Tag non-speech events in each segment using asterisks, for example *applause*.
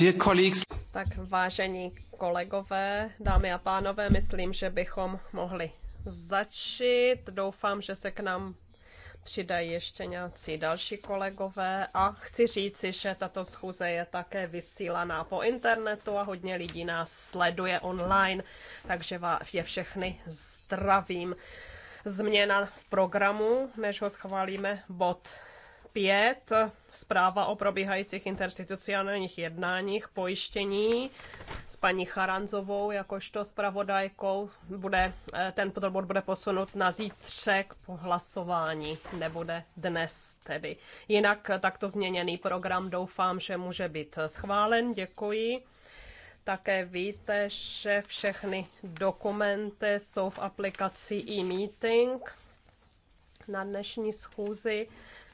Dear colleagues. Tak vážení kolegové, dámy a pánové, myslím, že bychom mohli začít. Doufám, že se k nám přidají ještě nějací další kolegové a chci říci, že tato schůze je také vysílaná po internetu a hodně lidí nás sleduje online, takže je všechny zdravím. Změna v programu, než ho schválíme, bod 5, zpráva o probíhajících interstitucionálních jednáních, pojištění s paní Charanzovou jakožto zpravodajkou. Bude, eh, ten bod bude posunut na zítřek po hlasování, nebude dnes tedy. Jinak eh, takto změněný program doufám, že může být eh, schválen. Děkuji. Také víte, že všechny dokumenty jsou v aplikaci e-meeting na dnešní schůzi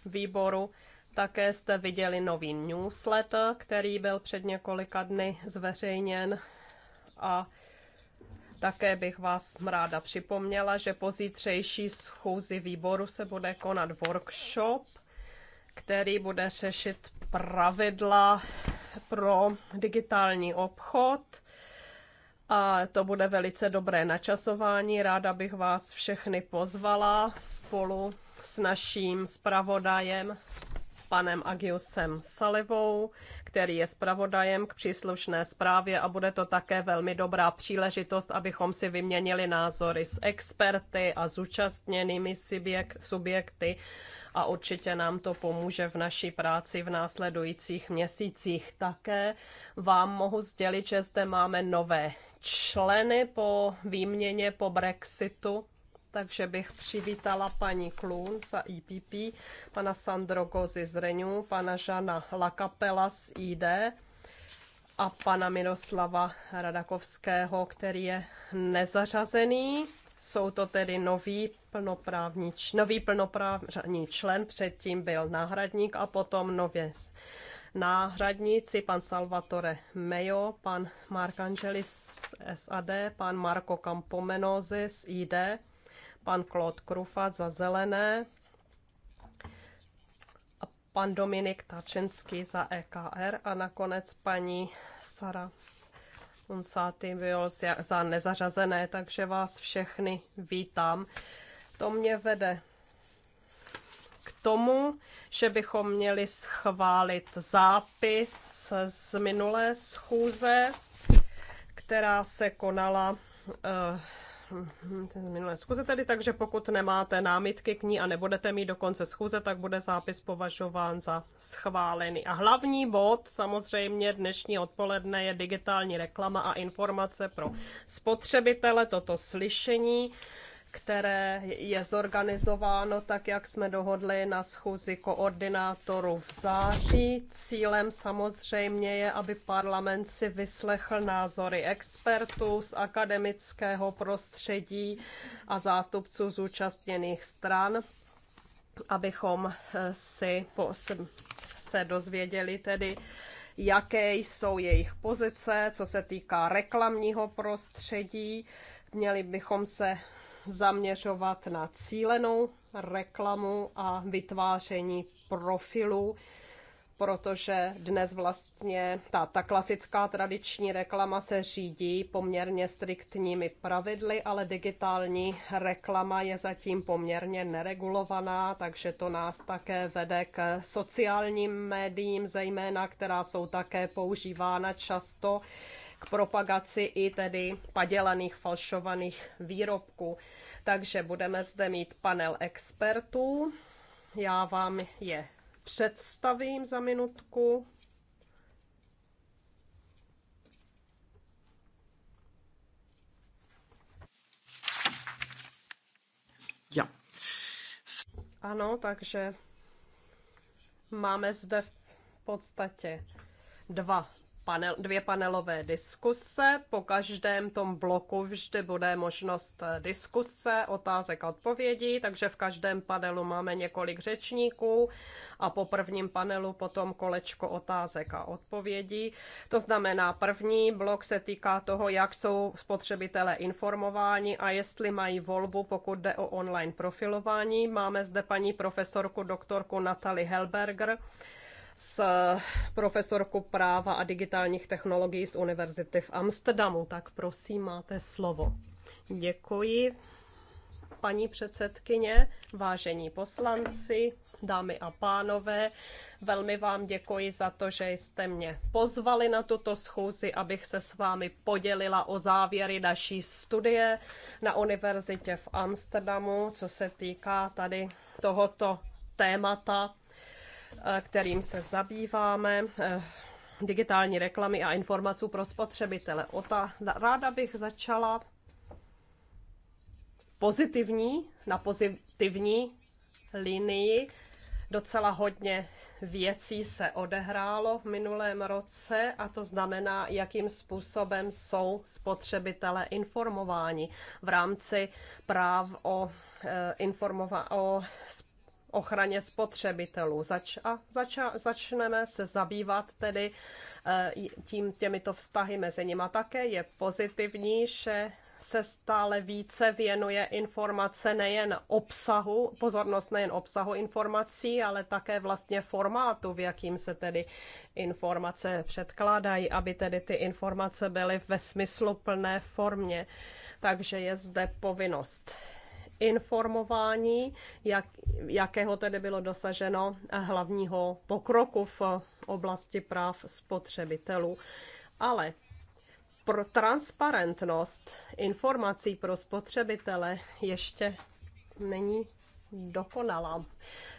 výboru. Také jste viděli nový newsletter, který byl před několika dny zveřejněn a také bych vás ráda připomněla, že po zítřejší schůzi výboru se bude konat workshop, který bude řešit pravidla pro digitální obchod. A to bude velice dobré načasování. Ráda bych vás všechny pozvala spolu s naším zpravodajem panem Agiusem Salivou, který je zpravodajem k příslušné zprávě a bude to také velmi dobrá příležitost, abychom si vyměnili názory s experty a zúčastněnými subjekty a určitě nám to pomůže v naší práci v následujících měsících. Také vám mohu sdělit, že zde máme nové členy po výměně po Brexitu takže bych přivítala paní Klun za IPP, e pana Sandro Gozi z Renew, pana Žana Lakapela z ID a pana Miroslava Radakovského, který je nezařazený. Jsou to tedy nový plnoprávní, nový plnoprávní člen, předtím byl náhradník a potom nově náhradníci pan Salvatore Mejo, pan Mark Angelis z SAD, pan Marco Campomenozi z ID pan Claude Krufat za zelené a pan Dominik Tačenský za EKR a nakonec paní Sara Monsáty byl za nezařazené, takže vás všechny vítám. To mě vede k tomu, že bychom měli schválit zápis z minulé schůze, která se konala eh, minulé schůze tedy, takže pokud nemáte námitky k ní a nebudete mít do konce schůze, tak bude zápis považován za schválený. A hlavní bod samozřejmě dnešní odpoledne je digitální reklama a informace pro spotřebitele, toto slyšení které je zorganizováno tak, jak jsme dohodli na schůzi koordinátorů v září. Cílem samozřejmě je, aby parlament si vyslechl názory expertů z akademického prostředí a zástupců zúčastněných stran, abychom eh, si po, se dozvěděli tedy, jaké jsou jejich pozice, co se týká reklamního prostředí. Měli bychom se zaměřovat na cílenou reklamu a vytváření profilů, protože dnes vlastně ta, ta klasická tradiční reklama se řídí poměrně striktními pravidly, ale digitální reklama je zatím poměrně neregulovaná, takže to nás také vede k sociálním médiím, zejména která jsou také používána často propagaci i tedy padělaných, falšovaných výrobků. Takže budeme zde mít panel expertů. Já vám je představím za minutku. Ja. Ano, takže máme zde v podstatě dva panel, dvě panelové diskuse. Po každém tom bloku vždy bude možnost eh, diskuse, otázek a odpovědí, takže v každém panelu máme několik řečníků a po prvním panelu potom kolečko otázek a odpovědí. To znamená, první blok se týká toho, jak jsou spotřebitelé informováni a jestli mají volbu, pokud jde o online profilování. Máme zde paní profesorku doktorku Natali Helberger, s eh, profesorkou práva a digitálních technologií z Univerzity v Amsterdamu. Tak prosím, máte slovo. Děkuji, paní předsedkyně, vážení poslanci, dámy a pánové. Velmi vám děkuji za to, že jste mě pozvali na tuto schůzi, abych se s vámi podělila o závěry naší studie na univerzitě v Amsterdamu, co se týká tady tohoto témata Eh, kterým se zabýváme, eh, digitální reklamy a informací pro spotřebitele. Ota, ráda bych začala pozitivní, na pozitivní linii. Docela hodně věcí se odehrálo v minulém roce a to znamená, jakým způsobem jsou spotřebitelé informováni v rámci práv o, eh, informova- o ochraně spotřebitelů. Zač, a zača, začneme se zabývat tedy e, tím, těmito vztahy mezi nimi. Také je pozitivní, že se stále více věnuje informace nejen obsahu, pozornost nejen obsahu informací, ale také vlastně formátu, v jakým se tedy informace předkládají, aby tedy ty informace byly ve smysluplné formě. Takže je zde povinnost informování, jak, jakého tedy bylo dosaženo hlavního pokroku v oblasti práv spotřebitelů. Ale pro transparentnost informací pro spotřebitele ještě není dokonalá.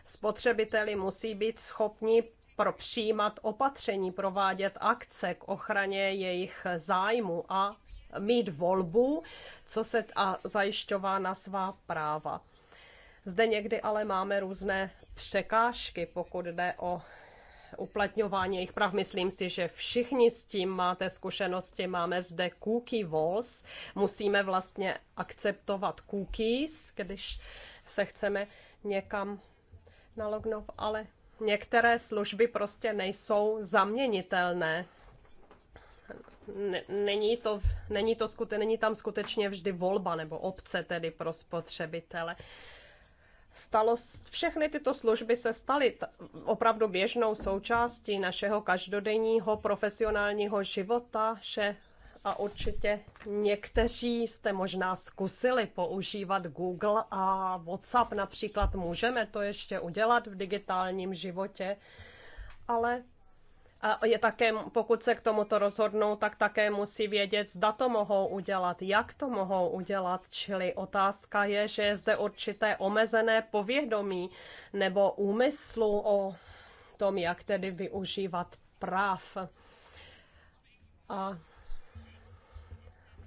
Spotřebiteli musí být schopni pro přijímat opatření, provádět akce k ochraně jejich zájmu a mít volbu co se a zajišťována svá práva. Zde někdy ale máme různé překážky, pokud jde o uplatňování jejich práv. Myslím si, že všichni s tím máte zkušenosti. Máme zde cookie walls. Musíme vlastně akceptovat cookies, když se chceme někam nalognovat, ale některé služby prostě nejsou zaměnitelné není, to, není, to skute, není tam skutečně vždy volba nebo obce tedy pro spotřebitele. Stalo, všechny tyto služby se staly opravdu běžnou součástí našeho každodenního profesionálního života, že a určitě někteří jste možná zkusili používat Google a WhatsApp například. Můžeme to ještě udělat v digitálním životě, ale a je také, pokud se k tomuto rozhodnou, tak také musí vědět, zda to mohou udělat, jak to mohou udělat. Čili otázka je, že je zde určité omezené povědomí nebo úmyslu o tom, jak tedy využívat práv. A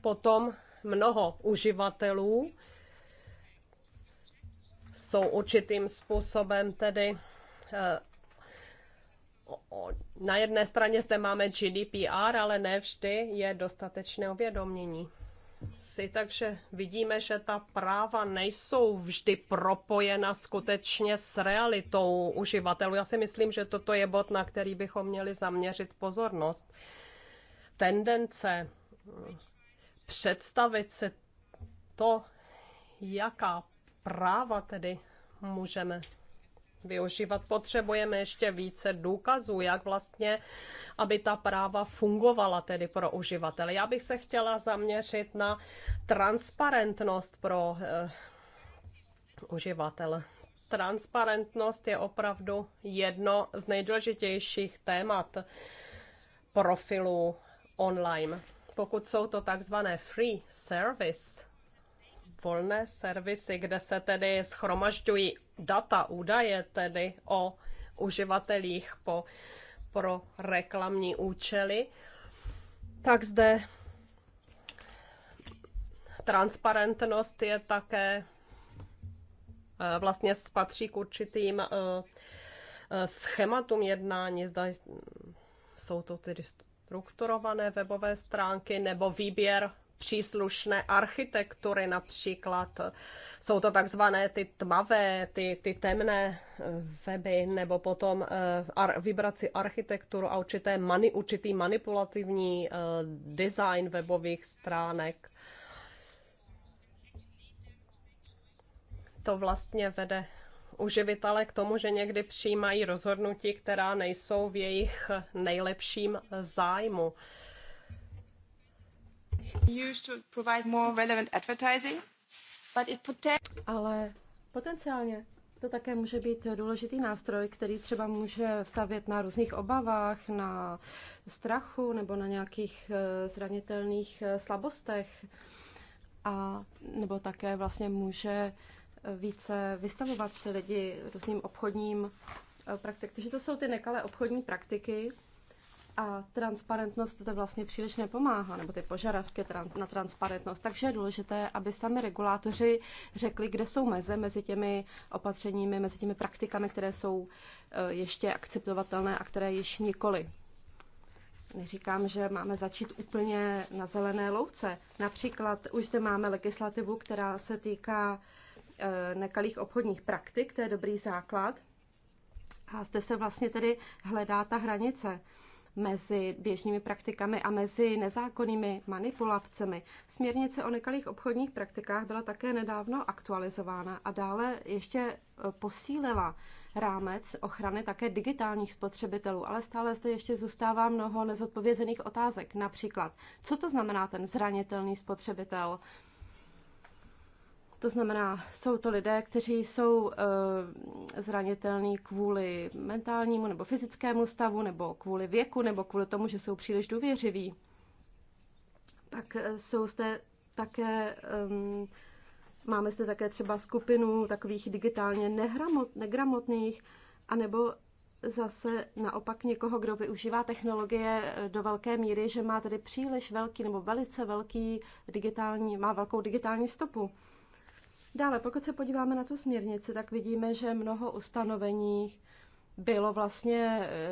potom mnoho uživatelů jsou určitým způsobem tedy eh, na jedné straně zde máme GDPR, ale ne vždy je dostatečné uvědomění si, takže vidíme, že ta práva nejsou vždy propojena skutečně s realitou uživatelů. Já si myslím, že toto je bod, na který bychom měli zaměřit pozornost. Tendence představit si to, jaká práva tedy můžeme využívat. Potřebujeme ještě více důkazů, jak vlastně, aby ta práva fungovala tedy pro uživatele. Já bych se chtěla zaměřit na transparentnost pro eh, uživatele transparentnost je opravdu jedno z nejdůležitějších témat profilů online. Pokud jsou to takzvané free service, volné servisy, kde se tedy schromažďují data, údaje tedy o uživatelích po, pro reklamní účely, tak zde transparentnost je také eh, vlastně spatří k určitým eh, eh, schématům jednání. Zda jsou to tedy strukturované webové stránky nebo výběr příslušné architektury například. Jsou to takzvané ty tmavé, ty, ty temné eh, weby, nebo potom eh, ar, vybrat si architekturu a určité mani, určitý manipulativní eh, design webových stránek. To vlastně vede uživitele k tomu, že někdy přijímají rozhodnutí, která nejsou v jejich nejlepším zájmu. Ale potenciálně to také může být důležitý nástroj, který třeba může stavět na různých obavách, na strachu nebo na nějakých eh, zranitelných eh, slabostech. A nebo také vlastně může eh, více vystavovat lidi různým obchodním praktikám. Takže to jsou ty nekalé obchodní praktiky, a transparentnost to vlastně příliš nepomáhá, nebo ty požadavky na transparentnost. Takže je důležité, aby sami regulátoři řekli, kde jsou meze mezi těmi opatřeními, mezi těmi praktikami, které jsou eh, ještě akceptovatelné a které již nikoli. Neříkám, že máme začít úplně na zelené louce. Například už zde máme legislativu, která se týká eh, nekalých obchodních praktik, to je dobrý základ. A zde se vlastně tedy hledá ta hranice mezi běžnými praktikami a mezi nezákonnými manipulacemi. Směrnice o nekalých obchodních praktikách byla také nedávno aktualizována a dále ještě e, posílila rámec ochrany také digitálních spotřebitelů, ale stále zde ještě zůstává mnoho nezodpovězených otázek. Například, co to znamená ten zranitelný spotřebitel, to znamená, jsou to lidé, kteří jsou uh, zranitelní kvůli mentálnímu nebo fyzickému stavu, nebo kvůli věku, nebo kvůli tomu, že jsou příliš důvěřiví. Pak eh, jsou zde také, um, máme zde také třeba skupinu takových digitálně nehramot, negramotných, anebo zase naopak někoho, kdo využívá technologie eh, do velké míry, že má tedy příliš velký nebo velice velký digitální, má velkou digitální stopu. Dále, pokud se podíváme na tu směrnici, tak vidíme, že mnoho ustanovení bylo vlastně eh,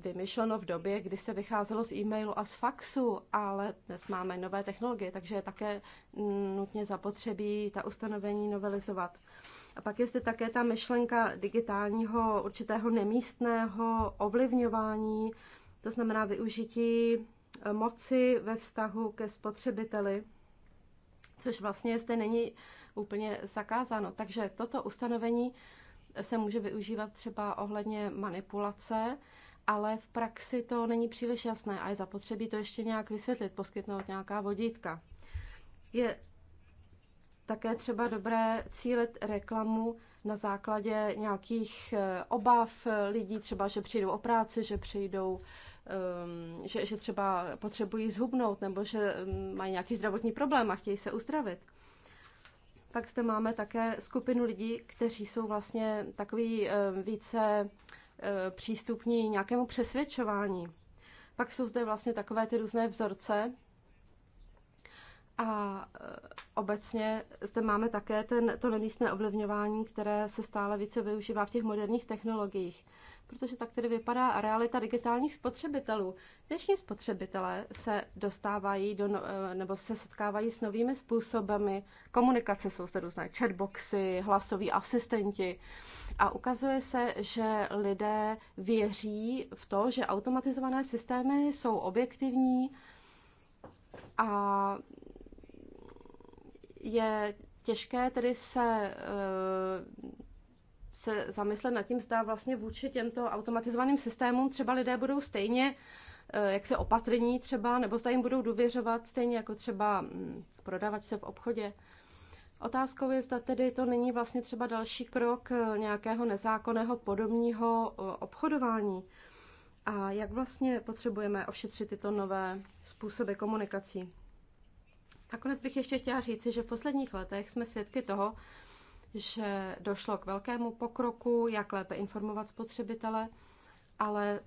vymyšleno v době, kdy se vycházelo z e-mailu a z faxu, ale dnes máme nové technologie, takže je také nutně zapotřebí ta ustanovení novelizovat. A pak je zde také ta myšlenka digitálního určitého nemístného ovlivňování, to znamená využití eh, moci ve vztahu ke spotřebiteli, což vlastně zde není úplně zakázáno. Takže toto ustanovení se může využívat třeba ohledně manipulace, ale v praxi to není příliš jasné a je zapotřebí to ještě nějak vysvětlit, poskytnout nějaká vodítka. Je také třeba dobré cílit reklamu na základě nějakých eh, obav lidí, třeba že přijdou o práci, že přijdou, ehm, že, že třeba potřebují zhubnout nebo že ehm, mají nějaký zdravotní problém a chtějí se uzdravit. Pak zde máme také skupinu lidí, kteří jsou vlastně takový eh, více eh, přístupní nějakému přesvědčování. Pak jsou zde vlastně takové ty různé vzorce. A eh, obecně zde máme také ten, to nemístné ovlivňování, které se stále více využívá v těch moderních technologiích protože tak tedy vypadá realita digitálních spotřebitelů. Dnešní spotřebitelé se dostávají do, no- eh, nebo se setkávají s novými způsoby komunikace. Jsou zde různé chatboxy, hlasoví asistenti a ukazuje se, že lidé věří v to, že automatizované systémy jsou objektivní a je těžké tedy se eh, se zamyslet nad tím, zda vlastně vůči těmto automatizovaným systémům třeba lidé budou stejně eh, jak se opatrní třeba, nebo zda jim budou důvěřovat stejně jako třeba mm, prodavačce v obchodě. Otázkou je, zda tedy to není vlastně třeba další krok eh, nějakého nezákonného podobního eh, obchodování. A jak vlastně potřebujeme ošetřit tyto nové způsoby komunikací? Nakonec bych ještě chtěla říci, že v posledních letech jsme svědky toho, že došlo k velkému pokroku, jak lépe informovat spotřebitele, ale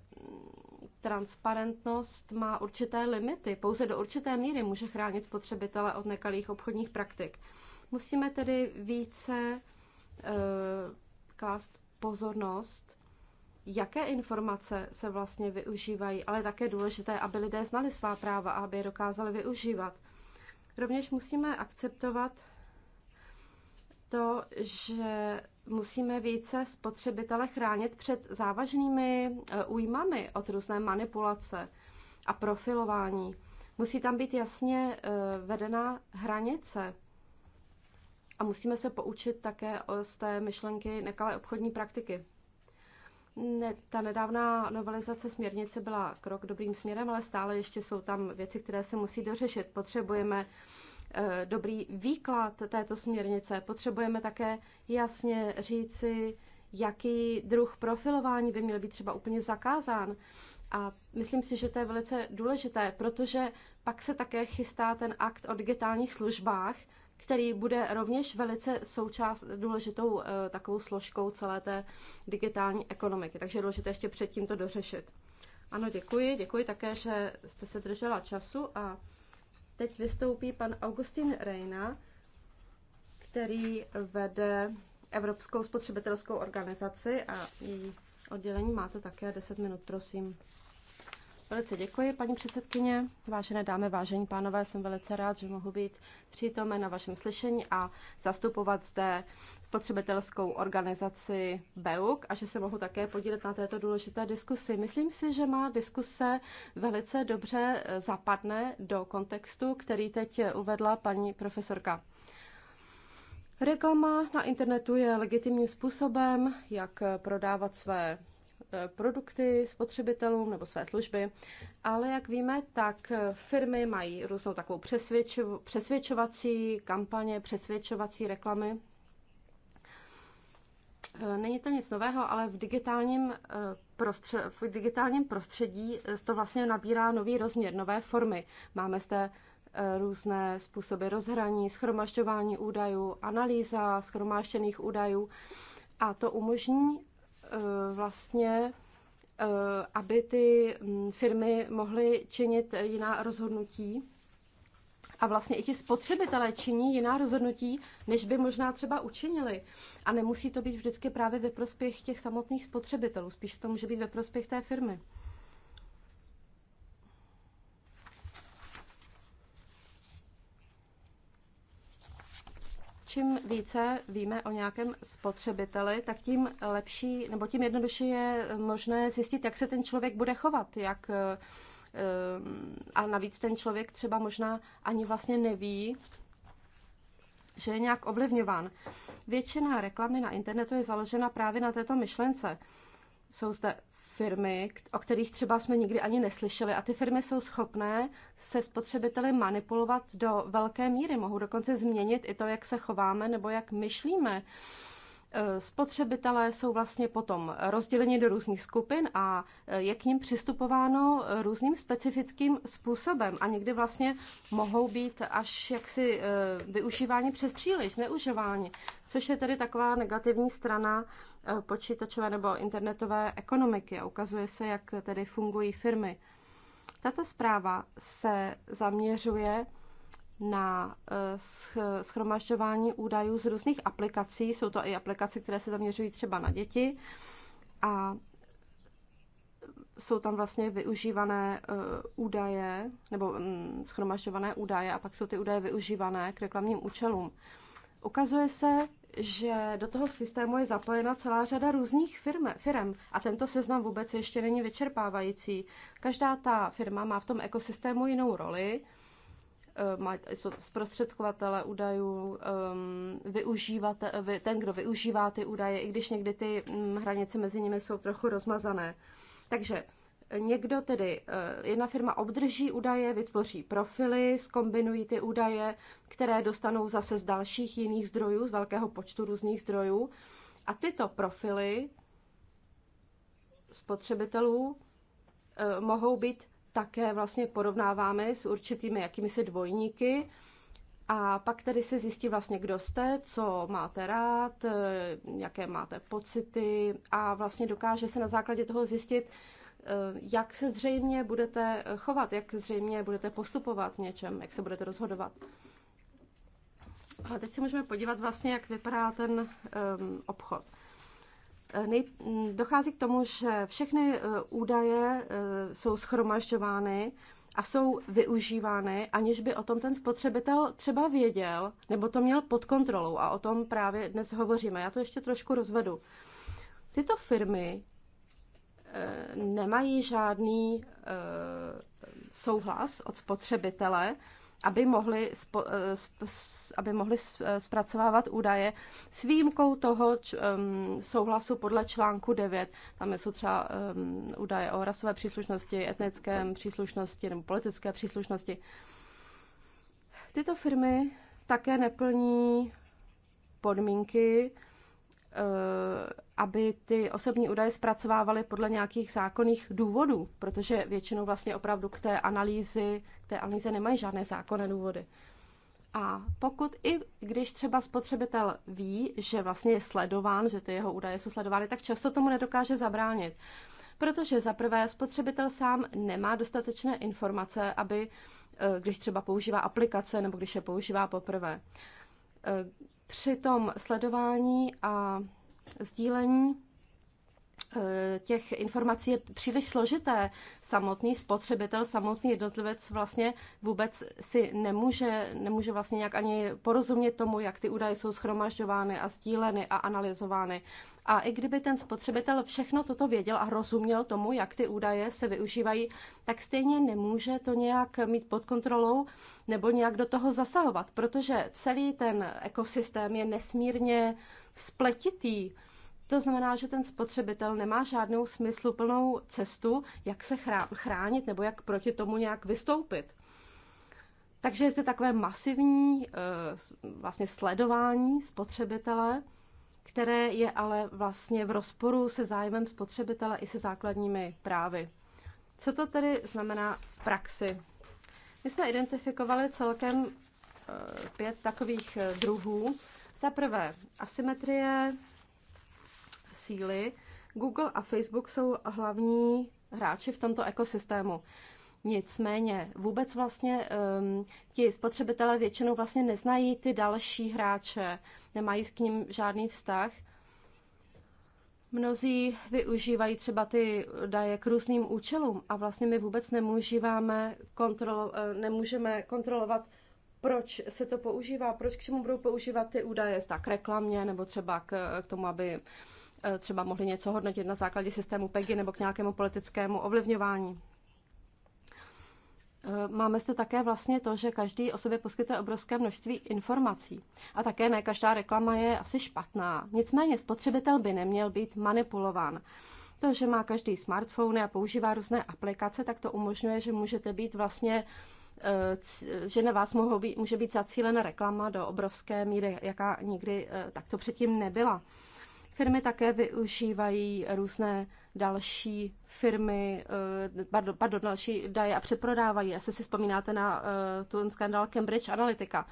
transparentnost má určité limity. Pouze do určité míry může chránit spotřebitele od nekalých obchodních praktik. Musíme tedy více eh, klást pozornost, jaké informace se vlastně využívají, ale také důležité, aby lidé znali svá práva a aby je dokázali využívat. Rovněž musíme akceptovat to, že musíme více spotřebitele chránit před závažnými eh, újmami od různé manipulace a profilování. Musí tam být jasně eh, vedená hranice. A musíme se poučit také z té myšlenky nekalé obchodní praktiky. Ne, ta nedávná novelizace směrnice byla krok dobrým směrem, ale stále ještě jsou tam věci, které se musí dořešit. Potřebujeme Eh, dobrý výklad této směrnice. Potřebujeme také jasně říci, jaký druh profilování by měl být třeba úplně zakázán. A myslím si, že to je velice důležité, protože pak se také chystá ten akt o digitálních službách, který bude rovněž velice součást, důležitou eh, takovou složkou celé té digitální ekonomiky. Takže je důležité ještě předtím to dořešit. Ano, děkuji. Děkuji také, že jste se držela času a Teď vystoupí pan Augustin Reina, který vede Evropskou spotřebitelskou organizaci a její oddělení. Máte také 10 minut, prosím. Velice děkuji, paní předsedkyně. Vážené dámy, vážení pánové, jsem velice rád, že mohu být přítomen na vašem slyšení a zastupovat zde spotřebitelskou organizaci BEUK a že se mohu také podílet na této důležité diskusi. Myslím si, že má diskuse velice dobře zapadne do kontextu, který teď uvedla paní profesorka. Reklama na internetu je legitimním způsobem, jak prodávat své Eh, produkty spotřebitelům nebo své služby, ale jak víme, tak firmy mají různou takovou přesvědčo- přesvědčovací kampaně, přesvědčovací reklamy. Eh, není to nic nového, ale v digitálním, eh, prostře- v digitálním prostředí to vlastně nabírá nový rozměr, nové formy. Máme zde různé způsoby rozhraní, schromažďování údajů, analýza schromáštěných údajů a to umožní Eh, vlastně, eh, aby ty mm, firmy mohly činit jiná rozhodnutí. A vlastně i ti spotřebitelé činí jiná rozhodnutí, než by možná třeba učinili. A nemusí to být vždycky právě ve prospěch těch samotných spotřebitelů, spíš to může být ve prospěch té firmy. čím více víme o nějakém spotřebiteli, tak tím lepší, nebo tím jednodušší je možné zjistit, jak se ten člověk bude chovat, jak eh, a navíc ten člověk třeba možná ani vlastně neví, že je nějak ovlivňován. Většina reklamy na internetu je založena právě na této myšlence. Jsou zde firmy, o kterých třeba jsme nikdy ani neslyšeli. A ty firmy jsou schopné se spotřebiteli manipulovat do velké míry. Mohou dokonce změnit i to, jak se chováme nebo jak myšlíme. Eh, spotřebitelé jsou vlastně potom rozděleni do různých skupin a eh, je k ním přistupováno eh, různým specifickým způsobem a někdy vlastně mohou být až jaksi využíváni přes příliš, neužíváni, což je tedy taková negativní strana počítačové nebo internetové ekonomiky a ukazuje se, jak tedy fungují firmy. Tato zpráva se zaměřuje na eh, schromažďování údajů z různých aplikací. Jsou to i aplikace, které se zaměřují třeba na děti a jsou tam vlastně využívané eh, údaje nebo mm, schromažďované údaje a pak jsou ty údaje využívané k reklamním účelům. Ukazuje se, že do toho systému je zapojena celá řada různých firm, firm a tento seznam vůbec ještě není vyčerpávající. Každá ta firma má v tom ekosystému jinou roli, Eh, jsou zprostředkovatele údajů, ehm, využívat, ten, kdo využívá ty údaje, i když někdy ty hm, hranice mezi nimi jsou trochu rozmazané. Takže eh, někdo tedy, eh, jedna firma obdrží údaje, vytvoří profily, skombinují ty údaje, které dostanou zase z dalších jiných zdrojů, z velkého počtu různých zdrojů. A tyto profily spotřebitelů mohou být také vlastně porovnáváme s určitými jakýmisi dvojníky a pak tedy se zjistí vlastně, kdo jste, co máte rád, eh, jaké máte pocity a vlastně dokáže se na základě toho zjistit, eh, jak se zřejmě budete chovat, jak zřejmě budete postupovat v něčem, jak se budete rozhodovat. A teď se můžeme podívat vlastně, jak vypadá ten um, obchod. Eh, nej, hm, dochází k tomu, že všechny eh, údaje eh, jsou schromažďovány a jsou využívány, aniž by o tom ten spotřebitel třeba věděl, nebo to měl pod kontrolou a o tom právě dnes hovoříme. Já to ještě trošku rozvedu. Tyto firmy nemají žádný souhlas od spotřebitele, aby mohli, spo, eh, aby mohli eh, zpracovávat údaje s výjimkou toho č, um, souhlasu podle článku 9. Tam jsou třeba um, údaje o rasové příslušnosti, etnické příslušnosti nebo politické příslušnosti. Tyto firmy také neplní podmínky Eh, aby ty osobní údaje zpracovávaly podle nějakých zákonných důvodů, protože většinou vlastně opravdu k té analýzy, k té analýze nemají žádné zákonné důvody. A pokud i když třeba spotřebitel ví, že vlastně je sledován, že ty jeho údaje jsou sledovány, tak často tomu nedokáže zabránit. Protože za prvé spotřebitel sám nemá dostatečné informace, aby eh, když třeba používá aplikace nebo když je používá poprvé eh, při tom sledování a sdílení Eh, těch informací je příliš složité. Samotný spotřebitel, samotný jednotlivec vlastně vůbec si nemůže, nemůže vlastně nějak ani porozumět tomu, jak ty údaje jsou schromažďovány a sdíleny a analyzovány. A i kdyby ten spotřebitel všechno toto věděl a rozuměl tomu, jak ty údaje se využívají, tak stejně nemůže to nějak mít pod kontrolou nebo nějak do toho zasahovat, protože celý ten ekosystém je nesmírně spletitý to znamená, že ten spotřebitel nemá žádnou smysluplnou cestu, jak se chránit nebo jak proti tomu nějak vystoupit. Takže je zde takové masivní eh, vlastně sledování spotřebitele, které je ale vlastně v rozporu se zájmem spotřebitele i se základními právy. Co to tedy znamená v praxi? My jsme identifikovali celkem eh, pět takových eh, druhů. Za prvé asymetrie síly. Google a Facebook jsou hlavní hráči v tomto ekosystému. Nicméně vůbec vlastně um, ti spotřebitelé většinou vlastně neznají ty další hráče, nemají k ním žádný vztah. Mnozí využívají třeba ty daje k různým účelům a vlastně my vůbec nemůžeme, kontrolo, eh, nemůžeme kontrolovat, proč se to používá, proč k čemu budou používat ty údaje, tak k reklamě nebo třeba k, k tomu, aby Eh, třeba mohli něco hodnotit na základě systému PEGI nebo k nějakému politickému ovlivňování. Eh, máme zde také vlastně to, že každý o sobě poskytuje obrovské množství informací. A také ne každá reklama je asi špatná. Nicméně spotřebitel by neměl být manipulován. To, že má každý smartphone a používá různé aplikace, tak to umožňuje, že můžete být vlastně eh, že na vás mohou být, může být zacílena reklama do obrovské míry, jaká nikdy takto předtím nebyla. Firmy také využívají různé další firmy, eh, pardon, pardon další daje a přeprodávají. Asi si vzpomínáte na eh, ten skandal Cambridge Analytica.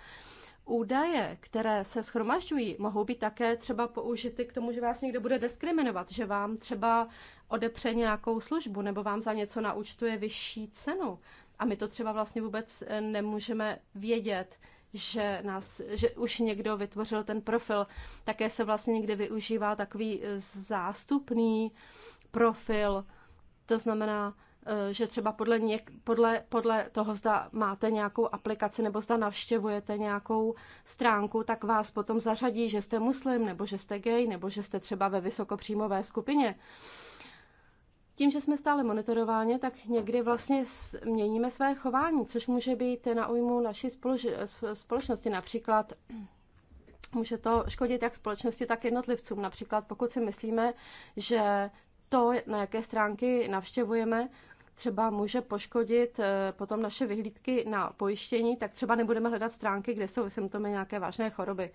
Údaje, které se schromažďují, mohou být také třeba použity k tomu, že vás někdo bude diskriminovat, že vám třeba odepře nějakou službu nebo vám za něco naúčtuje vyšší cenu. A my to třeba vlastně vůbec eh, nemůžeme vědět že, nás, že už někdo vytvořil ten profil. Také se vlastně někdy využívá takový eh, zástupný profil, to znamená, eh, že třeba podle, něk, podle, podle toho, zda máte nějakou aplikaci nebo zda navštěvujete nějakou stránku, tak vás potom zařadí, že jste muslim, nebo že jste gay, nebo že jste třeba ve vysokopříjmové skupině. Tím, že jsme stále monitorováni, tak někdy vlastně měníme své chování, což může být na újmu naší spolež- společnosti. Například může to škodit jak společnosti, tak jednotlivcům. Například pokud si myslíme, že to, na jaké stránky navštěvujeme, třeba může poškodit eh, potom naše vyhlídky na pojištění, tak třeba nebudeme hledat stránky, kde jsou symptomy nějaké vážné choroby.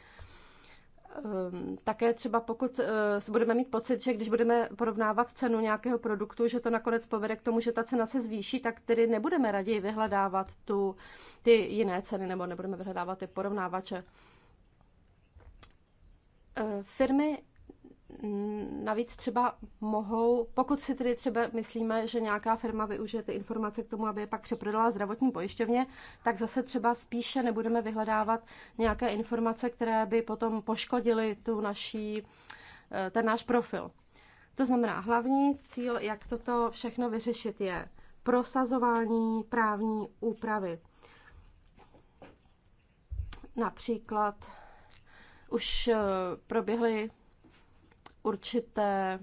Ehm, také třeba pokud eh, budeme mít pocit, že když budeme porovnávat cenu nějakého produktu, že to nakonec povede k tomu, že ta cena se zvýší, tak tedy nebudeme raději vyhledávat tu, ty jiné ceny nebo nebudeme vyhledávat ty porovnávače. Eh, firmy Navíc třeba mohou, pokud si tedy třeba myslíme, že nějaká firma využije ty informace k tomu, aby je pak přeprodala zdravotní pojišťovně, tak zase třeba spíše nebudeme vyhledávat nějaké informace, které by potom poškodily tu naší, eh, ten náš profil. To znamená, hlavní cíl, jak toto všechno vyřešit, je prosazování právní úpravy. Například už eh, proběhly určité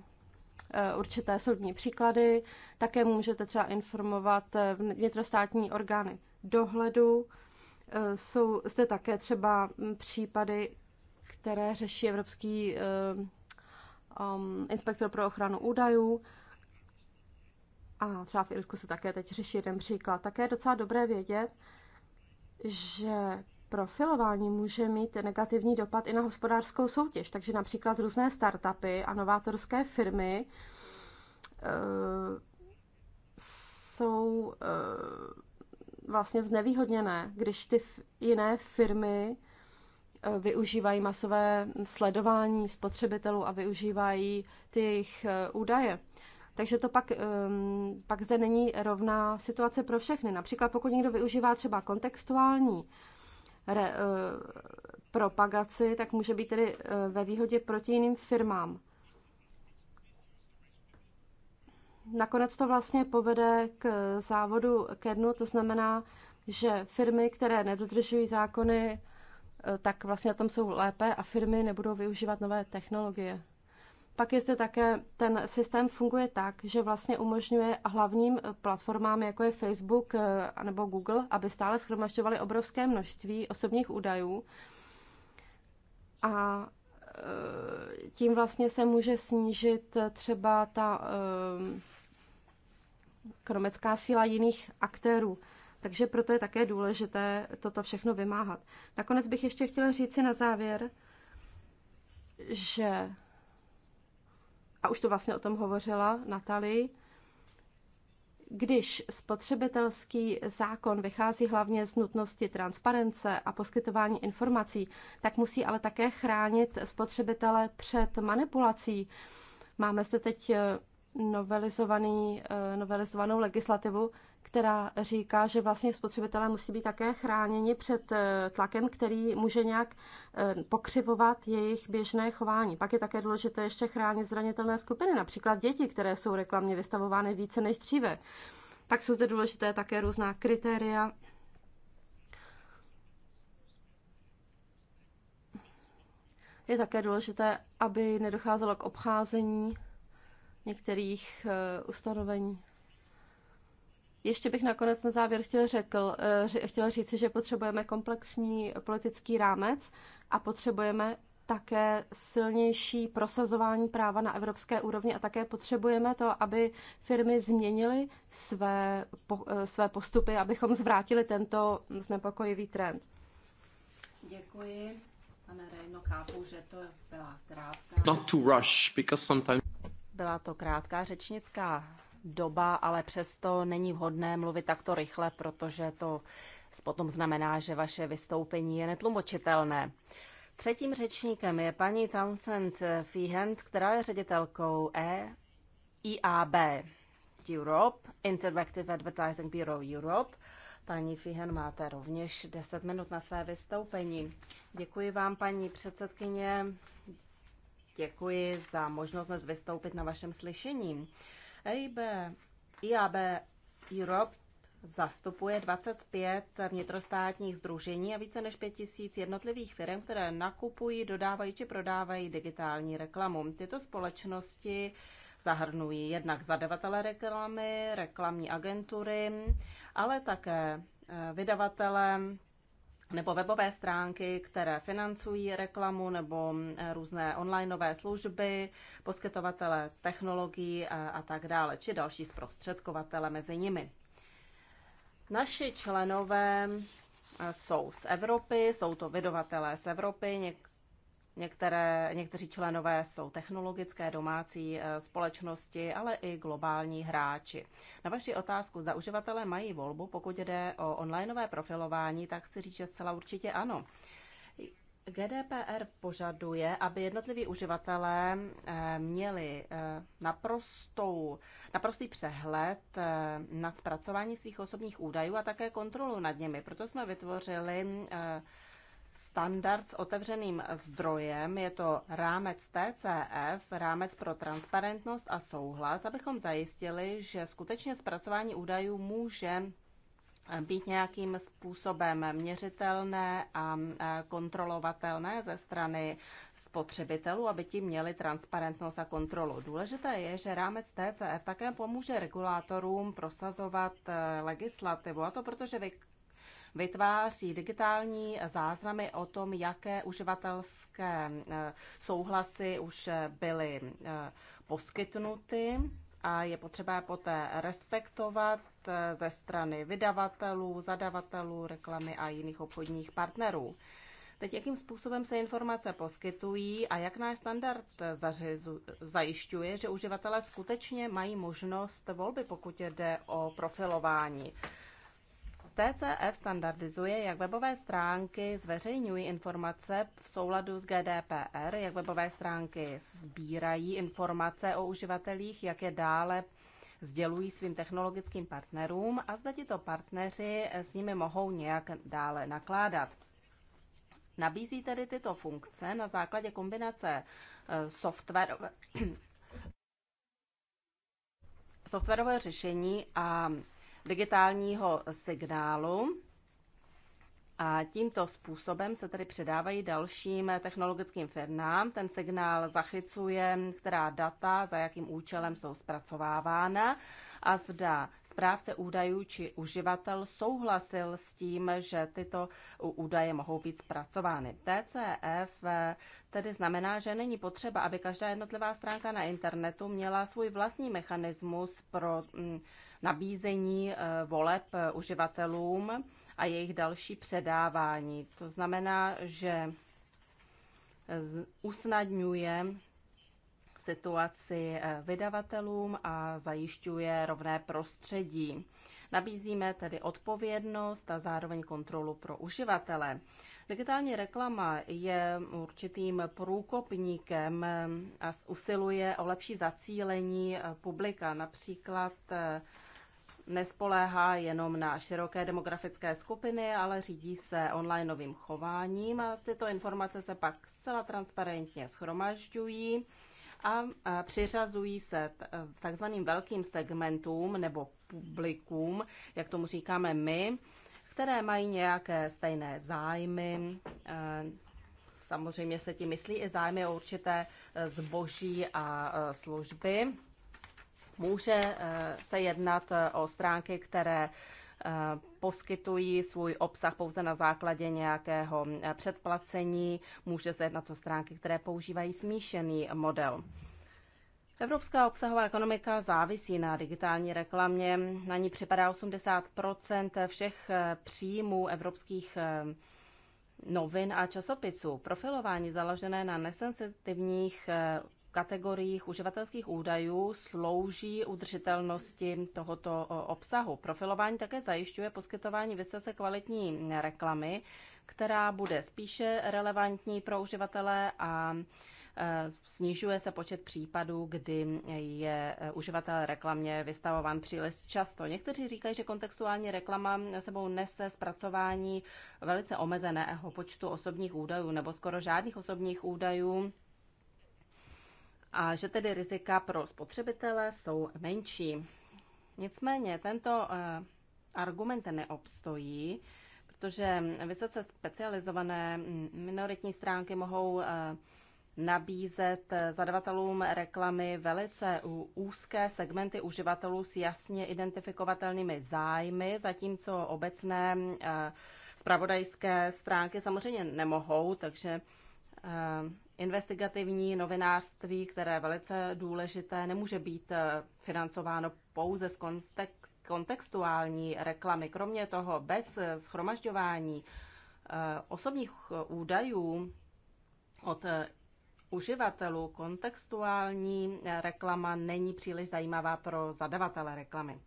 eh, určité soudní příklady. Také můžete třeba informovat eh, vnitrostátní orgány dohledu. Eh, jsou zde také třeba mm, případy, které řeší Evropský um, inspektor pro ochranu údajů. A třeba v Irsku se také teď řeší jeden příklad. Také je docela dobré vědět, že profilování může mít negativní dopad i na hospodářskou soutěž. Takže například různé startupy a novátorské firmy eh, jsou eh, vlastně znevýhodněné, když ty jiné firmy eh, využívají masové sledování spotřebitelů a využívají ty jejich údaje. Takže to pak, um, pak zde není rovná situace pro všechny. Například pokud někdo využívá třeba kontextuální re, eh, propagaci, tak může být tedy eh, ve výhodě proti jiným firmám. Nakonec to vlastně povede k závodu ke dnu, to znamená, že firmy, které nedodržují zákony, eh, tak vlastně na tom jsou lépe a firmy nebudou využívat nové technologie. Pak je zde také, ten systém funguje tak, že vlastně umožňuje hlavním platformám, jako je Facebook eh, nebo Google, aby stále schromažďovali obrovské množství osobních údajů a eh, tím vlastně se může snížit třeba ta eh, kromecká síla jiných aktérů. Takže proto je také důležité toto všechno vymáhat. Nakonec bych ještě chtěla říci na závěr, že a už to vlastně o tom hovořila Natali, když spotřebitelský zákon vychází hlavně z nutnosti transparence a poskytování informací, tak musí ale také chránit spotřebitele před manipulací. Máme zde teď novelizovaný, eh, novelizovanou legislativu, která říká, že vlastně spotřebitelé musí být také chráněni před eh, tlakem, který může nějak eh, pokřivovat jejich běžné chování. Pak je také důležité ještě chránit zranitelné skupiny, například děti, které jsou reklamně vystavovány více než dříve. Pak jsou zde důležité také různá kritéria. Je také důležité, aby nedocházelo k obcházení některých eh, ustanovení. Ještě bych nakonec na závěr chtěl, řekl, eh, chtěla říct, že potřebujeme komplexní politický rámec a potřebujeme také silnější prosazování práva na evropské úrovni a také potřebujeme to, aby firmy změnily své, eh, své postupy, abychom zvrátili tento znepokojivý trend. Děkuji. Pane Rejno, chápu, že to byla krátká. Not to rush, because sometimes... Byla to krátká řečnická doba, ale přesto není vhodné mluvit takto rychle, protože to potom znamená, že vaše vystoupení je netlumočitelné. Třetím řečníkem je paní Townsend Feehand, která je ředitelkou e, IAB Europe, Interactive Advertising Bureau Europe. Paní Fihen, máte rovněž 10 minut na své vystoupení. Děkuji vám, paní předsedkyně. Děkuji za možnost dnes vystoupit na vašem slyšení. EIB, IAB Europe zastupuje 25 vnitrostátních združení a více než 5 jednotlivých firm, které nakupují, dodávají či prodávají digitální reklamu. Tyto společnosti zahrnují jednak zadavatele reklamy, reklamní agentury, ale také eh, vydavatele, nebo webové stránky, které financují reklamu nebo eh, různé onlineové služby, poskytovatele technologií a, a tak dále, či další zprostředkovatele mezi nimi. Naši členové eh, jsou z Evropy, jsou to vydavatelé z Evropy, něk- Některé, někteří členové jsou technologické domácí eh, společnosti, ale i globální hráči. Na vaši otázku, zda uživatelé mají volbu, pokud jde o onlineové profilování, tak chci říct, že zcela určitě ano. GDPR požaduje, aby jednotliví uživatelé eh, měli eh, naprostou, naprostý přehled nad zpracování svých osobních údajů a také kontrolu nad nimi. Proto jsme vytvořili standard s otevřeným zdrojem, je to rámec TCF, rámec pro transparentnost a souhlas, abychom zajistili, že skutečně zpracování údajů může být nějakým způsobem měřitelné a kontrolovatelné ze strany spotřebitelů, aby ti měli transparentnost a kontrolu. Důležité je, že rámec TCF také pomůže regulátorům prosazovat e, legislativu, a to protože vytváří digitální záznamy o tom, jaké uživatelské eh, souhlasy už byly eh, poskytnuty a je potřeba poté respektovat eh, ze strany vydavatelů, zadavatelů reklamy a jiných obchodních partnerů. Teď jakým způsobem se informace poskytují a jak náš standard zajišťuje, že uživatelé skutečně mají možnost volby, pokud jde o profilování. TCF standardizuje, jak webové stránky zveřejňují informace v souladu s GDPR, jak webové stránky sbírají informace o uživatelích, jak je dále sdělují svým technologickým partnerům a zda tito partneři s nimi mohou nějak dále nakládat. Nabízí tedy tyto funkce na základě kombinace eh, software, *clears throat* softwarové řešení a digitálního signálu. A tímto způsobem se tedy předávají dalším technologickým firmám. Ten signál zachycuje, která data, za jakým účelem jsou zpracovávána a zda správce údajů či uživatel souhlasil s tím, že tyto údaje mohou být zpracovány. TCF eh, tedy znamená, že není potřeba, aby každá jednotlivá stránka na internetu měla svůj vlastní mechanismus pro mm, nabízení eh, voleb eh, uživatelům a jejich další předávání. To znamená, že usnadňuje situaci eh, vydavatelům a zajišťuje rovné prostředí. Nabízíme tedy odpovědnost a zároveň kontrolu pro uživatele. Digitální reklama je určitým průkopníkem a usiluje o lepší zacílení publika. Například nespoléhá jenom na široké demografické skupiny, ale řídí se online novým chováním a tyto informace se pak zcela transparentně schromažďují a přiřazují se e, takzvaným velkým segmentům nebo publikům, jak tomu říkáme my, které mají nějaké stejné zájmy. E, samozřejmě se tím myslí i zájmy o určité e, zboží a služby. Může eh, se jednat eh, o stránky, které eh, poskytují svůj obsah pouze na základě nějakého předplacení. Může se jednat o stránky, které používají smíšený model. Evropská obsahová ekonomika závisí na digitální reklamě. Na ní připadá 80 všech příjmů evropských novin a časopisů. Profilování založené na nesensitivních kategoriích uživatelských údajů slouží udržitelnosti tohoto obsahu. Profilování také zajišťuje poskytování vysoce kvalitní reklamy, která bude spíše relevantní pro uživatele a e, snižuje se počet případů, kdy je e, uživatel reklamě vystavován příliš často. Někteří říkají, že kontextuální reklama sebou nese zpracování velice omezeného počtu osobních údajů nebo skoro žádných osobních údajů a že tedy rizika pro spotřebitele jsou menší. Nicméně tento eh, argument neobstojí, protože vysoce specializované minoritní stránky mohou eh, nabízet eh, zadavatelům reklamy velice úzké segmenty uživatelů s jasně identifikovatelnými zájmy, zatímco obecné spravodajské stránky samozřejmě nemohou, takže investigativní novinářství, které je velice důležité, nemůže být eh, financováno pouze z kontextuální reklamy. Kromě toho, bez eh, schromažďování eh, osobních údajů od uživatelů kontextuální reklama není příliš zajímavá pro zadavatele reklamy.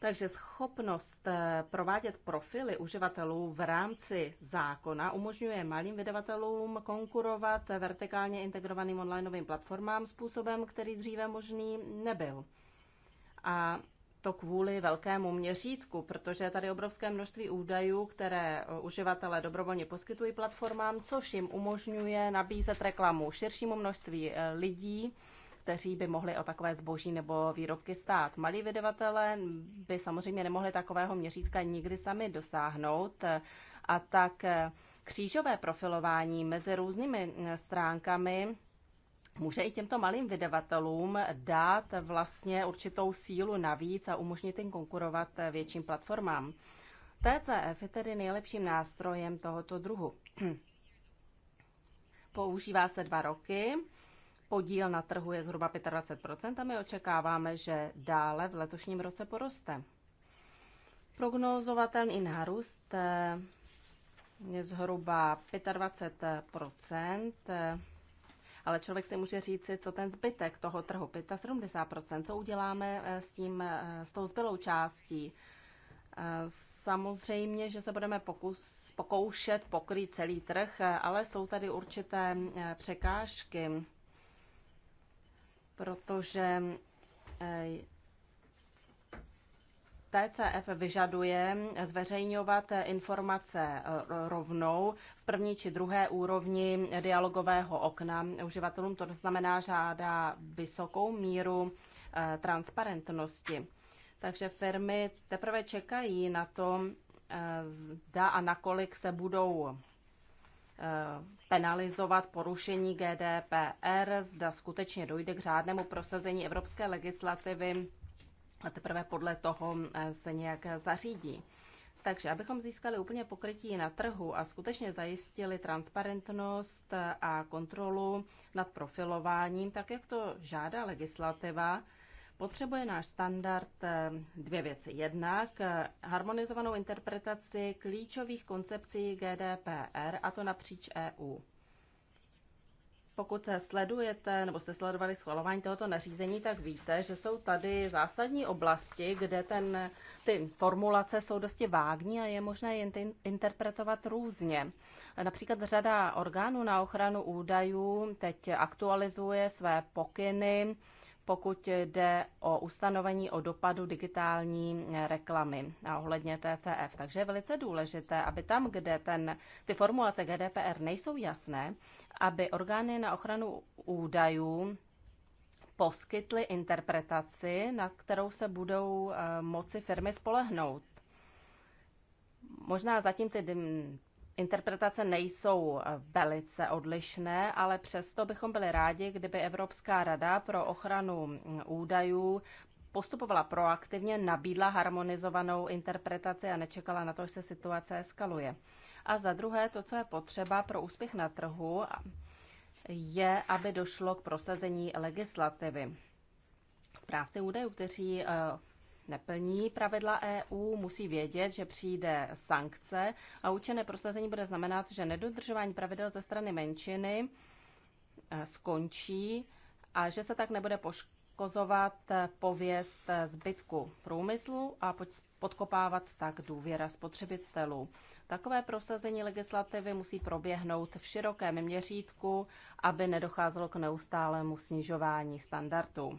Takže schopnost eh, provádět profily uživatelů v rámci zákona umožňuje malým vydavatelům konkurovat vertikálně integrovaným onlineovým platformám způsobem, který dříve možný nebyl. A to kvůli velkému měřítku, protože je tady obrovské množství údajů, které eh, uživatelé dobrovolně poskytují platformám, což jim umožňuje nabízet reklamu širšímu množství eh, lidí kteří by mohli o takové zboží nebo výrobky stát. Malí vydavatelé by samozřejmě nemohli takového měřítka nikdy sami dosáhnout a tak eh, křížové profilování mezi různými eh, stránkami může i těmto malým vydavatelům dát vlastně určitou sílu navíc a umožnit jim konkurovat eh, větším platformám. TCF je tedy nejlepším nástrojem tohoto druhu. *clears throat* Používá se dva roky podíl na trhu je zhruba 25% a my očekáváme, že dále v letošním roce poroste. Prognozovatelný nárůst eh, je zhruba 25%, eh, ale člověk si může říci, co ten zbytek toho trhu, 75%, co uděláme eh, s, tím, s tou zbylou částí. Samozřejmě, že se budeme pokus, pokoušet pokrýt celý trh, ale jsou tady určité překážky protože eh, TCF vyžaduje zveřejňovat informace eh, rovnou v první či druhé úrovni dialogového okna uživatelům. To znamená, žádá vysokou míru eh, transparentnosti. Takže firmy teprve čekají na to, zda a nakolik se budou penalizovat porušení GDPR, zda skutečně dojde k řádnému prosazení evropské legislativy a teprve podle toho eh, se nějak zařídí. Takže abychom získali úplně pokrytí na trhu a skutečně zajistili transparentnost a kontrolu nad profilováním, tak jak to žádá legislativa, Potřebuje náš standard eh, dvě věci. Jednak eh, harmonizovanou interpretaci klíčových koncepcí GDPR, a to napříč EU. Pokud sledujete nebo jste sledovali schvalování tohoto nařízení, tak víte, že jsou tady zásadní oblasti, kde ten, ty formulace jsou dosti vágní a je možné je interpretovat různě. Například řada orgánů na ochranu údajů teď aktualizuje své pokyny pokud jde o ustanovení o dopadu digitální eh, reklamy a ohledně TCF. Takže je velice důležité, aby tam, kde ten, ty formulace GDPR nejsou jasné, aby orgány na ochranu údajů poskytly interpretaci, na kterou se budou eh, moci firmy spolehnout. Možná zatím ty interpretace nejsou eh, velice odlišné, ale přesto bychom byli rádi, kdyby Evropská rada pro ochranu mm, údajů postupovala proaktivně, nabídla harmonizovanou interpretaci a nečekala na to, že se situace eskaluje. A za druhé, to, co je potřeba pro úspěch na trhu, je, aby došlo k prosazení legislativy. Správci údajů, kteří eh, neplní pravidla EU, musí vědět, že přijde sankce a účené prosazení bude znamenat, že nedodržování pravidel ze strany menšiny eh, skončí a že se tak nebude poškozovat pověst zbytku průmyslu a podkopávat tak důvěra spotřebitelů. Takové prosazení legislativy musí proběhnout v širokém měřítku, aby nedocházelo k neustálému snižování standardů.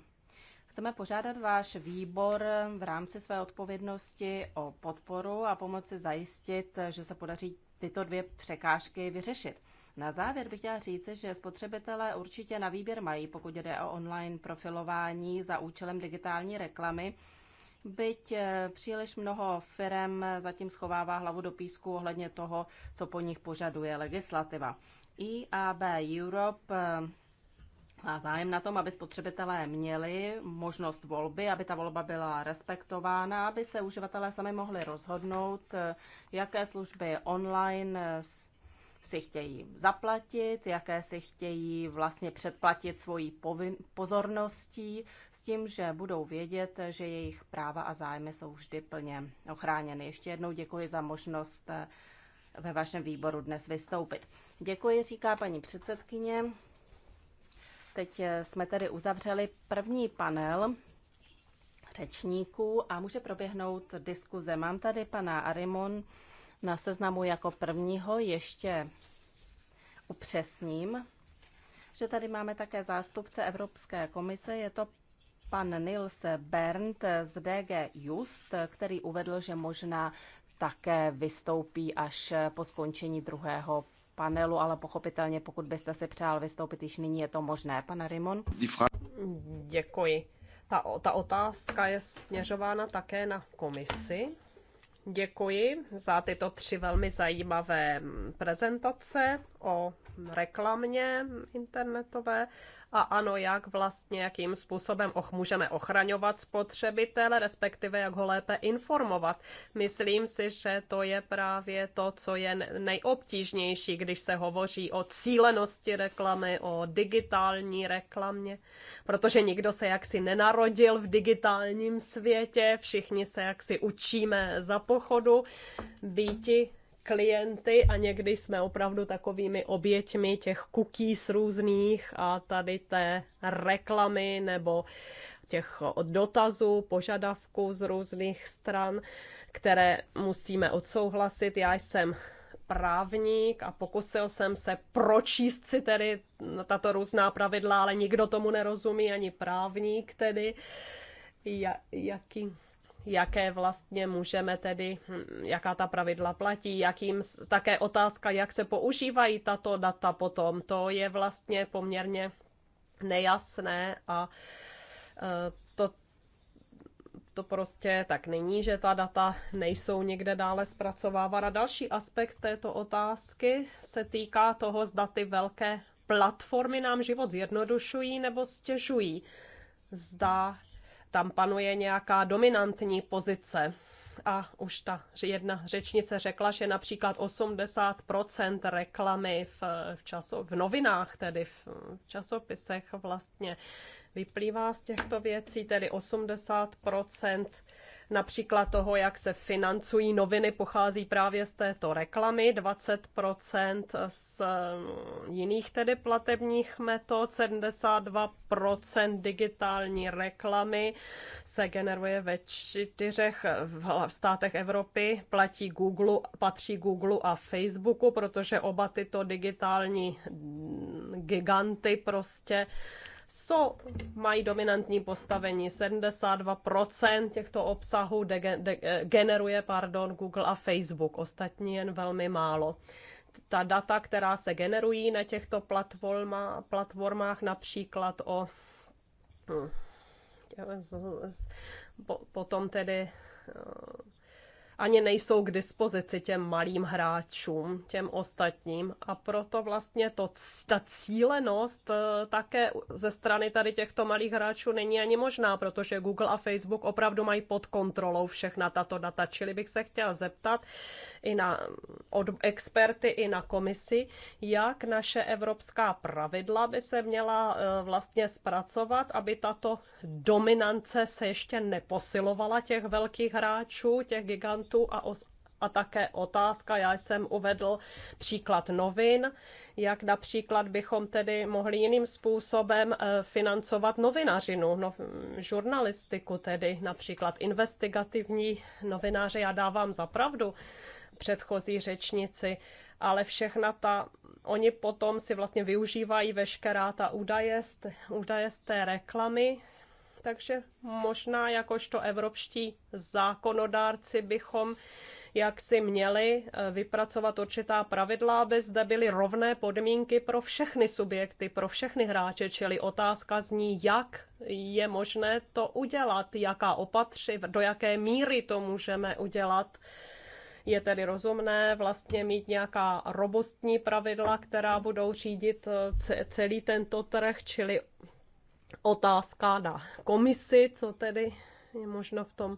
Chceme požádat váš výbor v rámci své odpovědnosti o podporu a pomoci zajistit, že se podaří tyto dvě překážky vyřešit. Na závěr bych chtěla říci, že spotřebitelé určitě na výběr mají, pokud jde o online profilování za účelem digitální reklamy. Byť eh, příliš mnoho firm zatím schovává hlavu do písku ohledně toho, co po nich požaduje legislativa. IAB Europe eh, a zájem na tom, aby spotřebitelé měli možnost volby, aby ta volba byla respektována, aby se uživatelé sami mohli rozhodnout, eh, jaké služby online si chtějí zaplatit, jaké si chtějí vlastně předplatit svojí povin- pozorností, s tím, že budou vědět, že jejich práva a zájmy jsou vždy plně ochráněny. Ještě jednou děkuji za možnost eh, ve vašem výboru dnes vystoupit. Děkuji, říká paní předsedkyně. Teď eh, jsme tedy uzavřeli první panel řečníků a může proběhnout diskuze. Mám tady pana Arimon na seznamu jako prvního. Ještě upřesním, že tady máme také zástupce Evropské komise. Je to pan Nils Berndt z DG Just, který uvedl, že možná také vystoupí až po skončení druhého panelu, ale pochopitelně, pokud byste si přál vystoupit již nyní, je to možné. Pane Rimon? Děkuji. Ta, ta otázka je směřována také na komisi. Děkuji za tyto tři velmi zajímavé prezentace o reklamě internetové a ano, jak vlastně, jakým způsobem och, můžeme ochraňovat spotřebitele, respektive jak ho lépe informovat. Myslím si, že to je právě to, co je nejobtížnější, když se hovoří o cílenosti reklamy, o digitální reklamě, protože nikdo se jaksi nenarodil v digitálním světě, všichni se jaksi učíme za pochodu býti klienty a někdy jsme opravdu takovými oběťmi těch cookies různých a tady té reklamy nebo těch eh, dotazů, požadavků z různých stran, které musíme odsouhlasit. Já jsem právník a pokusil jsem se pročíst si tedy tato různá pravidla, ale nikdo tomu nerozumí, ani právník tedy. Ja, jaký jaké vlastně můžeme tedy, hm, jaká ta pravidla platí, jakým, také otázka, jak se používají tato data potom, to je vlastně poměrně nejasné a eh, to, to prostě tak není, že ta data nejsou někde dále zpracovávána. Další aspekt této otázky se týká toho, zda ty velké platformy nám život zjednodušují nebo stěžují. Zda tam panuje nějaká dominantní pozice. A už ta jedna řečnice řekla, že například 80% reklamy v, v, časov, v novinách, tedy v, v časopisech vlastně vyplývá z těchto věcí, tedy 80 například toho, jak se financují noviny, pochází právě z této reklamy, 20% z mm, jiných tedy platebních metod, 72% digitální reklamy se generuje ve čtyřech v státech Evropy, platí Google, patří Google a Facebooku, protože oba tyto digitální mm, giganty prostě so mají dominantní postavení. 72% těchto obsahů de, de, generuje pardon, Google a Facebook, ostatní jen velmi málo. Ta data, která se generují na těchto platforma, platformách, například o hm, potom tedy ani nejsou k dispozici těm malým hráčům, těm ostatním. A proto vlastně to, ta cílenost e, také ze strany tady těchto malých hráčů není ani možná, protože Google a Facebook opravdu mají pod kontrolou všechna tato data. Čili bych se chtěl zeptat, i na od experty, i na komisi, jak naše evropská pravidla by se měla eh, vlastně zpracovat, aby tato dominance se ještě neposilovala těch velkých hráčů, těch gigantů a os- a také otázka, já jsem uvedl příklad novin, jak například bychom tedy mohli jiným způsobem eh, financovat novinařinu, no, žurnalistiku tedy, například investigativní novináře, já dávám za pravdu, předchozí řečnici, ale všechna ta, oni potom si vlastně využívají veškerá ta údaje z, údaje z té reklamy, takže možná jakožto evropští zákonodárci bychom jak si měli eh, vypracovat určitá pravidla, aby zde byly rovné podmínky pro všechny subjekty, pro všechny hráče, čili otázka zní, jak je možné to udělat, jaká opatření, do jaké míry to můžeme udělat je tedy rozumné vlastně mít nějaká robustní pravidla, která budou řídit eh, celý tento trh, čili otázka na komisi, co tedy je možno v tom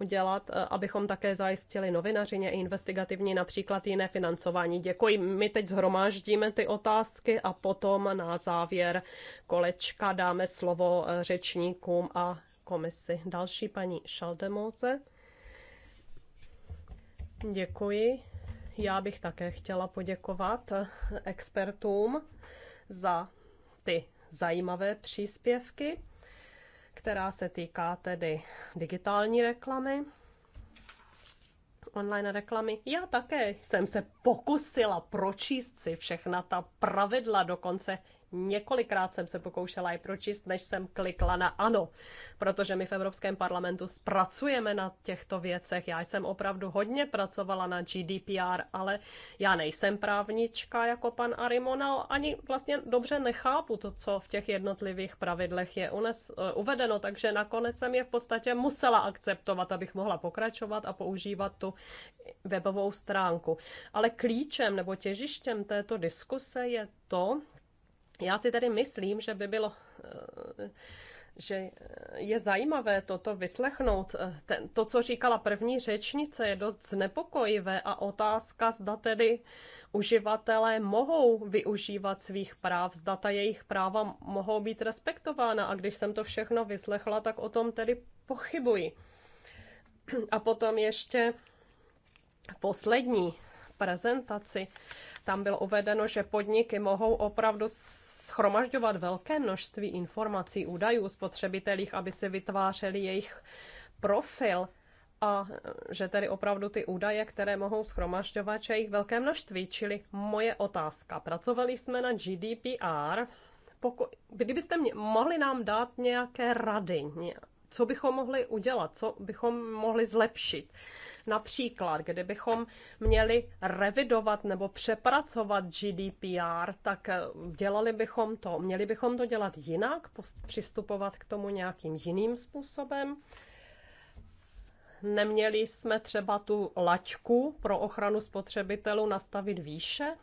udělat, eh, abychom také zajistili novinařině i investigativní například jiné financování. Děkuji. My teď zhromáždíme ty otázky a potom na závěr kolečka dáme slovo eh, řečníkům a komisi. Další paní Šaldemose. Děkuji. Já bych také chtěla poděkovat expertům za ty zajímavé příspěvky, která se týká tedy digitální reklamy, online reklamy. Já také jsem se pokusila pročíst si všechna ta pravidla, dokonce Několikrát jsem se pokoušela je pročíst, než jsem klikla na ano, protože my v Evropském parlamentu zpracujeme na těchto věcech. Já jsem opravdu hodně pracovala na GDPR, ale já nejsem právnička jako pan Arimona, ani vlastně dobře nechápu to, co v těch jednotlivých pravidlech je unes, eh, uvedeno, takže nakonec jsem je v podstatě musela akceptovat, abych mohla pokračovat a používat tu webovou stránku. Ale klíčem nebo těžištěm této diskuse je to, já si tedy myslím, že by bylo eh, že je zajímavé toto vyslechnout. Eh, ten, to, co říkala první řečnice, je dost znepokojivé a otázka, zda tedy uživatelé mohou využívat svých práv, zda ta jejich práva mohou být respektována. A když jsem to všechno vyslechla, tak o tom tedy pochybuji. A potom ještě poslední prezentaci. Tam bylo uvedeno, že podniky mohou opravdu schromažďovat velké množství informací, údajů o spotřebitelích, aby se vytvářeli jejich profil a že tedy opravdu ty údaje, které mohou schromažďovat, je jich velké množství. Čili moje otázka. Pracovali jsme na GDPR. Poku- kdybyste mě, mohli nám dát nějaké rady, co bychom mohli udělat, co bychom mohli zlepšit Například, kdybychom měli revidovat nebo přepracovat GDPR, tak eh, dělali bychom to, měli bychom to dělat jinak, přistupovat k tomu nějakým jiným způsobem neměli jsme třeba tu laťku pro ochranu spotřebitelů nastavit výše?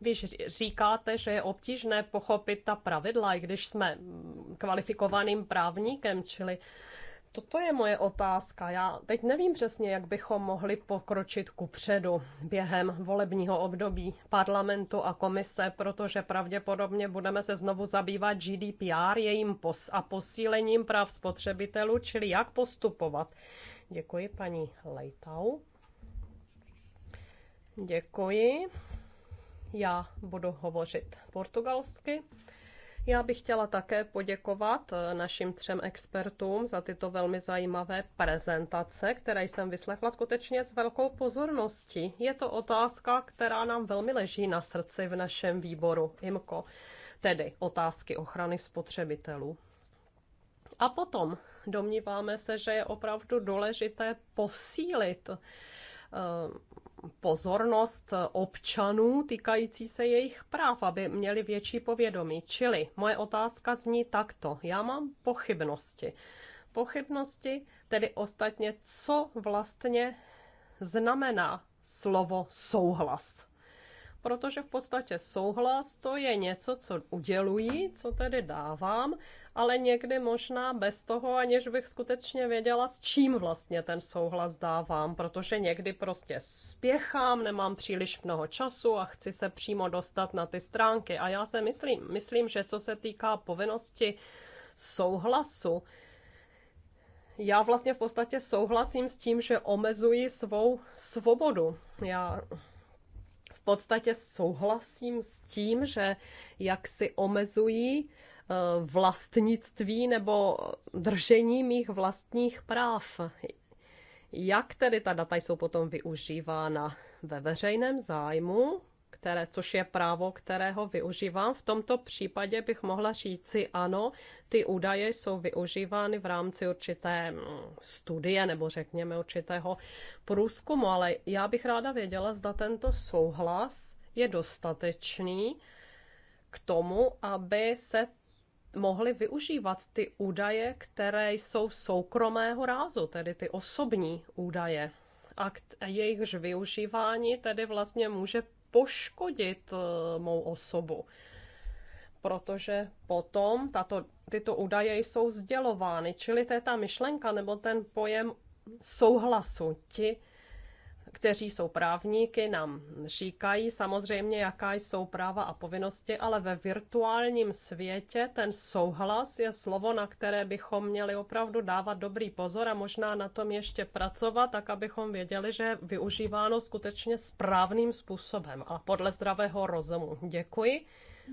Vy říkáte, že je obtížné pochopit ta pravidla, i když jsme mm, kvalifikovaným právníkem, čili Toto je moje otázka. Já teď nevím přesně, jak bychom mohli pokročit ku předu během volebního období parlamentu a komise, protože pravděpodobně budeme se znovu zabývat GDPR jejím pos a posílením práv spotřebitelů, čili jak postupovat. Děkuji paní Lejtau. Děkuji. Já budu hovořit portugalsky. Já bych chtěla také poděkovat eh, našim třem expertům za tyto velmi zajímavé prezentace, které jsem vyslechla skutečně s velkou pozorností. Je to otázka, která nám velmi leží na srdci v našem výboru IMCO, tedy otázky ochrany spotřebitelů. A potom domníváme se, že je opravdu důležité posílit eh, pozornost občanů týkající se jejich práv, aby měli větší povědomí. Čili moje otázka zní takto. Já mám pochybnosti. Pochybnosti tedy ostatně, co vlastně znamená slovo souhlas protože v podstatě souhlas to je něco, co uděluji, co tedy dávám, ale někdy možná bez toho, aniž bych skutečně věděla, s čím vlastně ten souhlas dávám, protože někdy prostě spěchám, nemám příliš mnoho času a chci se přímo dostat na ty stránky. A já se myslím, myslím, že co se týká povinnosti souhlasu, já vlastně v podstatě souhlasím s tím, že omezuji svou svobodu. Já podstatě souhlasím s tím, že jak si omezují eh, vlastnictví nebo držení mých vlastních práv. Jak tedy ta data jsou potom využívána ve veřejném zájmu které, což je právo, kterého využívám. V tomto případě bych mohla říci ano, ty údaje jsou využívány v rámci určité mm, studie nebo řekněme určitého průzkumu, ale já bych ráda věděla, zda tento souhlas je dostatečný k tomu, aby se mohly využívat ty údaje, které jsou soukromého rázu, tedy ty osobní údaje a jejichž využívání tedy vlastně může poškodit eh, mou osobu protože potom tato, tyto údaje jsou sdělovány. Čili to je ta myšlenka nebo ten pojem souhlasu. Ti kteří jsou právníky, nám říkají samozřejmě, jaká jsou práva a povinnosti, ale ve virtuálním světě ten souhlas je slovo, na které bychom měli opravdu dávat dobrý pozor a možná na tom ještě pracovat, tak abychom věděli, že je využíváno skutečně správným způsobem a podle zdravého rozumu. Děkuji.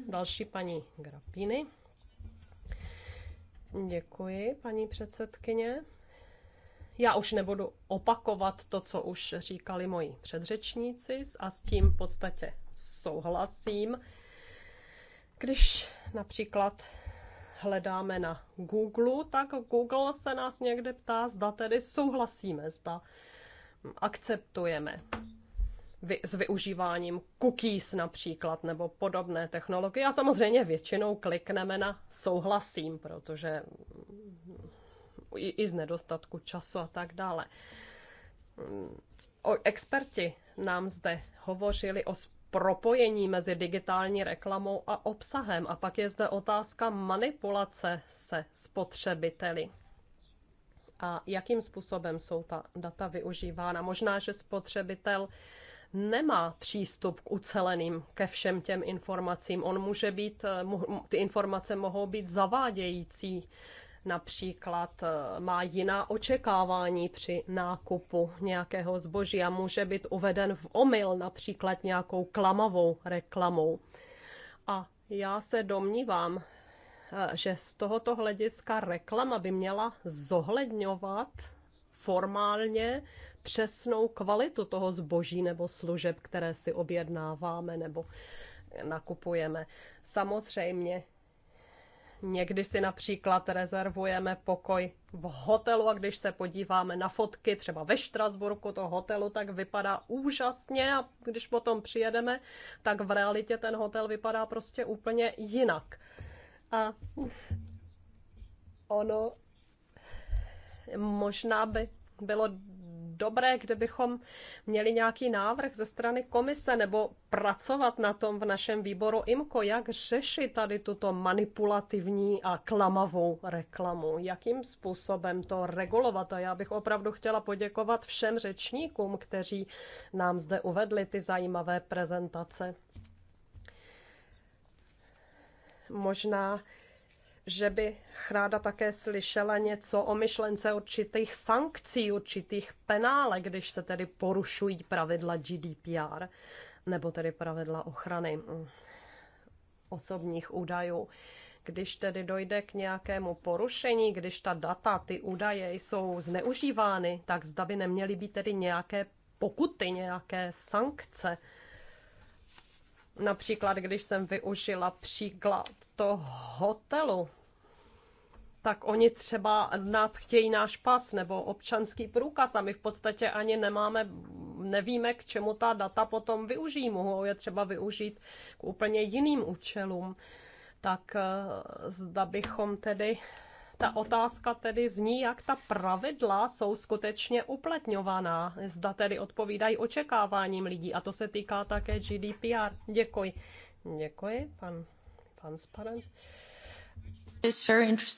Další paní Grapíny. Děkuji, paní předsedkyně já už nebudu opakovat to, co už říkali moji předřečníci a s tím v podstatě souhlasím. Když například hledáme na Google, tak Google se nás někde ptá, zda tedy souhlasíme, zda akceptujeme s využíváním cookies například nebo podobné technologie. A samozřejmě většinou klikneme na souhlasím, protože i z nedostatku času a tak dále. O, experti nám zde hovořili o propojení mezi digitální reklamou a obsahem. A pak je zde otázka manipulace se spotřebiteli. A jakým způsobem jsou ta data využívána? Možná, že spotřebitel nemá přístup k uceleným, ke všem těm informacím. On může být, eh, ty informace mohou být zavádějící například eh, má jiná očekávání při nákupu nějakého zboží a může být uveden v omyl například nějakou klamavou reklamou. A já se domnívám, eh, že z tohoto hlediska reklama by měla zohledňovat formálně přesnou kvalitu toho zboží nebo služeb, které si objednáváme nebo nakupujeme. Samozřejmě Někdy si například rezervujeme pokoj v hotelu a když se podíváme na fotky třeba ve Štrasburku toho hotelu, tak vypadá úžasně a když potom přijedeme, tak v realitě ten hotel vypadá prostě úplně jinak. A ono možná by bylo dobré, kdybychom měli nějaký návrh ze strany komise nebo pracovat na tom v našem výboru IMKO, jak řešit tady tuto manipulativní a klamavou reklamu, jakým způsobem to regulovat. A já bych opravdu chtěla poděkovat všem řečníkům, kteří nám zde uvedli ty zajímavé prezentace. Možná že by ráda také slyšela něco o myšlence určitých sankcí, určitých penále, když se tedy porušují pravidla GDPR, nebo tedy pravidla ochrany mm, osobních údajů. Když tedy dojde k nějakému porušení, když ta data, ty údaje jsou zneužívány, tak zda by neměly být tedy nějaké pokuty, nějaké sankce. Například, když jsem využila příklad to hotelu, tak oni třeba nás chtějí náš pas nebo občanský průkaz a my v podstatě ani nemáme, nevíme, k čemu ta data potom využijí. Mohou je třeba využít k úplně jiným účelům. Tak eh, zda bychom tedy ta otázka tedy zní, jak ta pravidla jsou skutečně uplatňovaná, zda tedy odpovídají očekáváním lidí a to se týká také GDPR. Děkuji. Děkuji, pan transparent.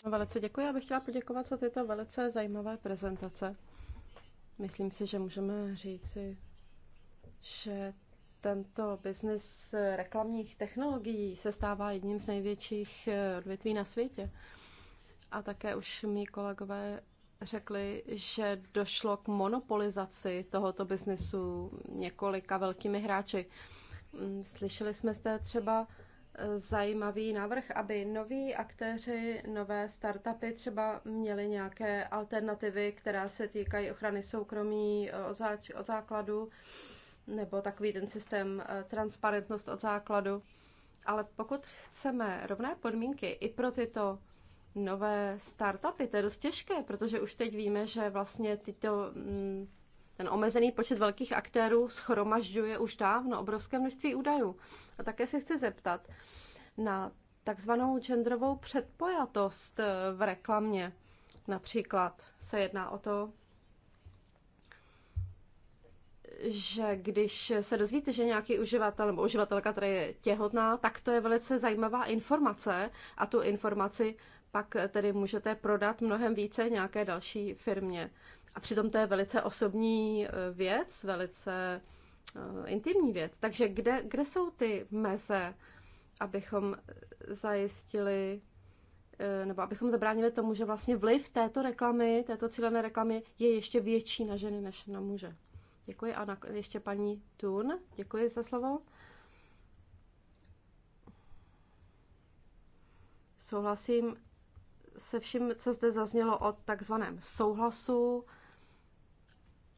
No, velice děkuji. Já bych chtěla poděkovat za tyto velice zajímavé prezentace. Myslím si, že můžeme říci, že tento biznis reklamních technologií se stává jedním z největších eh, odvětví na světě. A také už mý kolegové řekli, že došlo k monopolizaci tohoto biznisu několika velkými hráči. Mm, slyšeli jsme zde třeba zajímavý návrh, aby noví aktéři, nové startupy třeba měli nějaké alternativy, které se týkají ochrany soukromí eh, od, záč, od základu, nebo takový ten systém eh, transparentnost od základu. Ale pokud chceme rovné podmínky i pro tyto nové startupy, to je dost těžké, protože už teď víme, že vlastně tyto mm, ten omezený počet velkých aktérů schromažďuje už dávno obrovské množství údajů. A také se chci zeptat na takzvanou genderovou předpojatost eh, v reklamě. Například se jedná o to, že když se dozvíte, že nějaký uživatel nebo uživatelka, která je těhotná, tak to je velice zajímavá informace a tu informaci pak tedy můžete prodat mnohem více nějaké další firmě. A přitom to je velice osobní eh, věc, velice eh, intimní věc. Takže kde, kde jsou ty meze, abychom zajistili eh, nebo abychom zabránili tomu, že vlastně vliv této reklamy, této cílené reklamy je ještě větší na ženy než na muže. Děkuji a na, ještě paní Tun, děkuji za slovo. Souhlasím se vším, co zde zaznělo o takzvaném souhlasu,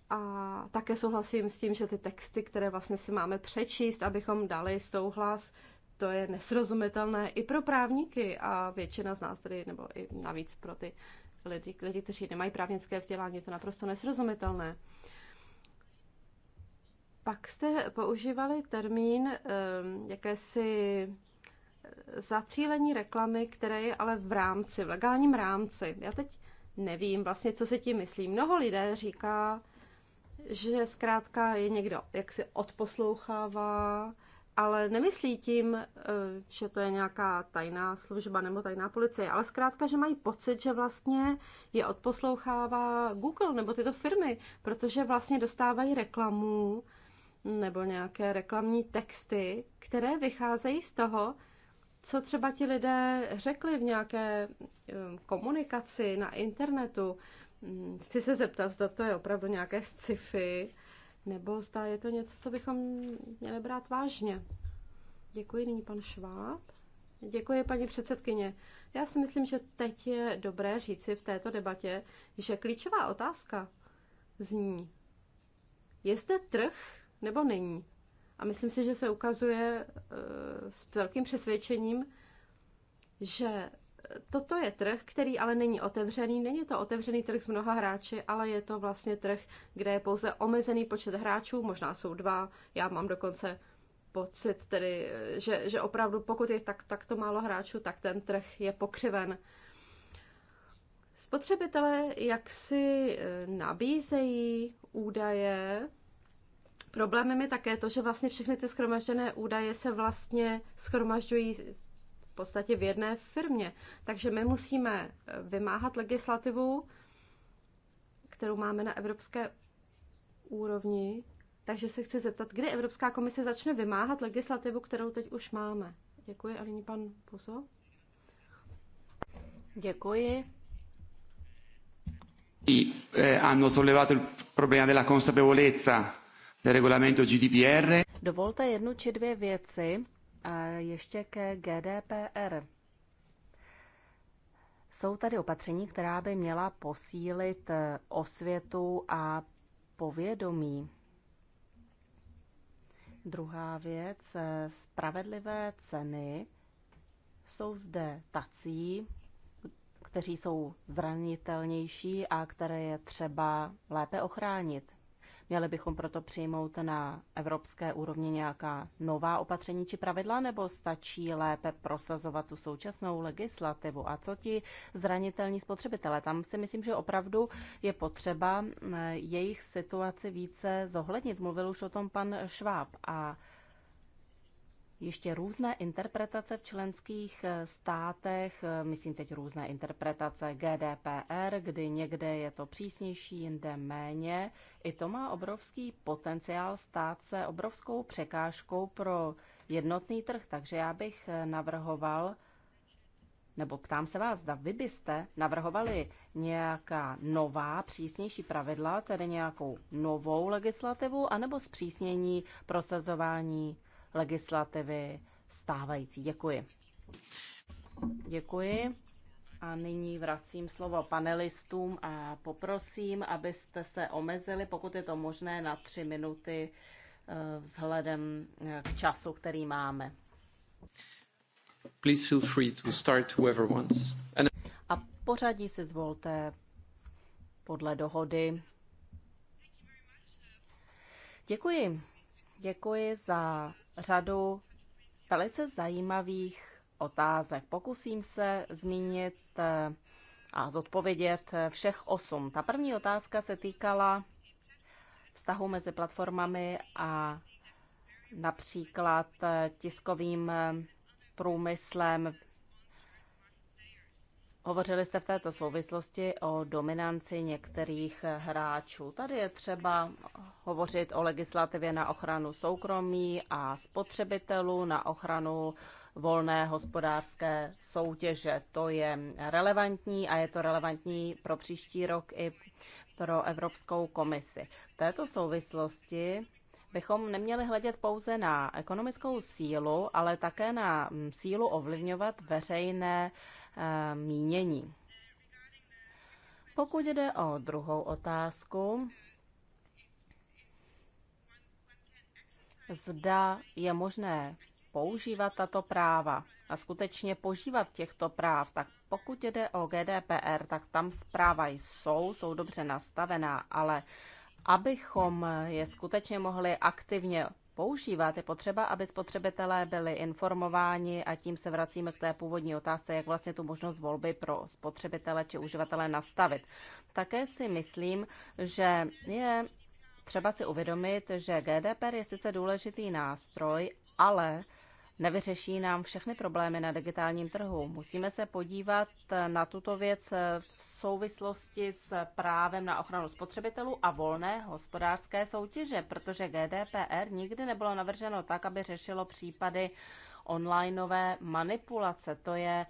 a také souhlasím s tím, že ty texty, které vlastně si máme přečíst, abychom dali souhlas, to je nesrozumitelné i pro právníky a většina z nás tedy, nebo i navíc pro ty lidi, lidi kteří nemají právnické vzdělání, je to naprosto nesrozumitelné. Pak jste používali termín um, jakési eh, zacílení reklamy, které je ale v rámci, v legálním rámci. Já teď nevím vlastně, co se tím myslí. Mnoho lidé říká, že zkrátka je někdo, jak si odposlouchává, ale nemyslí tím, eh, že to je nějaká tajná služba nebo tajná policie, ale zkrátka, že mají pocit, že vlastně je odposlouchává Google nebo tyto firmy, protože vlastně dostávají reklamu nebo nějaké reklamní texty, které vycházejí z toho, co třeba ti lidé řekli v nějaké eh, komunikaci na internetu. Mm, chci se zeptat, zda to je opravdu nějaké sci-fi, nebo zda je to něco, co bychom měli brát vážně. Děkuji, nyní pan Šváb. Děkuji, paní předsedkyně. Já si myslím, že teď je dobré říci v této debatě, že klíčová otázka zní, je trh nebo není? A myslím si, že se ukazuje eh, s velkým přesvědčením, že toto je trh, který ale není otevřený. Není to otevřený trh s mnoha hráči, ale je to vlastně trh, kde je pouze omezený počet hráčů, možná jsou dva. Já mám dokonce pocit tedy, že, že opravdu pokud je tak, takto málo hráčů, tak ten trh je pokřiven. Spotřebitelé jak si eh, nabízejí údaje. Problémem je také to, že vlastně všechny ty schromažděné údaje se vlastně schromažďují podstatě v jedné firmě. Takže my musíme eh, vymáhat legislativu, kterou máme na evropské úrovni. Takže se chci zeptat, kdy Evropská komise začne vymáhat legislativu, kterou teď už máme. Děkuji a nyní pan Puso. Děkuji. Eh, hanno sollevato il problema della consapevolezza del regolamento GDPR. Dovolte jednu či dvě věci. A ještě ke GDPR. Jsou tady opatření, která by měla posílit eh, osvětu a povědomí. Druhá věc, eh, spravedlivé ceny jsou zde tací, kteří jsou zranitelnější a které je třeba lépe ochránit. Měli bychom proto přijmout na evropské úrovni nějaká nová opatření či pravidla, nebo stačí lépe prosazovat tu současnou legislativu? A co ti zranitelní spotřebitelé? Tam si myslím, že opravdu je potřeba eh, jejich situaci více zohlednit. Mluvil už o tom pan Šváb. A ještě různé interpretace v členských eh, státech, eh, myslím teď různé interpretace GDPR, kdy někde je to přísnější, jinde méně. I to má obrovský potenciál stát se obrovskou překážkou pro jednotný trh, takže já bych eh, navrhoval, nebo ptám se vás, zda vy byste navrhovali nějaká nová, přísnější pravidla, tedy nějakou novou legislativu, anebo zpřísnění prosazování legislativy stávající. Děkuji. Děkuji. A nyní vracím slovo panelistům a poprosím, abyste se omezili, pokud je to možné, na tři minuty eh, vzhledem eh, k času, který máme. Please feel free to start whoever wants. And... A pořadí si zvolte podle dohody. Děkuji. Děkuji za řadu velice zajímavých otázek. Pokusím se zmínit eh, a zodpovědět všech osm. Ta první otázka se týkala vztahu mezi platformami a například tiskovým eh, průmyslem. Hovořili jste v této souvislosti o dominanci některých hráčů. Tady je třeba hovořit o legislativě na ochranu soukromí a spotřebitelů, na ochranu volné hospodářské soutěže. To je relevantní a je to relevantní pro příští rok i pro Evropskou komisi. V této souvislosti bychom neměli hledět pouze na ekonomickou sílu, ale také na mm, sílu ovlivňovat veřejné eh, mínění. Pokud jde o druhou otázku, zda je možné používat tato práva a skutečně požívat těchto práv, tak pokud jde o GDPR, tak tam zpráva jsou, jsou dobře nastavená, ale abychom je skutečně mohli aktivně používat, je potřeba, aby spotřebitelé byli informováni a tím se vracíme k té původní otázce, jak vlastně tu možnost volby pro spotřebitele či uživatele nastavit. Také si myslím, že je třeba si uvědomit, že GDPR je sice důležitý nástroj, ale nevyřeší nám všechny problémy na digitálním trhu. Musíme se podívat na tuto věc v souvislosti s právem na ochranu spotřebitelů a volné hospodářské soutěže, protože GDPR nikdy nebylo navrženo tak, aby řešilo případy onlineové manipulace. To je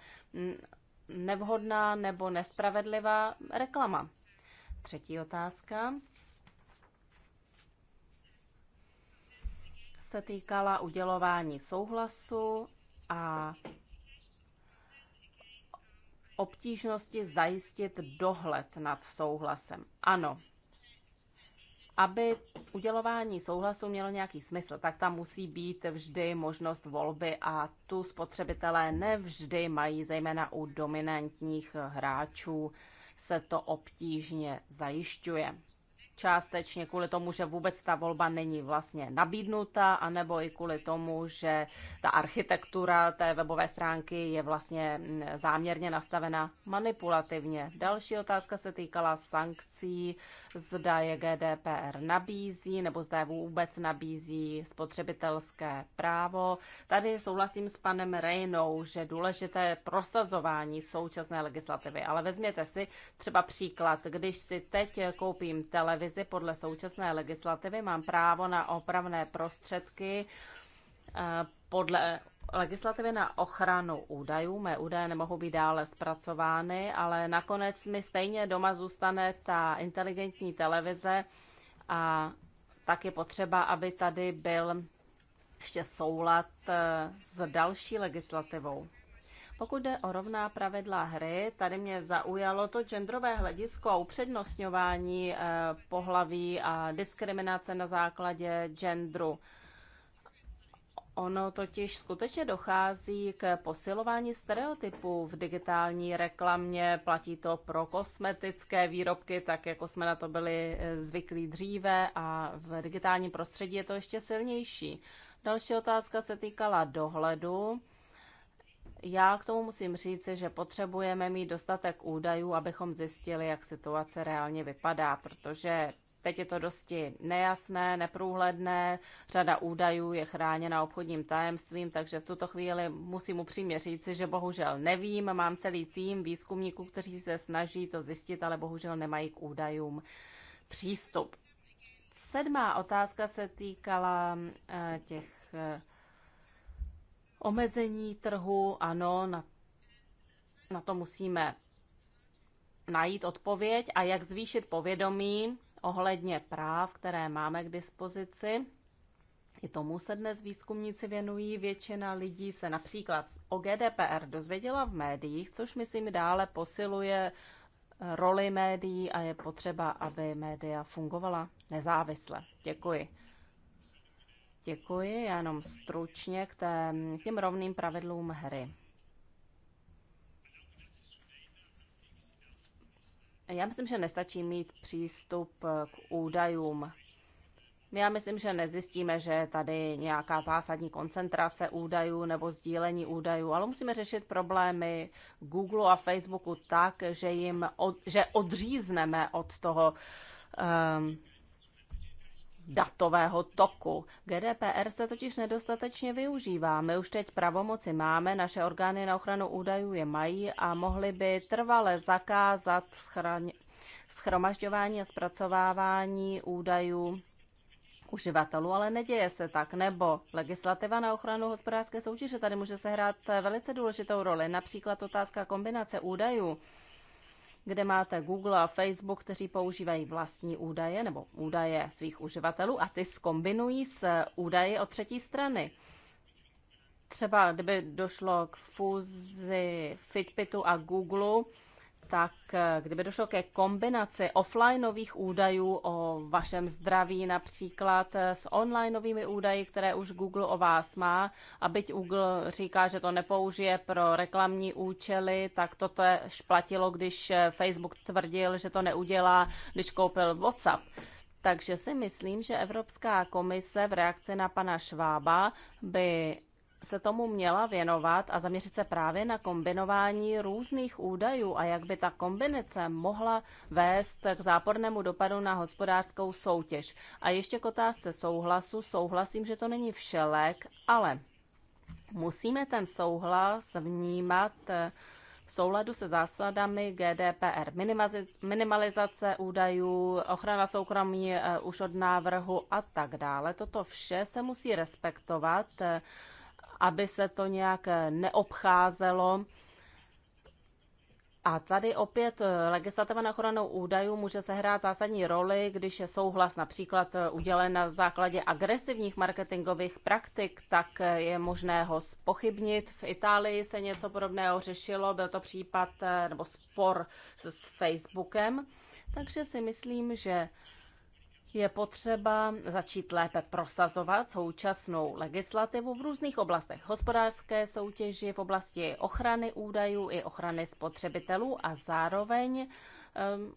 nevhodná nebo nespravedlivá reklama. Třetí otázka. se týkala udělování souhlasu a obtížnosti zajistit dohled nad souhlasem. Ano, aby udělování souhlasu mělo nějaký smysl, tak tam musí být vždy možnost volby a tu spotřebitelé nevždy mají, zejména u dominantních hráčů se to obtížně zajišťuje částečně kvůli tomu, že vůbec ta volba není vlastně nabídnuta, anebo i kvůli tomu, že ta architektura té webové stránky je vlastně záměrně nastavena manipulativně. Další otázka se týkala sankcí, zda je GDPR nabízí, nebo zda je vůbec nabízí spotřebitelské právo. Tady souhlasím s panem Rejnou, že důležité je prosazování současné legislativy, ale vezměte si třeba příklad, když si teď koupím televizi, revizi podle současné legislativy mám právo na opravné prostředky eh, podle legislativy na ochranu údajů. Mé údaje nemohou být dále zpracovány, ale nakonec mi stejně doma zůstane ta inteligentní televize a tak je potřeba, aby tady byl ještě soulad eh, s další legislativou. Pokud jde o rovná pravidla hry, tady mě zaujalo to genderové hledisko a upřednostňování eh, pohlaví a diskriminace na základě genderu. Ono totiž skutečně dochází k posilování stereotypů v digitální reklamě. Platí to pro kosmetické výrobky, tak jako jsme na to byli eh, zvyklí dříve a v digitálním prostředí je to ještě silnější. Další otázka se týkala dohledu. Já k tomu musím říci, že potřebujeme mít dostatek údajů, abychom zjistili, jak situace reálně vypadá, protože teď je to dosti nejasné, neprůhledné, řada údajů je chráněna obchodním tajemstvím, takže v tuto chvíli musím upřímně říci, že bohužel nevím, mám celý tým výzkumníků, kteří se snaží to zjistit, ale bohužel nemají k údajům přístup. Sedmá otázka se týkala eh, těch eh, Omezení trhu, ano, na, na to musíme najít odpověď a jak zvýšit povědomí ohledně práv, které máme k dispozici. I tomu se dnes výzkumníci věnují. Většina lidí se například o GDPR dozvěděla v médiích, což myslím dále posiluje roli médií a je potřeba, aby média fungovala nezávisle. Děkuji. Děkuji, já jenom stručně k, té, k těm rovným pravidlům hry. Já myslím, že nestačí mít přístup k údajům. Já myslím, že nezjistíme, že je tady nějaká zásadní koncentrace údajů nebo sdílení údajů, ale musíme řešit problémy Google a Facebooku tak, že jim od, že odřízneme od toho um, datového toku. GDPR se totiž nedostatečně využívá. My už teď pravomoci máme, naše orgány na ochranu údajů je mají a mohly by trvale zakázat schraň, schromažďování a zpracovávání údajů uživatelů, ale neděje se tak. Nebo legislativa na ochranu hospodářské soutěže tady může sehrát velice důležitou roli, například otázka kombinace údajů kde máte Google a Facebook, kteří používají vlastní údaje nebo údaje svých uživatelů a ty skombinují s údaji od třetí strany. Třeba kdyby došlo k fúzi Fitbitu a Google, tak eh, kdyby došlo ke kombinaci offlineových údajů o vašem zdraví například eh, s onlineovými údaji, které už Google o vás má, a byť Google říká, že to nepoužije pro reklamní účely, tak to tež platilo, když eh, Facebook tvrdil, že to neudělá, když koupil WhatsApp. Takže si myslím, že Evropská komise v reakci na pana Švába by se tomu měla věnovat a zaměřit se právě na kombinování různých údajů a jak by ta kombinace mohla vést k zápornému dopadu na hospodářskou soutěž. A ještě k otázce souhlasu. Souhlasím, že to není všelek, ale musíme ten souhlas vnímat eh, v souladu se zásadami GDPR. Minimalizace údajů, ochrana soukromí eh, už od návrhu a tak dále. Toto vše se musí respektovat eh, aby se to nějak eh, neobcházelo. A tady opět eh, legislativa na ochranu údajů může sehrát zásadní roli, když je souhlas například eh, udělen na základě agresivních marketingových praktik, tak je možné ho spochybnit. V Itálii se něco podobného řešilo, byl to případ nebo spor s Facebookem. Takže si myslím, že je potřeba začít lépe prosazovat současnou legislativu v různých oblastech hospodářské soutěži, v oblasti ochrany údajů i ochrany spotřebitelů a zároveň um,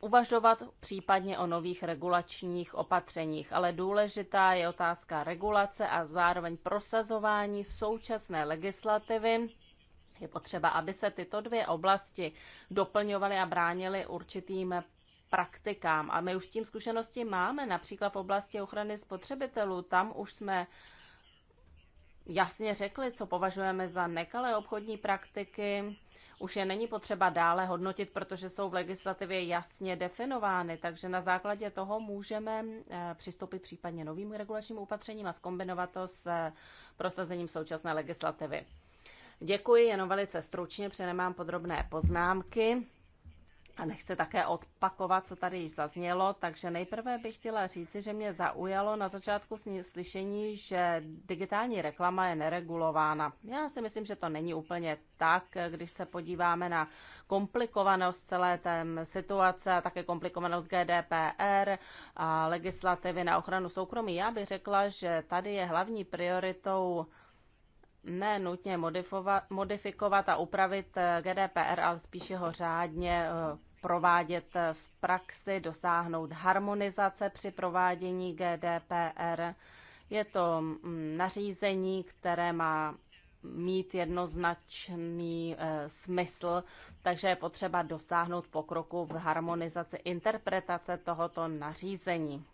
uvažovat případně o nových regulačních opatřeních. Ale důležitá je otázka regulace a zároveň prosazování současné legislativy. Je potřeba, aby se tyto dvě oblasti doplňovaly a bránily určitým praktikám. A my už s tím zkušenosti máme, například v oblasti ochrany spotřebitelů. Tam už jsme jasně řekli, co považujeme za nekalé obchodní praktiky. Už je není potřeba dále hodnotit, protože jsou v legislativě jasně definovány, takže na základě toho můžeme eh, přistoupit případně novým regulačním opatřením a zkombinovat to s eh, prosazením současné legislativy. Děkuji, jenom velice stručně, protože nemám podrobné poznámky. A nechci také odpakovat, co tady již zaznělo, takže nejprve bych chtěla říci, že mě zaujalo na začátku slyšení, že digitální reklama je neregulována. Já si myslím, že to není úplně tak, když se podíváme na komplikovanost celé té situace, také komplikovanost GDPR a legislativy na ochranu soukromí. Já bych řekla, že tady je hlavní prioritou ne nutně modifikovat a upravit eh, GDPR, ale spíše ho řádně eh, provádět eh, v praxi, dosáhnout harmonizace při provádění GDPR. Je to mm, nařízení, které má mít jednoznačný e, smysl, takže je potřeba dosáhnout pokroku v harmonizaci interpretace tohoto nařízení.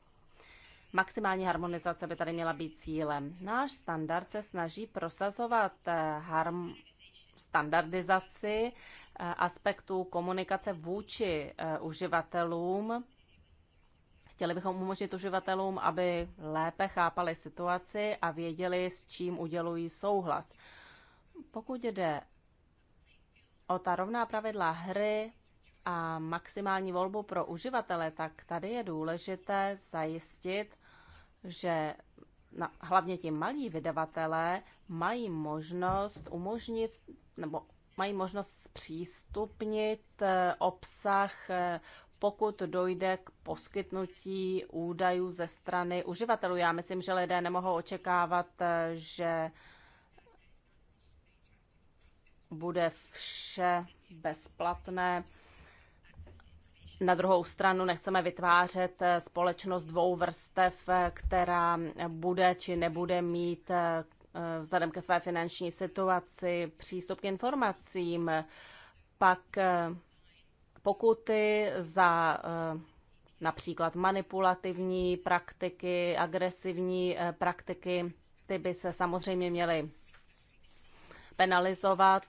Maximální harmonizace by tady měla být cílem. Náš standard se snaží prosazovat eh, harm, standardizaci eh, aspektů komunikace vůči eh, uživatelům. Chtěli bychom umožnit uživatelům, aby lépe chápali situaci a věděli, s čím udělují souhlas. Pokud jde o ta rovná pravidla hry a maximální volbu pro uživatele, tak tady je důležité zajistit, že na, hlavně ti malí vydavatelé mají možnost umožnit nebo mají možnost zpřístupnit eh, obsah, eh, pokud dojde k poskytnutí údajů ze strany uživatelů. Já myslím, že lidé nemohou očekávat, eh, že bude vše bezplatné. Na druhou stranu nechceme vytvářet společnost dvou vrstev, která bude či nebude mít Eh, vzhledem ke své finanční situaci přístup k informacím, pak eh, pokuty za eh, například manipulativní praktiky, agresivní praktiky, ty by se samozřejmě měly penalizovat,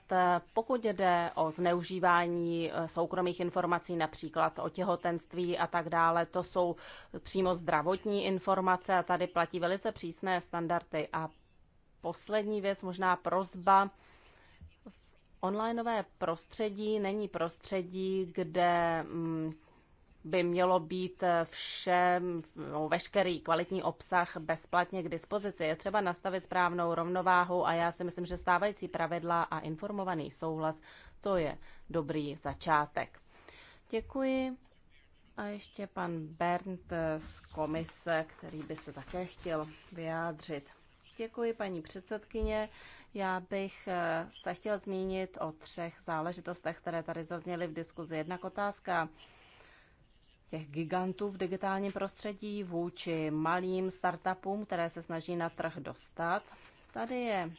pokud jde o zneužívání soukromých informací, například o těhotenství a tak dále. To jsou přímo zdravotní informace a tady platí velice přísné standardy. A poslední věc, možná prozba. Onlineové prostředí není prostředí, kde mm, by mělo být vše, no, veškerý kvalitní obsah bezplatně k dispozici. Je třeba nastavit správnou rovnováhu a já si myslím, že stávající pravidla a informovaný souhlas, to je dobrý začátek. Děkuji. A ještě pan Bernd z komise, který by se také chtěl vyjádřit. Děkuji, paní předsedkyně. Já bych eh, se chtěl zmínit o třech záležitostech, které tady zazněly v diskuzi. Jednak otázka těch gigantů v digitálním prostředí vůči malým startupům, které se snaží na trh dostat. Tady je,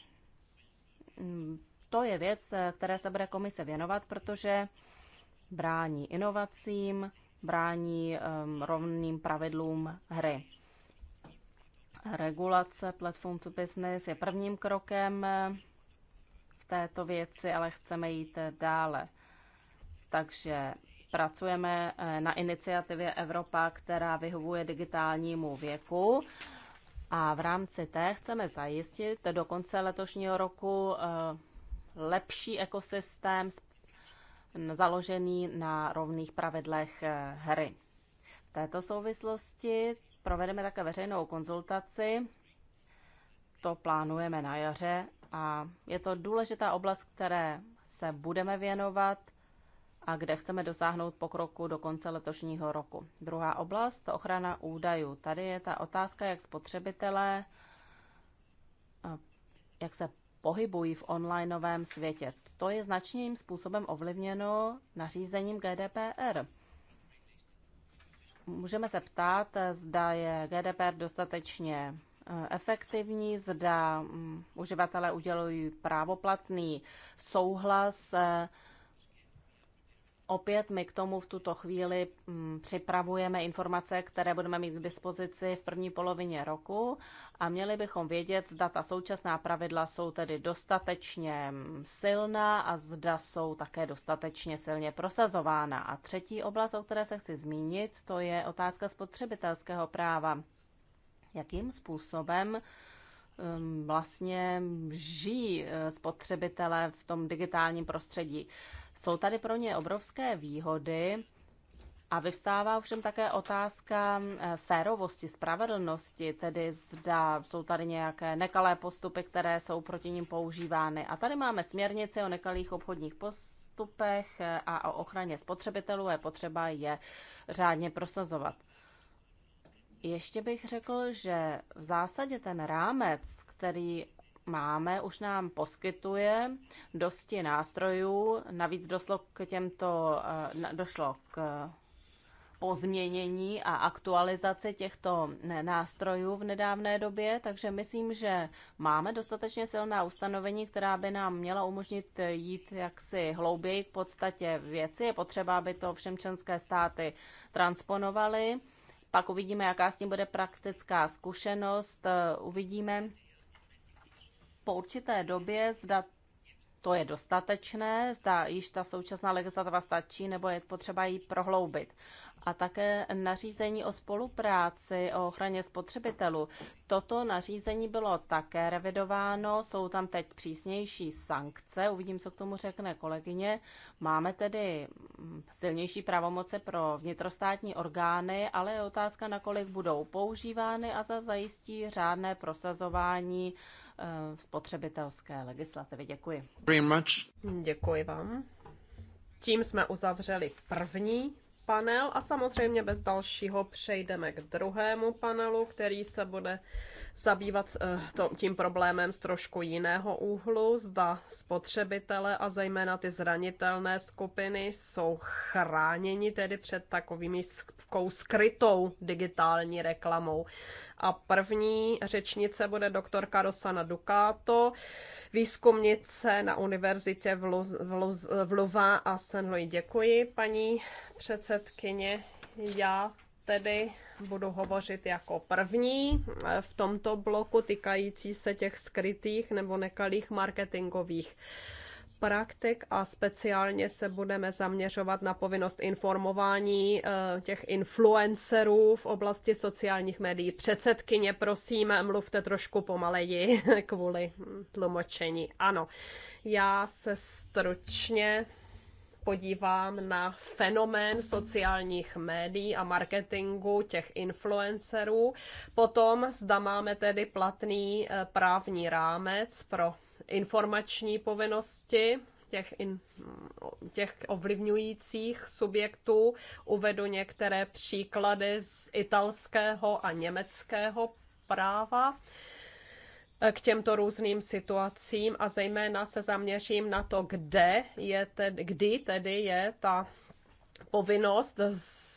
mm, to je věc, eh, které se bude komise věnovat, protože brání inovacím, brání um, rovným pravidlům hry. Regulace Platform to Business je prvním krokem eh, v této věci, ale chceme jít dále. Takže pracujeme eh, na iniciativě Evropa, která vyhovuje digitálnímu věku. A v rámci té chceme zajistit do konce letošního roku eh, lepší ekosystém založený na rovných pravidlech hry. V této souvislosti provedeme také veřejnou konzultaci. To plánujeme na jaře a je to důležitá oblast, které se budeme věnovat a kde chceme dosáhnout pokroku do konce letošního roku. Druhá oblast, ochrana údajů. Tady je ta otázka, jak spotřebitelé, jak se pohybují v onlineovém světě. To je značným způsobem ovlivněno nařízením GDPR můžeme se ptát, zda je GDPR dostatečně eh, efektivní, zda mm, uživatelé udělují právoplatný souhlas eh, Opět my k tomu v tuto chvíli mm, připravujeme informace, které budeme mít k dispozici v první polovině roku a měli bychom vědět, zda ta současná pravidla jsou tedy dostatečně mm, silná a zda jsou také dostatečně silně prosazována. A třetí oblast, o které se chci zmínit, to je otázka spotřebitelského práva. Jakým způsobem mm, vlastně žijí eh, spotřebitelé v tom digitálním prostředí. Jsou tady pro ně obrovské výhody a vyvstává ovšem také otázka eh, férovosti, spravedlnosti, tedy zda jsou tady nějaké nekalé postupy, které jsou proti ním používány. A tady máme směrnici o nekalých obchodních postupech eh, a o ochraně spotřebitelů je potřeba je řádně prosazovat. Ještě bych řekl, že v zásadě ten rámec, který máme, už nám poskytuje dosti nástrojů. Navíc došlo k těmto, eh, došlo k pozměnění a aktualizaci těchto nástrojů v nedávné době, takže myslím, že máme dostatečně silná ustanovení, která by nám měla umožnit jít jaksi hlouběji k podstatě věci. Je potřeba, aby to všem členské státy transponovaly. Pak uvidíme, jaká s tím bude praktická zkušenost. Eh, uvidíme, po určité době, zda to je dostatečné, zda již ta současná legislativa stačí, nebo je potřeba ji prohloubit. A také nařízení o spolupráci, o ochraně spotřebitelů. Toto nařízení bylo také revidováno, jsou tam teď přísnější sankce, uvidím, co k tomu řekne kolegyně. Máme tedy silnější pravomoce pro vnitrostátní orgány, ale je otázka, nakolik budou používány a za zajistí řádné prosazování uh, Eh, spotřebitelské legislativy. Děkuji. Very much. Děkuji vám. Tím jsme uzavřeli první panel a samozřejmě bez dalšího přejdeme k druhému panelu, který se bude zabývat eh, tím problémem z trošku jiného úhlu, zda spotřebitele a zejména ty zranitelné skupiny jsou chráněni tedy před takovými skrytou digitální reklamou. A první řečnice bude doktorka Rosana Ducato, výzkumnice na univerzitě v, Luz, v, Luz, v Luva a Senloji. Děkuji, paní předsedkyně. Já tedy budu hovořit jako první eh, v tomto bloku týkající se těch skrytých nebo nekalých marketingových praktik a speciálně se budeme zaměřovat na povinnost informování eh, těch influencerů v oblasti sociálních médií. Předsedkyně, prosím, mluvte trošku pomaleji *laughs* kvůli tlumočení. Ano, já se stručně podívám na fenomén sociálních médií a marketingu těch influencerů. Potom zda máme tedy platný eh, právní rámec pro informační povinnosti těch, in, těch ovlivňujících subjektů. Uvedu některé příklady z italského a německého práva k těmto různým situacím a zejména se zaměřím na to, kde je tedy, kdy tedy je ta povinnost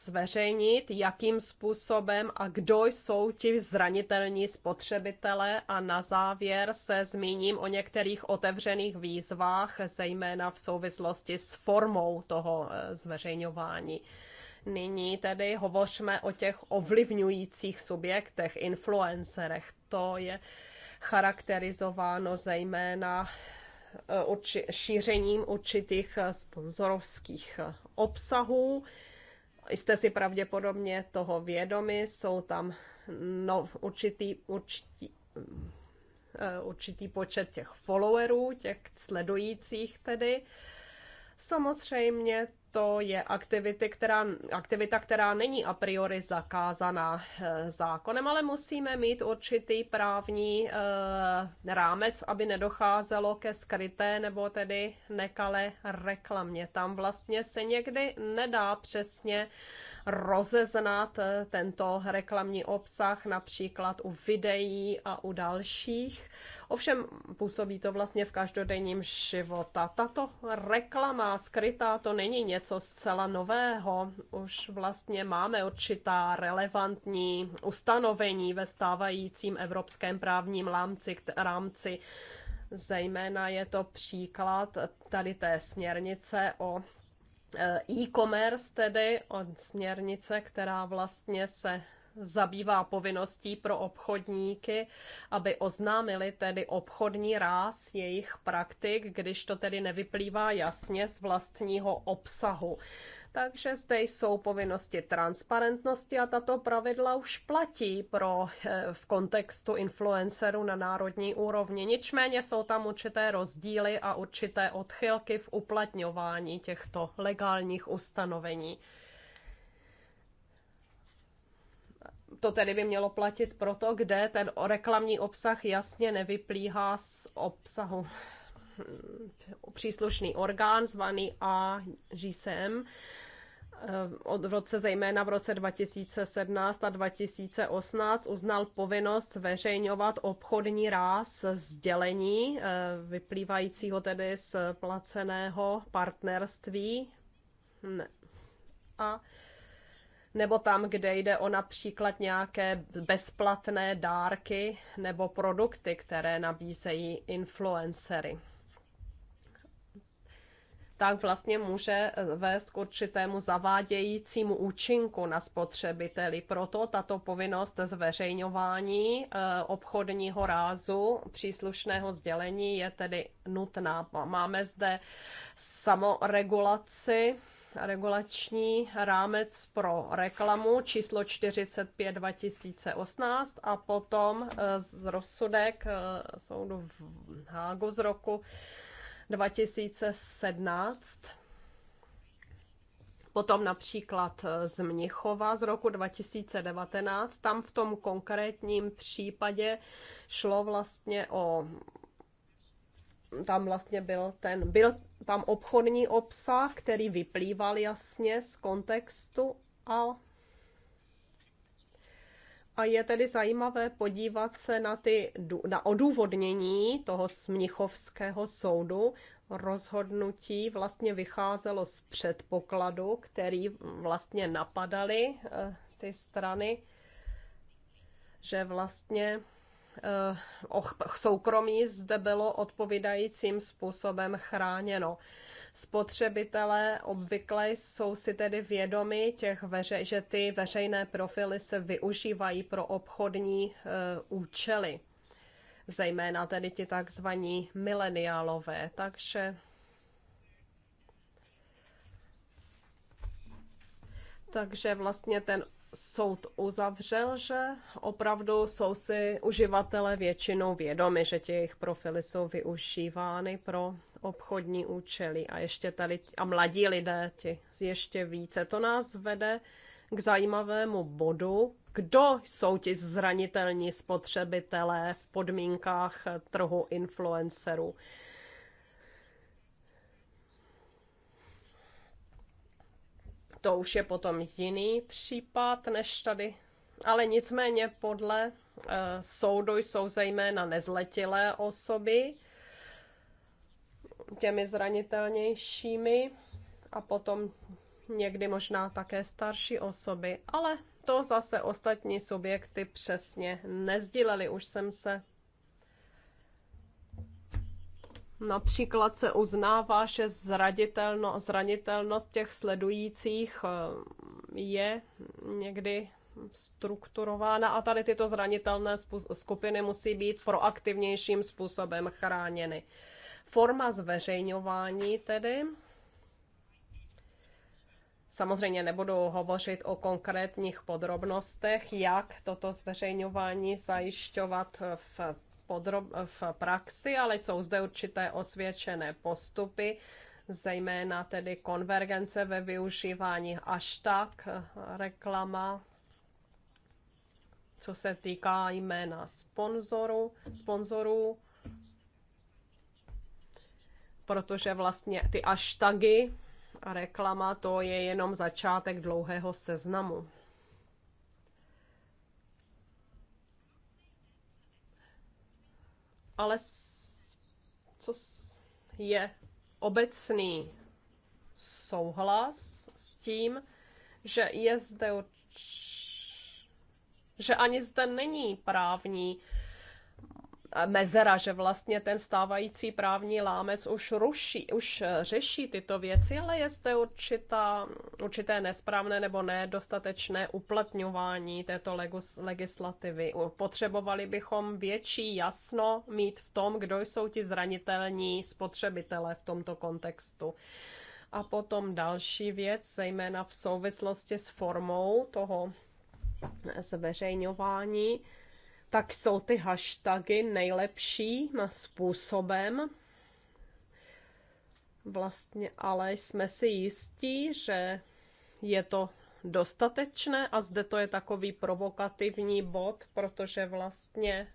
zveřejnit, jakým způsobem a kdo jsou ti zranitelní spotřebitelé a na závěr se zmíním o některých otevřených výzvách, zejména v souvislosti s formou toho eh, zveřejňování. Nyní tedy hovořme o těch ovlivňujících subjektech, influencerech. To je charakterizováno zejména Eh, urči, šířením určitých eh, sponzorovských eh, obsahů. Jste si pravděpodobně toho vědomi, jsou tam no, určitý, určitý, určitý počet těch followerů, těch sledujících tedy. Samozřejmě to je aktivity, která, aktivita, která není a priori zakázaná eh, zákonem, ale musíme mít určitý právní eh, rámec, aby nedocházelo ke skryté nebo tedy nekalé reklamě. Tam vlastně se někdy nedá přesně rozeznat eh, tento reklamní obsah například u videí a u dalších. Ovšem působí to vlastně v každodenním života. Tato reklama skrytá to není něco zcela nového. Už vlastně máme určitá relevantní ustanovení ve stávajícím evropském právním rámci, rámci Zejména je to příklad tady té směrnice o Eh, e-commerce tedy od směrnice, která vlastně se zabývá povinností pro obchodníky, aby oznámili tedy obchodní ráz jejich praktik, když to tedy nevyplývá jasně z vlastního obsahu. Takže zde jsou povinnosti transparentnosti a tato pravidla už platí pro eh, v kontextu influencerů na národní úrovni. Nicméně jsou tam určité rozdíly a určité odchylky v uplatňování těchto legálních ustanovení. to tedy by mělo platit pro to, kde ten reklamní obsah jasně nevyplýhá z obsahu. Příslušný orgán zvaný AGCM Eh, od v roce, zejména v roce 2017 a 2018 uznal povinnost zveřejňovat obchodní ráz sdělení eh, vyplývajícího tedy z placeného partnerství. Ne. A nebo tam, kde jde o například nějaké bezplatné dárky nebo produkty, které nabízejí influencery tak vlastně může eh, vést k určitému zavádějícímu účinku na spotřebiteli. Proto tato povinnost zveřejňování eh, obchodního rázu příslušného sdělení je tedy nutná. Máme zde samoregulaci regulační rámec pro reklamu číslo 45 2018 a potom eh, z rozsudek soudu v Hágu z roku 2017. Potom například z Mnichova z roku 2019. Tam v tom konkrétním případě šlo vlastně o tam vlastně byl ten, byl tam obchodní obsah, který vyplýval jasně z kontextu a a je tedy zajímavé podívat se na, ty, na odůvodnění toho smnichovského soudu. Rozhodnutí vlastně vycházelo z předpokladu, který vlastně napadaly eh, ty strany, že vlastně eh, soukromí zde bylo odpovídajícím způsobem chráněno. Spotřebitelé obvykle jsou si tedy vědomi, těch veře, že ty veřejné profily se využívají pro obchodní e, účely, zejména tedy ti takzvaní mileniálové. Takže Takže vlastně ten soud uzavřel, že opravdu jsou si uživatelé většinou vědomi, že těch profily jsou využívány pro obchodní účely a ještě tady a mladí lidé ti ještě více. To nás vede k zajímavému bodu, kdo jsou ti zranitelní spotřebitelé v podmínkách trhu influencerů. To už je potom jiný případ než tady, ale nicméně podle eh, soudu jsou zejména nezletilé osoby, těmi zranitelnějšími a potom někdy možná také starší osoby, ale to zase ostatní subjekty přesně nezdíleli. Už jsem se Například se uznává, že zraditelno, zranitelnost těch sledujících eh, je někdy strukturována a tady tyto zranitelné skupiny musí být proaktivnějším způsobem chráněny. Forma zveřejňování tedy. Samozřejmě nebudu hovořit o konkrétních podrobnostech, jak toto zveřejňování zajišťovat v, podrob, v praxi, ale jsou zde určité osvědčené postupy, zejména tedy konvergence ve využívání hashtag eh, reklama, co se týká jména sponzoru, sponzorů, sponzorů protože vlastně ty hashtagy a reklama to je jenom začátek dlouhého seznamu. Ale co je obecný souhlas s tím, že je zde že ani zde není právní mezera, že vlastně ten stávající právní lámec už ruší, už eh, řeší tyto věci, ale je zde určitá, určité nesprávné nebo nedostatečné uplatňování této legislativy. Potřebovali bychom větší jasno mít v tom, kdo jsou ti zranitelní spotřebitelé v tomto kontextu. A potom další věc, zejména v souvislosti s formou toho zveřejňování, tak jsou ty hashtagy nejlepší způsobem. Vlastně ale jsme si jistí, že je to dostatečné a zde to je takový provokativní bod, protože vlastně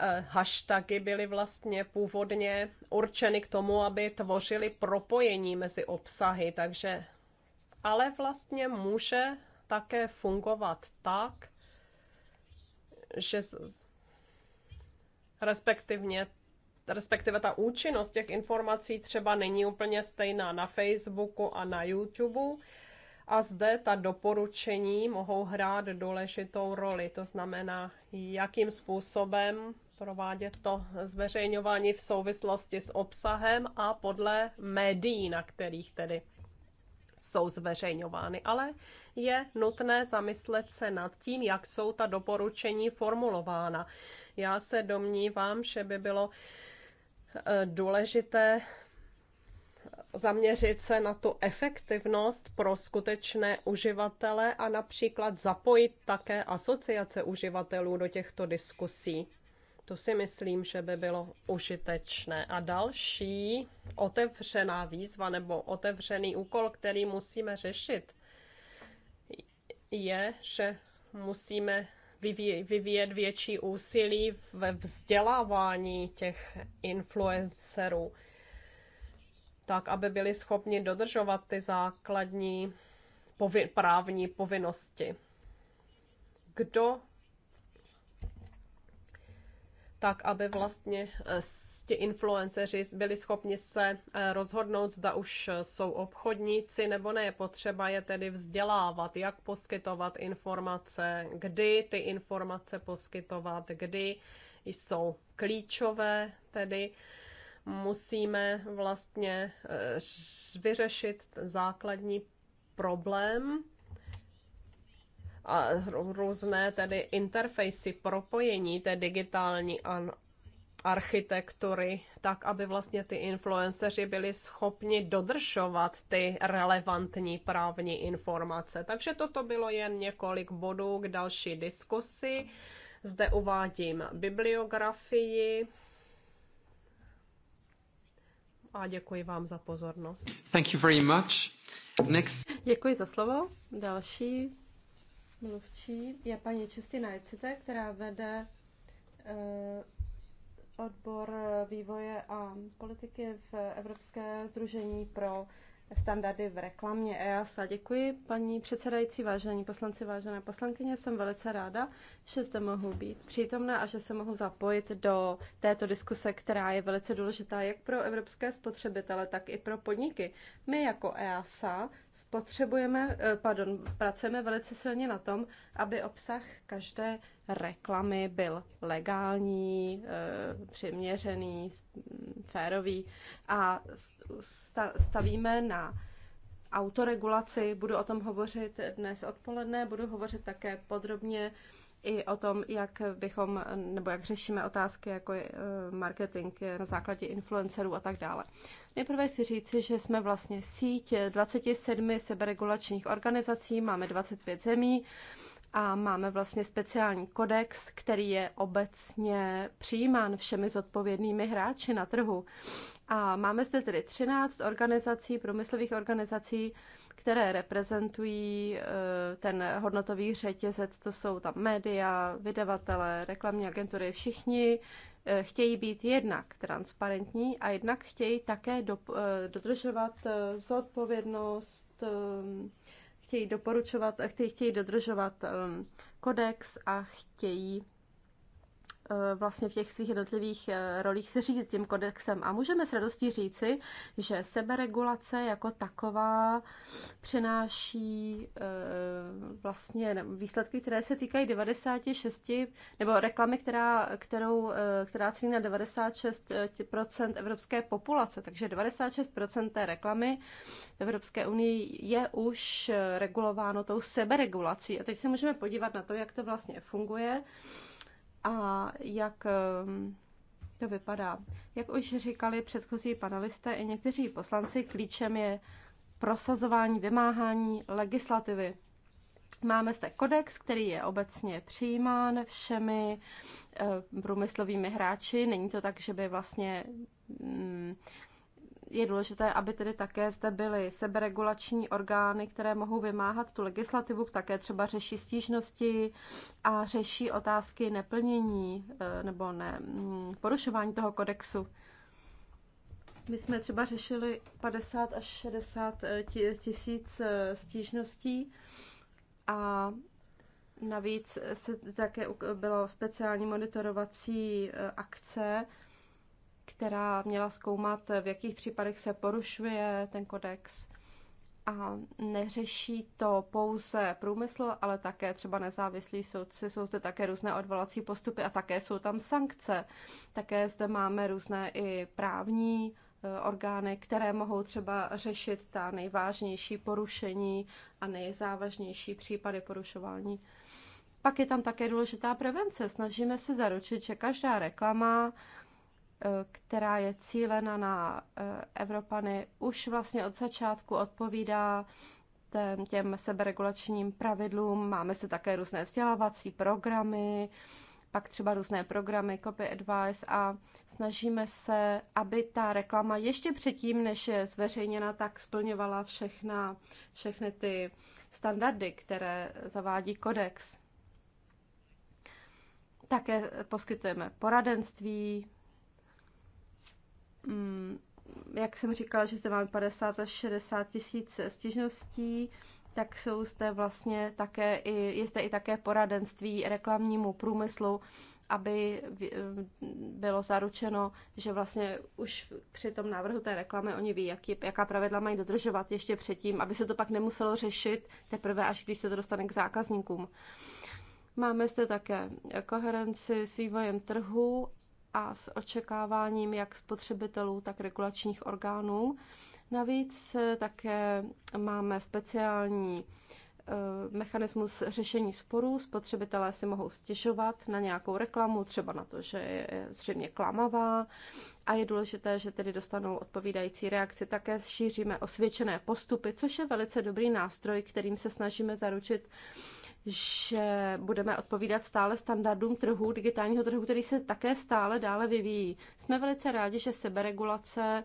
eh, hashtagy byly vlastně původně určeny k tomu, aby tvořily propojení mezi obsahy, takže ale vlastně může také fungovat tak, že respektivně respektive ta účinnost těch informací třeba není úplně stejná na Facebooku a na YouTube. A zde ta doporučení mohou hrát důležitou roli, to znamená, jakým způsobem provádět to zveřejňování v souvislosti s obsahem a podle médií, na kterých tedy jsou zveřejňovány, ale je nutné zamyslet se nad tím, jak jsou ta doporučení formulována. Já se domnívám, že by bylo eh, důležité zaměřit se na tu efektivnost pro skutečné uživatele a například zapojit také asociace uživatelů do těchto diskusí. To si myslím, že by bylo užitečné. A další otevřená výzva nebo otevřený úkol, který musíme řešit, je, že musíme vyvíjet větší úsilí ve vzdělávání těch influencerů, tak aby byli schopni dodržovat ty základní právní povinnosti. Kdo tak aby vlastně eh, ti influenceři byli schopni se eh, rozhodnout, zda už eh, jsou obchodníci nebo ne. Potřeba je tedy vzdělávat, jak poskytovat informace, kdy ty informace poskytovat, kdy jsou klíčové, tedy musíme vlastně vyřešit základní problém, a různé tedy interfejsy, propojení té digitální architektury, tak aby vlastně ty influenceři byli schopni dodržovat ty relevantní právní informace. Takže toto bylo jen několik bodů k další diskusi. Zde uvádím bibliografii. A děkuji vám za pozornost. Thank you very much. Next. Děkuji za slovo. Další mluvčí je paní Čustina Jecite, která vede eh, odbor vývoje a politiky v Evropské združení pro standardy v reklamě EASA. Děkuji, paní předsedající, vážení poslanci, vážené poslankyně. Jsem velice ráda, že zde mohu být přítomná a že se mohu zapojit do této diskuse, která je velice důležitá jak pro evropské spotřebitele, tak i pro podniky. My jako EASA spotřebujeme, eh, pardon, pracujeme velice silně na tom, aby obsah každé reklamy byl legální, eh, přiměřený, férový a stavíme na autoregulaci. Budu o tom hovořit dnes odpoledne, budu hovořit také podrobně i o tom, jak bychom, nebo jak řešíme otázky jako eh, marketing na základě influencerů a tak dále. Nejprve chci říci, že jsme vlastně síť 27 seberegulačních organizací, máme 25 zemí, a máme vlastně speciální kodex, který je obecně přijímán všemi zodpovědnými hráči na trhu. A máme zde tedy 13 organizací, průmyslových organizací, které reprezentují eh, ten hodnotový řetězec. To jsou tam média, vydavatele, reklamní agentury, všichni eh, chtějí být jednak transparentní a jednak chtějí také do, eh, dodržovat zodpovědnost chtějí doporučovat, chtějí, chtějí dodržovat um, kodex a chtějí Eh, vlastně v těch svých jednotlivých eh, rolích se řídit tím kodexem. A můžeme s radostí říci, že seberegulace jako taková přináší eh, vlastně výsledky, které se týkají 96, nebo reklamy, která, kterou, která cílí na 96 evropské populace. Takže 96 té reklamy v Evropské unii je už regulováno tou seberegulací. A teď se můžeme podívat na to, jak to vlastně funguje a jak ehm, to vypadá. Jak už říkali předchozí panelisté i někteří poslanci, klíčem je prosazování, vymáhání legislativy. Máme zde kodex, který je obecně přijímán všemi ehm, průmyslovými hráči. Není to tak, že by vlastně mm, je důležité, aby tedy také zde byly seberegulační orgány, které mohou vymáhat tu legislativu, také třeba řeší stížnosti a řeší otázky neplnění eh, nebo ne, mm, porušování toho kodexu. My jsme třeba řešili 50 až 60 eh, tisíc eh, stížností a navíc se také bylo speciální monitorovací akce, která měla zkoumat, v jakých případech se porušuje ten kodex. A neřeší to pouze průmysl, ale také třeba nezávislí soudci. Jsou zde také různé odvolací postupy a také jsou tam sankce. Také zde máme různé i právní eh, orgány, které mohou třeba řešit ta nejvážnější porušení a nejzávažnější případy porušování. Pak je tam také důležitá prevence. Snažíme se zaručit, že každá reklama, Eh, která je cílena na eh, Evropany, už vlastně od začátku odpovídá těm seberegulačním pravidlům. Máme se také různé vzdělávací programy, pak třeba různé programy Copy Advice a snažíme se, aby ta reklama ještě předtím, než je zveřejněna, tak splňovala všechna, všechny ty standardy, které zavádí kodex. Také poskytujeme poradenství, Mm, jak jsem říkala, že zde máme 50 až 60 tisíc stížností, tak jsou zde vlastně také i, je zde i také poradenství reklamnímu průmyslu, aby eh, bylo zaručeno, že vlastně už při tom návrhu té reklamy oni ví, jaký, jaká pravidla mají dodržovat ještě předtím, aby se to pak nemuselo řešit teprve, až když se to dostane k zákazníkům. Máme zde také koherenci s vývojem trhu a s očekáváním jak spotřebitelů, tak regulačních orgánů. Navíc eh, také máme speciální eh, mechanismus řešení sporů. Spotřebitelé si mohou stěžovat na nějakou reklamu, třeba na to, že je zřejmě klamavá a je důležité, že tedy dostanou odpovídající reakci. Také šíříme osvědčené postupy, což je velice dobrý nástroj, kterým se snažíme zaručit že budeme odpovídat stále standardům trhu, digitálního trhu, který se také stále dále vyvíjí. Jsme velice rádi, že seberegulace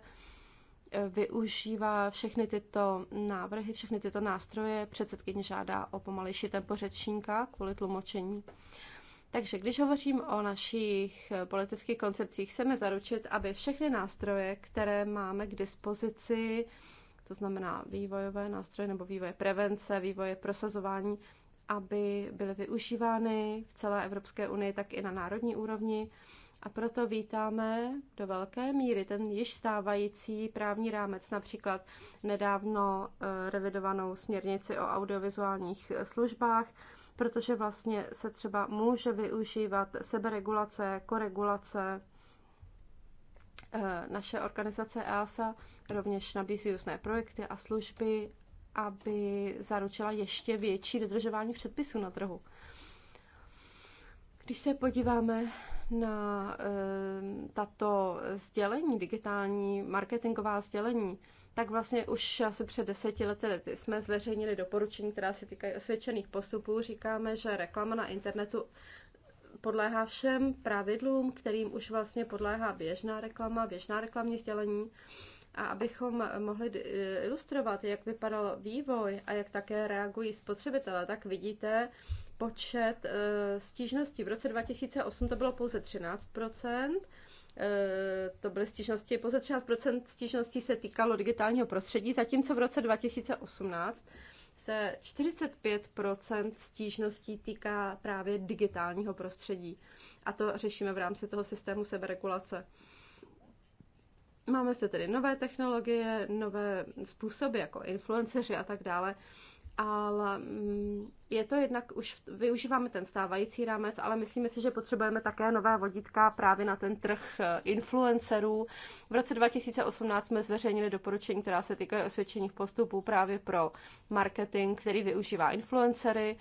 eh, využívá všechny tyto návrhy, všechny tyto nástroje. Předsedkyně žádá o pomalejší tempo řečníka kvůli tlumočení. Takže když hovořím o našich eh, politických koncepcích, chceme zaručit, aby všechny nástroje, které máme k dispozici, to znamená vývojové nástroje nebo vývoje prevence, vývoje prosazování, aby byly využívány v celé Evropské unii, tak i na národní úrovni. A proto vítáme do velké míry ten již stávající právní rámec, například nedávno eh, revidovanou směrnici o audiovizuálních eh, službách, protože vlastně se třeba může využívat seberegulace, koregulace. Eh, naše organizace EASA rovněž nabízí různé projekty a služby aby zaručila ještě větší dodržování předpisů na trhu. Když se podíváme na ehm, tato sdělení, digitální marketingová sdělení, tak vlastně už asi před deseti lety, lety jsme zveřejnili doporučení, která se týkají osvědčených postupů. Říkáme, že reklama na internetu podléhá všem pravidlům, kterým už vlastně podléhá běžná reklama, běžná reklamní sdělení. A abychom mohli eh, ilustrovat, jak vypadal vývoj a jak také reagují spotřebitelé, tak vidíte počet eh, stížností. V roce 2008 to bylo pouze 13 eh, to byly stížnosti, pouze 13% stížností se týkalo digitálního prostředí, zatímco v roce 2018 se 45% stížností týká právě digitálního prostředí. A to řešíme v rámci toho systému seberegulace. Máme se tedy nové technologie, nové způsoby, jako influenceři a tak dále, ale mm, je to jednak, už využíváme ten stávající rámec, ale myslíme si, že potřebujeme také nové vodítka právě na ten trh eh, influencerů. V roce 2018 jsme zveřejnili doporučení, která se týkají osvědčených postupů právě pro marketing, který využívá influencery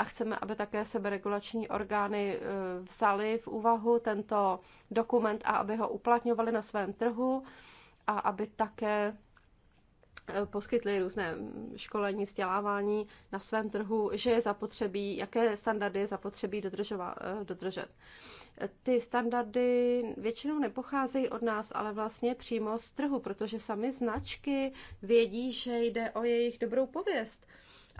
a chceme, aby také seberegulační orgány e, vzaly v úvahu tento dokument a aby ho uplatňovali na svém trhu a aby také e, poskytli různé školení, vzdělávání na svém trhu, že je zapotřebí, jaké standardy je zapotřebí dodržova, e, dodržet. Ty standardy většinou nepocházejí od nás, ale vlastně přímo z trhu, protože sami značky vědí, že jde o jejich dobrou pověst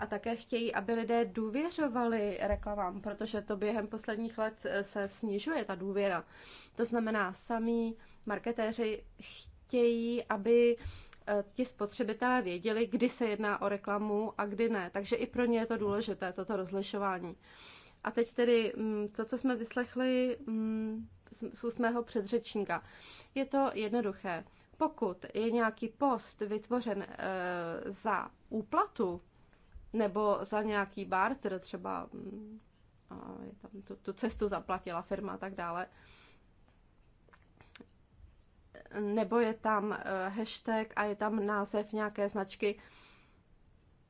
a také chtějí, aby lidé důvěřovali reklamám, protože to během posledních let eh, se snižuje ta důvěra. To znamená, sami marketéři chtějí, aby eh, ti spotřebitelé věděli, kdy se jedná o reklamu a kdy ne. Takže i pro ně je to důležité, toto rozlišování. A teď tedy mm, to, co jsme vyslechli mm, z úst mého předřečníka. Je to jednoduché. Pokud je nějaký post vytvořen eh, za úplatu, nebo za nějaký barter třeba mm, a je tam tu, tu cestu zaplatila firma a tak dále. Nebo je tam eh, hashtag a je tam název nějaké značky,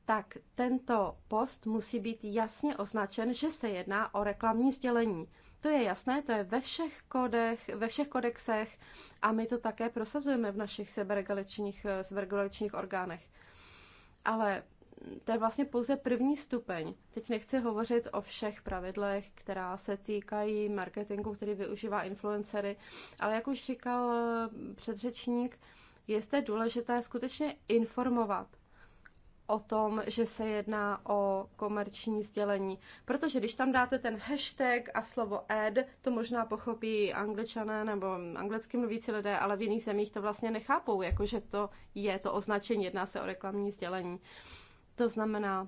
tak tento post musí být jasně označen, že se jedná o reklamní sdělení. To je jasné, to je ve všech kodech, ve všech kodexech a my to také prosazujeme v našich seberegulačních, eh, orgánech. Ale to je vlastně pouze první stupeň. Teď nechci hovořit o všech pravidlech, která se týkají marketingu, který využívá influencery, ale jak už říkal eh, předřečník, je zde důležité skutečně informovat o tom, že se jedná o komerční sdělení. Protože když tam dáte ten hashtag a slovo ad, to možná pochopí angličané nebo anglicky mluvící lidé, ale v jiných zemích to vlastně nechápou, jakože to je to označení, jedná se o reklamní sdělení. To znamená,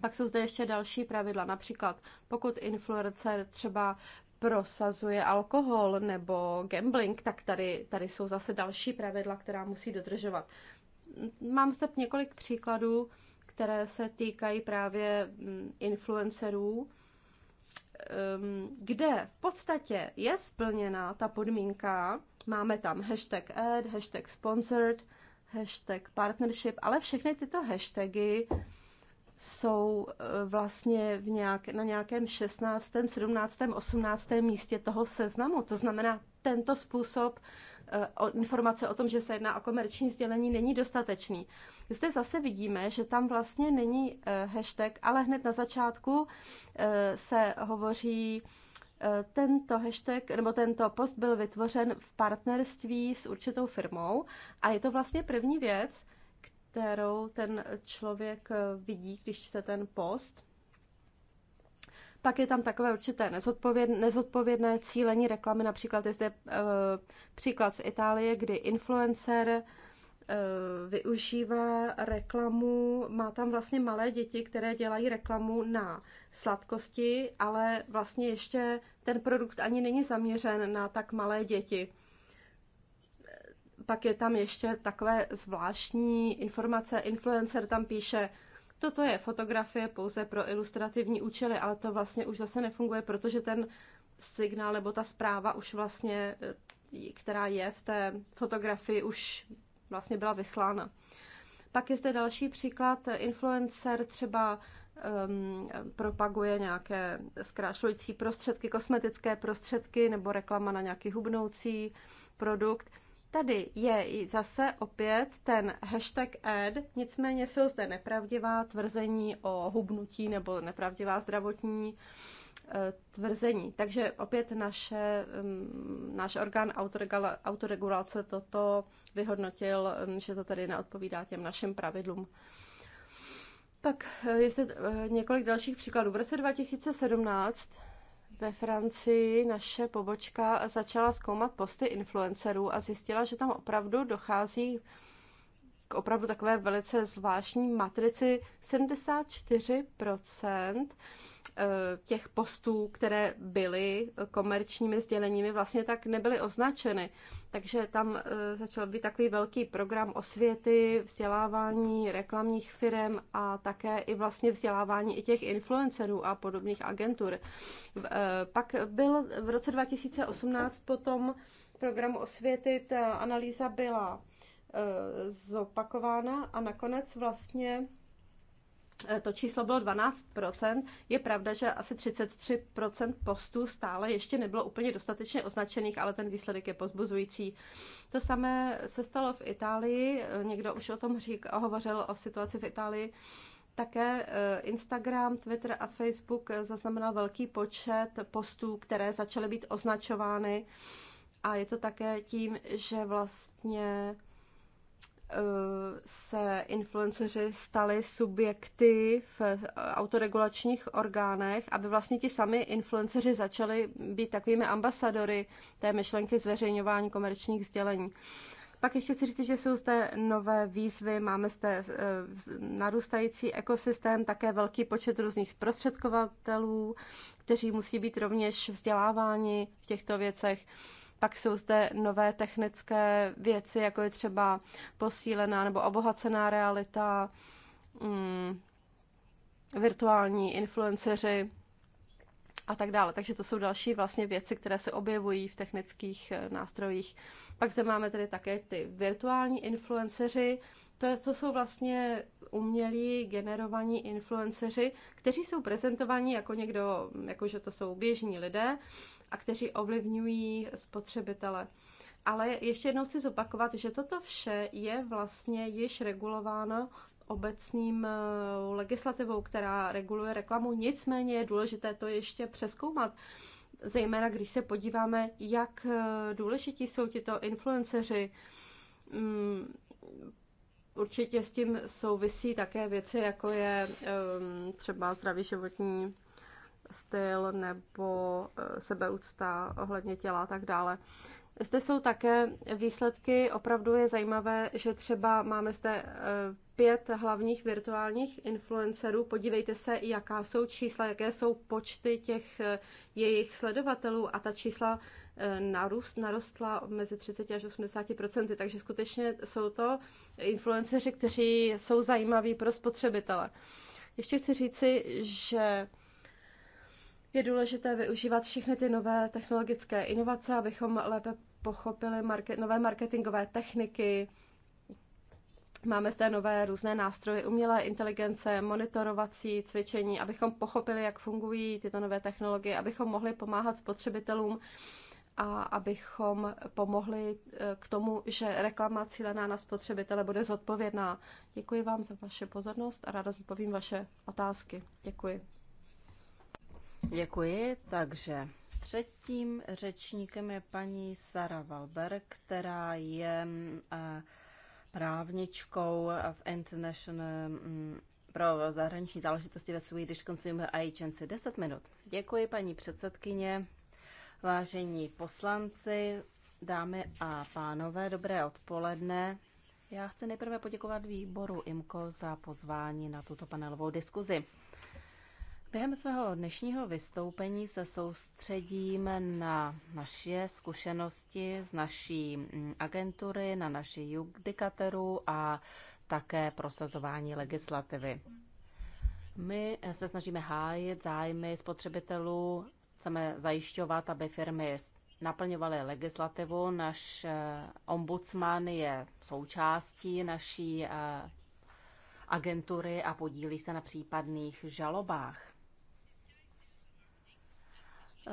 pak jsou zde ještě další pravidla, například pokud influencer třeba prosazuje alkohol nebo gambling, tak tady, tady jsou zase další pravidla, která musí dodržovat. Mám zde několik příkladů, které se týkají právě mm, influencerů, ehm, kde v podstatě je splněna ta podmínka, máme tam hashtag ad, hashtag sponsored, hashtag partnership, ale všechny tyto hashtagy jsou eh, vlastně v nějak, na nějakém 16., 17., 18. místě toho seznamu. To znamená, tento způsob eh, informace o tom, že se jedná o komerční sdělení, není dostatečný. Zde zase vidíme, že tam vlastně není eh, hashtag, ale hned na začátku se hovoří Eh, tento hashtag nebo tento post byl vytvořen v partnerství s určitou firmou a je to vlastně první věc, kterou ten člověk eh, vidí, když čte ten post. Pak je tam takové určité nezodpovědné, nezodpovědné cílení reklamy. Například je zde eh, příklad z Itálie, kdy influencer Eh, využívá reklamu, má tam vlastně malé děti, které dělají reklamu na sladkosti, ale vlastně ještě ten produkt ani není zaměřen na tak malé děti. Pak je tam ještě takové zvláštní informace. Influencer tam píše, toto je fotografie pouze pro ilustrativní účely, ale to vlastně už zase nefunguje, protože ten signál nebo ta zpráva už vlastně, eh, která je v té fotografii, už vlastně byla vyslána. Pak je zde další příklad. Influencer třeba um, propaguje nějaké zkrášlující prostředky, kosmetické prostředky nebo reklama na nějaký hubnoucí produkt. Tady je zase opět ten hashtag ad, nicméně jsou zde nepravdivá tvrzení o hubnutí nebo nepravdivá zdravotní Eh, tvrzení. Takže opět naše, mm, náš orgán autoregulace toto vyhodnotil, mm, že to tady neodpovídá těm našim pravidlům. Tak eh, jestli eh, několik dalších příkladů. V roce 2017 ve Francii naše pobočka začala zkoumat posty influencerů a zjistila, že tam opravdu dochází k opravdu takové velice zvláštní matrici 74 Eh, těch postů, které byly komerčními sděleními, vlastně tak nebyly označeny. Takže tam eh, začal být takový velký program osvěty, vzdělávání reklamních firm a také i vlastně vzdělávání i těch influencerů a podobných agentur. Eh, pak byl v roce 2018 potom program osvěty, ta analýza byla zopakována a nakonec vlastně Eh, to číslo bylo 12%. Je pravda, že asi 33% postů stále ještě nebylo úplně dostatečně označených, ale ten výsledek je pozbuzující. To samé se stalo v Itálii, eh, někdo už o tom řík, hovořil o situaci v Itálii. Také eh, Instagram, Twitter a Facebook zaznamenal velký počet postů, které začaly být označovány. A je to také tím, že vlastně se influenceři stali subjekty v autoregulačních orgánech, aby vlastně ti sami influenceři začali být takovými ambasadory té myšlenky zveřejňování komerčních sdělení. Pak ještě chci říct, že jsou zde nové výzvy, máme zde eh, narůstající ekosystém, také velký počet různých zprostředkovatelů, kteří musí být rovněž vzděláváni v těchto věcech. Pak jsou zde nové technické věci, jako je třeba posílená nebo obohacená realita, mm, virtuální influenceři a tak dále. Takže to jsou další vlastně věci, které se objevují v technických eh, nástrojích. Pak zde máme tedy také ty virtuální influenceři, to, co jsou vlastně umělí generovaní influenceři, kteří jsou prezentovaní jako někdo, jako že to jsou běžní lidé a kteří ovlivňují spotřebitele. Ale ještě jednou chci zopakovat, že toto vše je vlastně již regulováno obecným eh, legislativou, která reguluje reklamu. Nicméně je důležité to ještě přeskoumat, zejména když se podíváme, jak eh, důležití jsou tito influenceři mm, Určitě s tím souvisí také věci, jako je třeba zdravý životní styl nebo e, sebeúcta ohledně těla a tak dále. Zde jsou také výsledky. Opravdu je zajímavé, že třeba máme zde e, pět hlavních virtuálních influencerů. Podívejte se, jaká jsou čísla, jaké jsou počty těch e, jejich sledovatelů a ta čísla Eh, narůst, narostla mezi 30 až 80 procenty, takže skutečně jsou to influenceři, kteří jsou zajímaví pro spotřebitele. Ještě chci říci, že je důležité využívat všechny ty nové technologické inovace, abychom lépe pochopili market, nové marketingové techniky. Máme zde nové různé nástroje umělé inteligence, monitorovací cvičení, abychom pochopili, jak fungují tyto nové technologie, abychom mohli pomáhat spotřebitelům a abychom pomohli eh, k tomu, že reklama cílená na spotřebitele bude zodpovědná. Děkuji vám za vaše pozornost a ráda zodpovím vaše otázky. Děkuji. Děkuji, takže třetím řečníkem je paní Sara Valber, která je eh, právničkou v International mm, pro zahraniční záležitosti ve Swedish Consumer Agency. 10 minut. Děkuji, paní předsedkyně. Vážení poslanci, dámy a pánové, dobré odpoledne. Já chci nejprve poděkovat výboru IMKO za pozvání na tuto panelovou diskuzi. Během svého dnešního vystoupení se soustředím na naše zkušenosti z naší mm, agentury, na naši judikaturu a také prosazování legislativy. My se snažíme hájit zájmy spotřebitelů chceme zajišťovat, aby firmy naplňovaly legislativu. naš eh, ombudsman je součástí naší eh, agentury a podílí se na případných žalobách.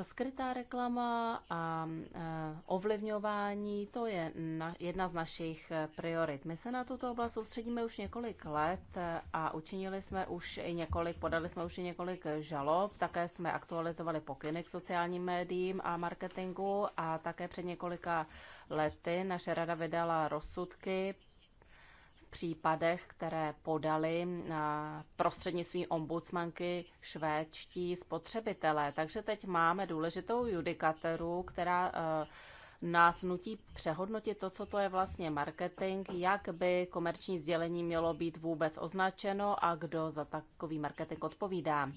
Skrytá reklama a e, ovlivňování, to je jedna z našich e, priorit. My se na tuto oblast soustředíme už několik let e, a učinili jsme už i několik, podali jsme už i několik žalob, také jsme aktualizovali pokyny k sociálním médiím a marketingu a také před několika lety naše rada vydala rozsudky případech, které podali eh, prostřednictvím ombudsmanky švédští spotřebitelé. Takže teď máme důležitou judikaturu, která eh, nás nutí přehodnotit to, co to je vlastně marketing, jak by komerční sdělení mělo být vůbec označeno a kdo za takový marketing odpovídá.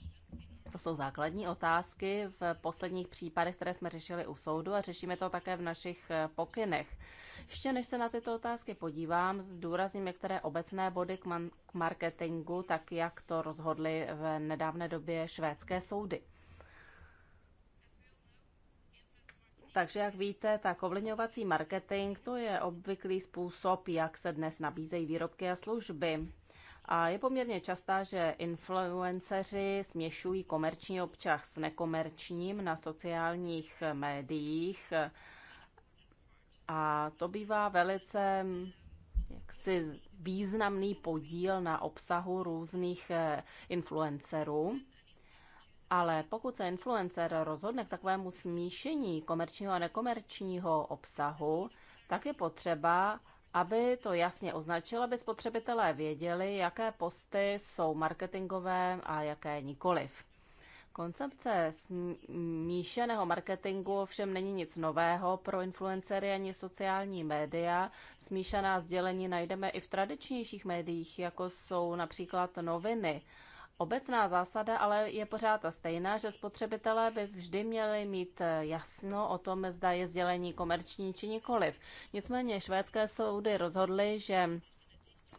To jsou základní otázky v posledních případech, které jsme řešili u soudu a řešíme to také v našich eh, pokynech. Ještě než se na tyto otázky podívám, zdůrazním některé obecné body k, man- k marketingu, tak jak to rozhodly v nedávné době švédské soudy. Takže jak víte, tak ovlivňovací marketing to je obvyklý způsob, jak se dnes nabízejí výrobky a služby. A je poměrně častá, že influenceři směšují komerční občas s nekomerčním na sociálních médiích. A to bývá velice jaksi významný podíl na obsahu různých eh, influencerů. Ale pokud se influencer rozhodne k takovému smíšení komerčního a nekomerčního obsahu, tak je potřeba aby to jasně označil, aby spotřebitelé věděli, jaké posty jsou marketingové a jaké nikoliv. Koncepce smíšeného marketingu ovšem není nic nového pro influencery ani sociální média. Smíšená sdělení najdeme i v tradičnějších médiích, jako jsou například noviny. Obecná zásada ale je pořád ta stejná, že spotřebitelé by vždy měli mít eh, jasno o tom, zda je sdělení komerční či nikoliv. Nicméně švédské soudy rozhodly, že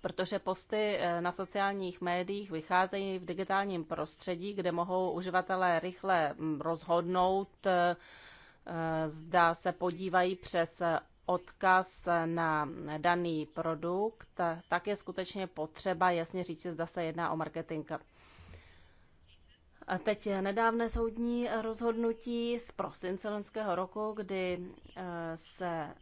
protože posty eh, na sociálních médiích vycházejí v digitálním prostředí, kde mohou uživatelé rychle mm, rozhodnout, eh, zda se podívají přes odkaz na daný produkt, tak je skutečně potřeba jasně říct, zda se jedná o marketing a teď nedávné soudní rozhodnutí z prosince loňského roku, kdy eh, se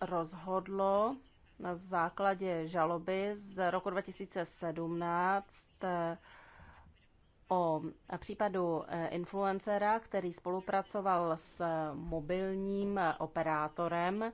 rozhodlo na základě žaloby z roku 2017 eh, o případu eh, influencera, který spolupracoval s mobilním operátorem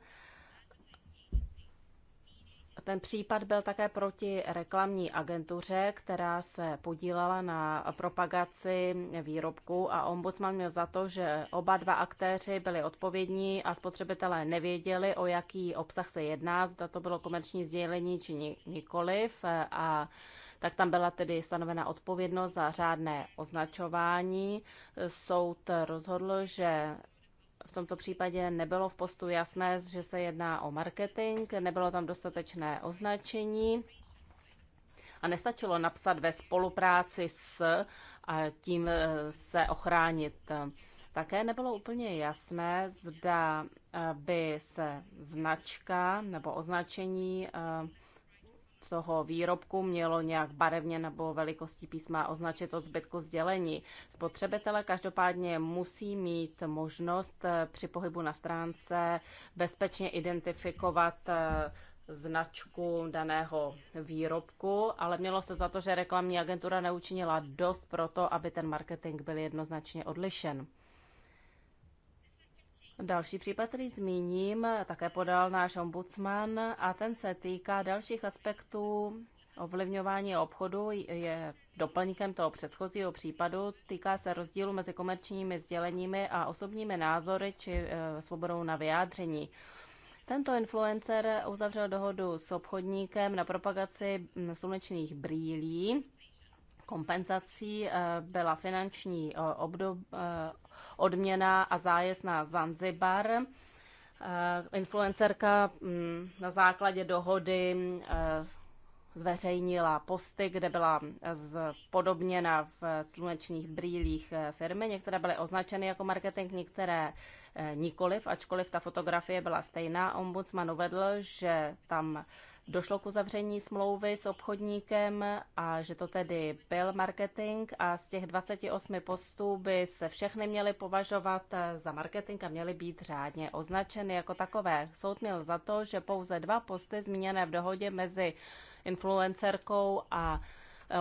ten případ byl také proti reklamní agentuře, která se podílela na propagaci výrobku a ombudsman měl za to, že oba dva aktéři byli odpovědní a spotřebitelé nevěděli, o jaký obsah se jedná, zda to bylo komerční sdělení či nikoliv a tak tam byla tedy stanovena odpovědnost za řádné označování. Soud rozhodl, že v tomto případě nebylo v postu jasné, že se jedná o marketing, nebylo tam dostatečné označení a nestačilo napsat ve spolupráci s a tím eh, se ochránit. Také nebylo úplně jasné, zda eh, by se značka nebo označení eh, toho výrobku mělo nějak barevně nebo velikostí písma označit od zbytku sdělení. Spotřebitele každopádně musí mít možnost eh, při pohybu na stránce bezpečně identifikovat eh, značku daného výrobku, ale mělo se za to, že reklamní agentura neučinila dost pro to, aby ten marketing byl jednoznačně odlišen. Další případ, který zmíním, také podal náš ombudsman a ten se týká dalších aspektů ovlivňování obchodu. Je doplňkem toho předchozího případu. Týká se rozdílu mezi komerčními sděleními a osobními názory či eh, svobodou na vyjádření. Tento influencer uzavřel dohodu s obchodníkem na propagaci hm, slunečných brýlí. Kompenzací eh, byla finanční eh, obdob, odměna a zájezd na Zanzibar. Eh, influencerka mm, na základě dohody eh, zveřejnila posty, kde byla podobněna v slunečních brýlích eh, firmy. Některé byly označeny jako marketing, některé nikoliv, ačkoliv ta fotografie byla stejná. Ombudsman uvedl, že tam došlo k uzavření smlouvy s obchodníkem a že to tedy byl marketing a z těch 28 postů by se všechny měly považovat za marketing a měly být řádně označeny jako takové. Soud měl za to, že pouze dva posty zmíněné v dohodě mezi influencerkou a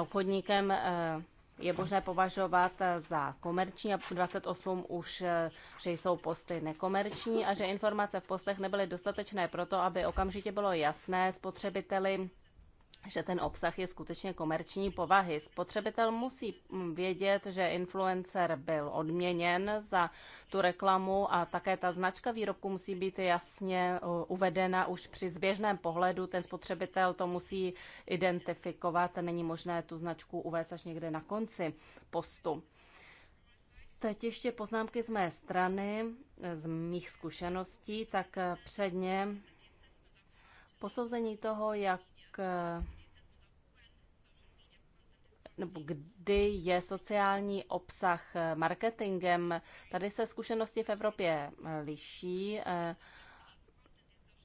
obchodníkem eh, je možné považovat za komerční a 28 už, eh, že jsou posty nekomerční a že informace v postech nebyly dostatečné proto, aby okamžitě bylo jasné spotřebiteli, že ten obsah je skutečně komerční povahy. Spotřebitel musí vědět, že influencer byl odměněn za tu reklamu a také ta značka výrobku musí být jasně uvedena už při zběžném pohledu. Ten spotřebitel to musí identifikovat a není možné tu značku uvést až někde na konci postu. Teď ještě poznámky z mé strany, z mých zkušeností, tak eh, předně posouzení toho, jak nebo kdy je sociální obsah marketingem. Tady se zkušenosti v Evropě liší.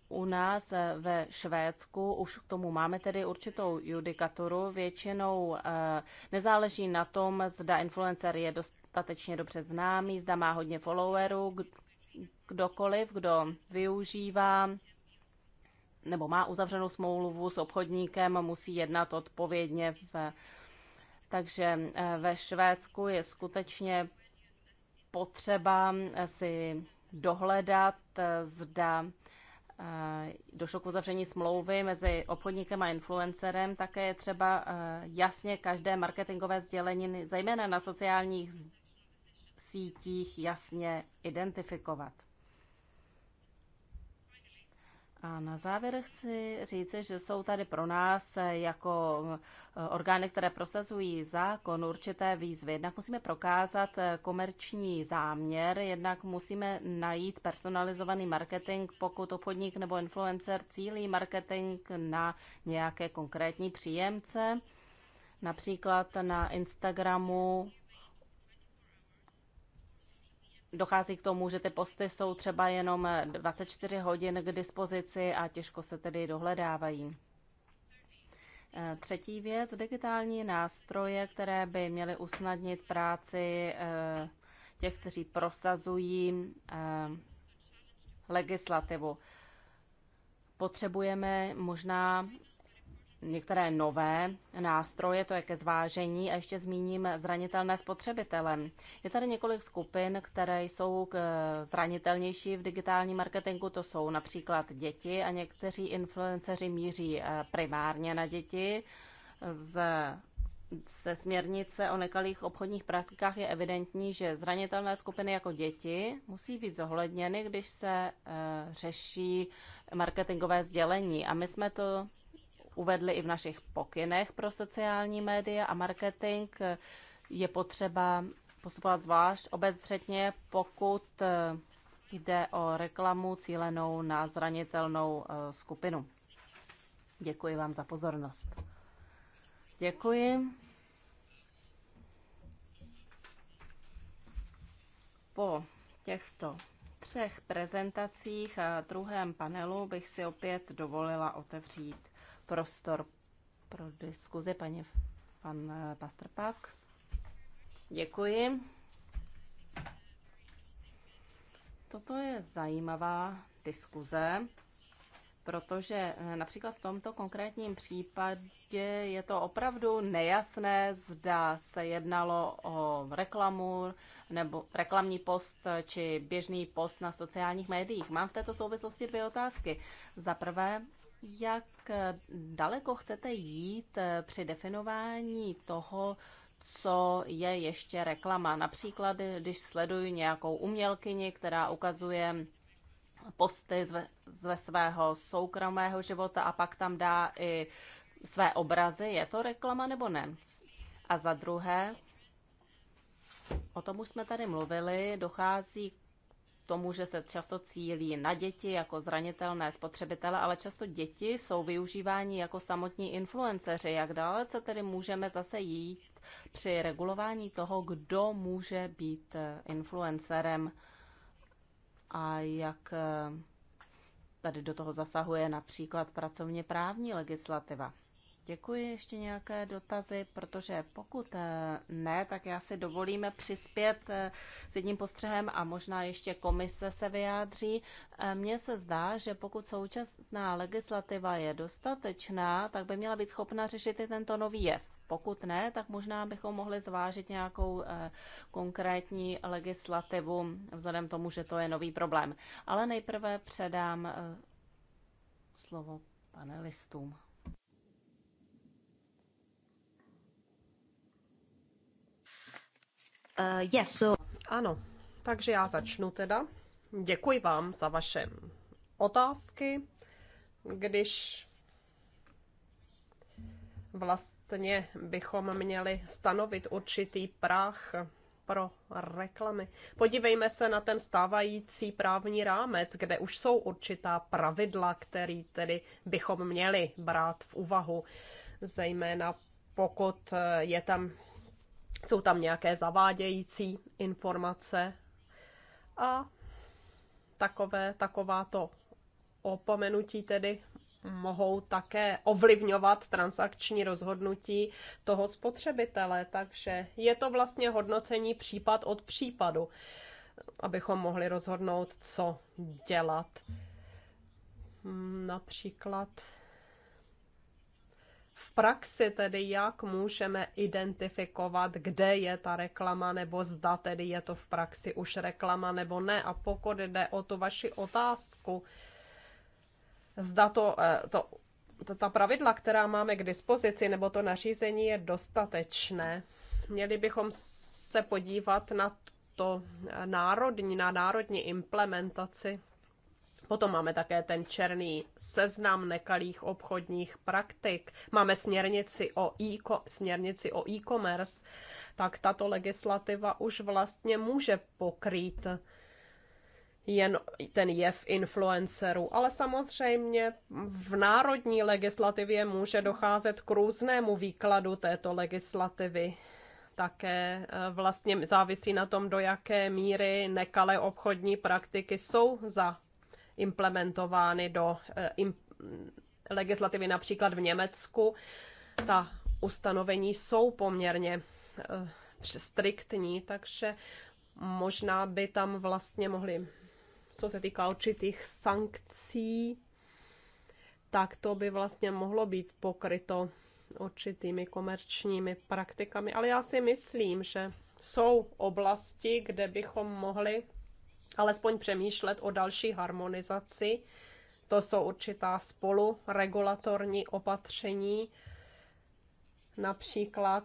U nás ve Švédsku už k tomu máme tedy určitou judikaturu. Většinou eh, nezáleží na tom, zda influencer je dostatečně dobře známý, zda má hodně followerů, kdokoliv, kdo využívá nebo má uzavřenou smlouvu s obchodníkem, musí jednat odpovědně. V, takže eh, ve Švédsku je skutečně potřeba eh, si dohledat, eh, zda došlo k uzavření smlouvy mezi obchodníkem a influencerem, také je třeba jasně každé marketingové sdělení, zejména na sociálních sítích, jasně identifikovat. A na závěr chci říci, že jsou tady pro nás jako e, orgány, které prosazují zákon určité výzvy. Jednak musíme prokázat e, komerční záměr, jednak musíme najít personalizovaný marketing, pokud obchodník nebo influencer cílí marketing na nějaké konkrétní příjemce, například na Instagramu dochází k tomu, že ty posty jsou třeba jenom 24 hodin k dispozici a těžko se tedy dohledávají. Eh, třetí věc, digitální nástroje, které by měly usnadnit práci eh, těch, kteří prosazují eh, legislativu. Potřebujeme možná některé nové nástroje, to je ke zvážení a ještě zmíním zranitelné spotřebitele. Je tady několik skupin, které jsou zranitelnější v digitálním marketingu, to jsou například děti a někteří influenceři míří eh, primárně na děti. Z se směrnice o nekalých obchodních praktikách je evidentní, že zranitelné skupiny jako děti musí být zohledněny, když se eh, řeší marketingové sdělení. A my jsme to uvedli i v našich pokynech pro sociální média a marketing, je potřeba postupovat zvlášť obezřetně, pokud eh, jde o reklamu cílenou na zranitelnou eh, skupinu. Děkuji vám za pozornost. Děkuji. Po těchto třech prezentacích a druhém panelu bych si opět dovolila otevřít prostor pro diskuzi. Paní pan eh, Pak. Děkuji. Toto je zajímavá diskuze, protože eh, například v tomto konkrétním případě je to opravdu nejasné, zda se jednalo o reklamu nebo reklamní post eh, či běžný post na sociálních médiích. Mám v této souvislosti dvě otázky. Za prvé, jak eh, daleko chcete jít eh, při definování toho, co je ještě reklama. Například, eh, když sleduji nějakou umělkyni, která ukazuje posty ze, svého soukromého života a pak tam dá i své obrazy, je to reklama nebo ne? A za druhé, o tom už jsme tady mluvili, dochází tomu, že se často cílí na děti jako zranitelné spotřebitele, ale často děti jsou využíváni jako samotní influenceři. Jak dále se tedy můžeme zase jít při regulování toho, kdo může být eh, influencerem a jak eh, tady do toho zasahuje například pracovně právní legislativa? Děkuji. Ještě nějaké dotazy, protože pokud eh, ne, tak já si dovolíme přispět eh, s jedním postřehem a možná ještě komise se vyjádří. Eh, mně se zdá, že pokud současná legislativa je dostatečná, tak by měla být schopna řešit i tento nový jev. Pokud ne, tak možná bychom mohli zvážit nějakou konkrétní legislativu, vzhledem tomu, že to je nový problém. Ale nejprve předám slovo panelistům. Uh, yes, so... Ano, takže já začnu teda. Děkuji vám za vaše otázky. Když vlastně bychom měli stanovit určitý práh pro reklamy. Podívejme se na ten stávající právní rámec, kde už jsou určitá pravidla, které tedy bychom měli brát v úvahu, zejména pokud je tam jsou tam nějaké zavádějící informace a takové, taková to opomenutí tedy mohou také ovlivňovat transakční rozhodnutí toho spotřebitele. Takže je to vlastně hodnocení případ od případu, abychom mohli rozhodnout, co dělat. Například v praxi tedy, jak můžeme identifikovat, kde je ta reklama, nebo zda tedy je to v praxi už reklama, nebo ne. A pokud jde o tu vaši otázku, zda to, eh, to ta pravidla, která máme k dispozici, nebo to nařízení je dostatečné. Měli bychom se podívat na to národní, na národní implementaci Potom máme také ten černý seznam nekalých obchodních praktik. Máme směrnici o, e směrnici o e-commerce, tak tato legislativa už vlastně může pokrýt jen ten jev influencerů. Ale samozřejmě v národní legislativě může docházet k různému výkladu této legislativy také e, vlastně závisí na tom, do jaké míry nekalé obchodní praktiky jsou za implementovány do eh, legislativy například v Německu. Ta ustanovení jsou poměrně eh, striktní, takže možná by tam vlastně mohli, co se týká určitých sankcí, tak to by vlastně mohlo být pokryto určitými komerčními praktikami. Ale já si myslím, že jsou oblasti, kde bychom mohli alespoň přemýšlet o další harmonizaci. To jsou určitá spoluregulatorní opatření, například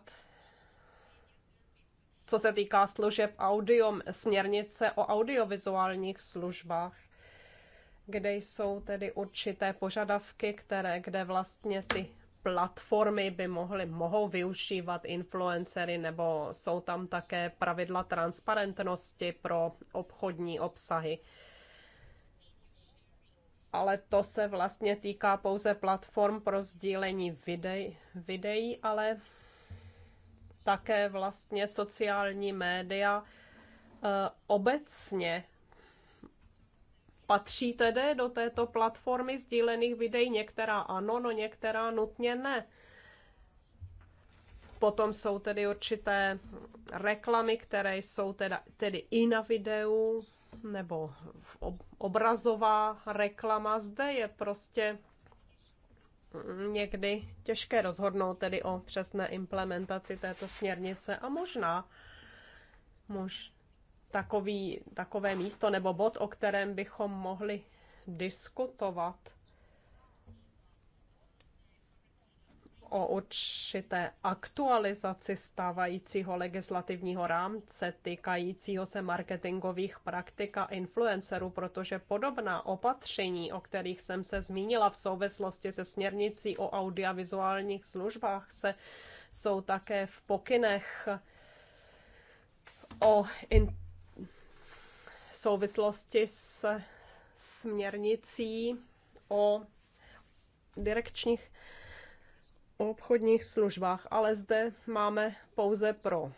co se týká služeb audio, směrnice o audiovizuálních službách, kde jsou tedy určité požadavky, které, kde vlastně ty platformy by mohly, mohou využívat influencery, nebo jsou tam také pravidla transparentnosti pro obchodní obsahy. Ale to se vlastně týká pouze platform pro sdílení videí, videí ale také vlastně sociální média eh, obecně Patří tedy do této platformy sdílených videí některá ano, no některá nutně ne. Potom jsou tedy určité reklamy, které jsou teda, tedy i na videu, nebo obrazová reklama. Zde je prostě mm, někdy těžké rozhodnout tedy o přesné implementaci této směrnice a možná, mož, takový, takové místo nebo bod, o kterém bychom mohli diskutovat o určité aktualizaci stávajícího legislativního rámce týkajícího se marketingových praktik a influencerů, protože podobná opatření, o kterých jsem se zmínila v souvislosti se směrnicí o audiovizuálních službách, se jsou také v pokynech o in- souvislosti s směrnicí o direkčních obchodních službách, ale zde máme pouze pro.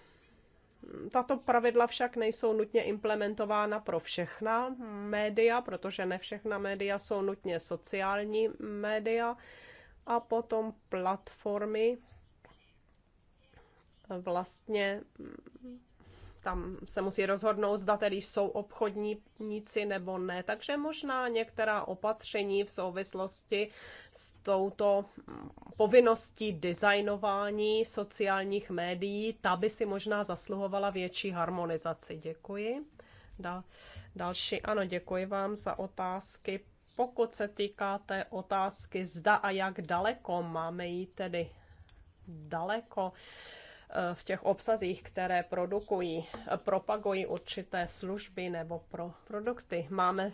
Tato pravidla však nejsou nutně implementována pro všechna média, protože ne všechna média jsou nutně sociální média a potom platformy vlastně tam se musí rozhodnout, zda tedy jsou obchodníci nebo ne. Takže možná některá opatření v souvislosti s touto povinností designování sociálních médií, ta by si možná zasluhovala větší harmonizaci. Děkuji. Dal, další, ano, děkuji vám za otázky. Pokud se týká té otázky, zda a jak daleko máme jít tedy daleko, Eh, v těch obsazích, které produkují, eh, propagují určité služby nebo pro produkty. Máme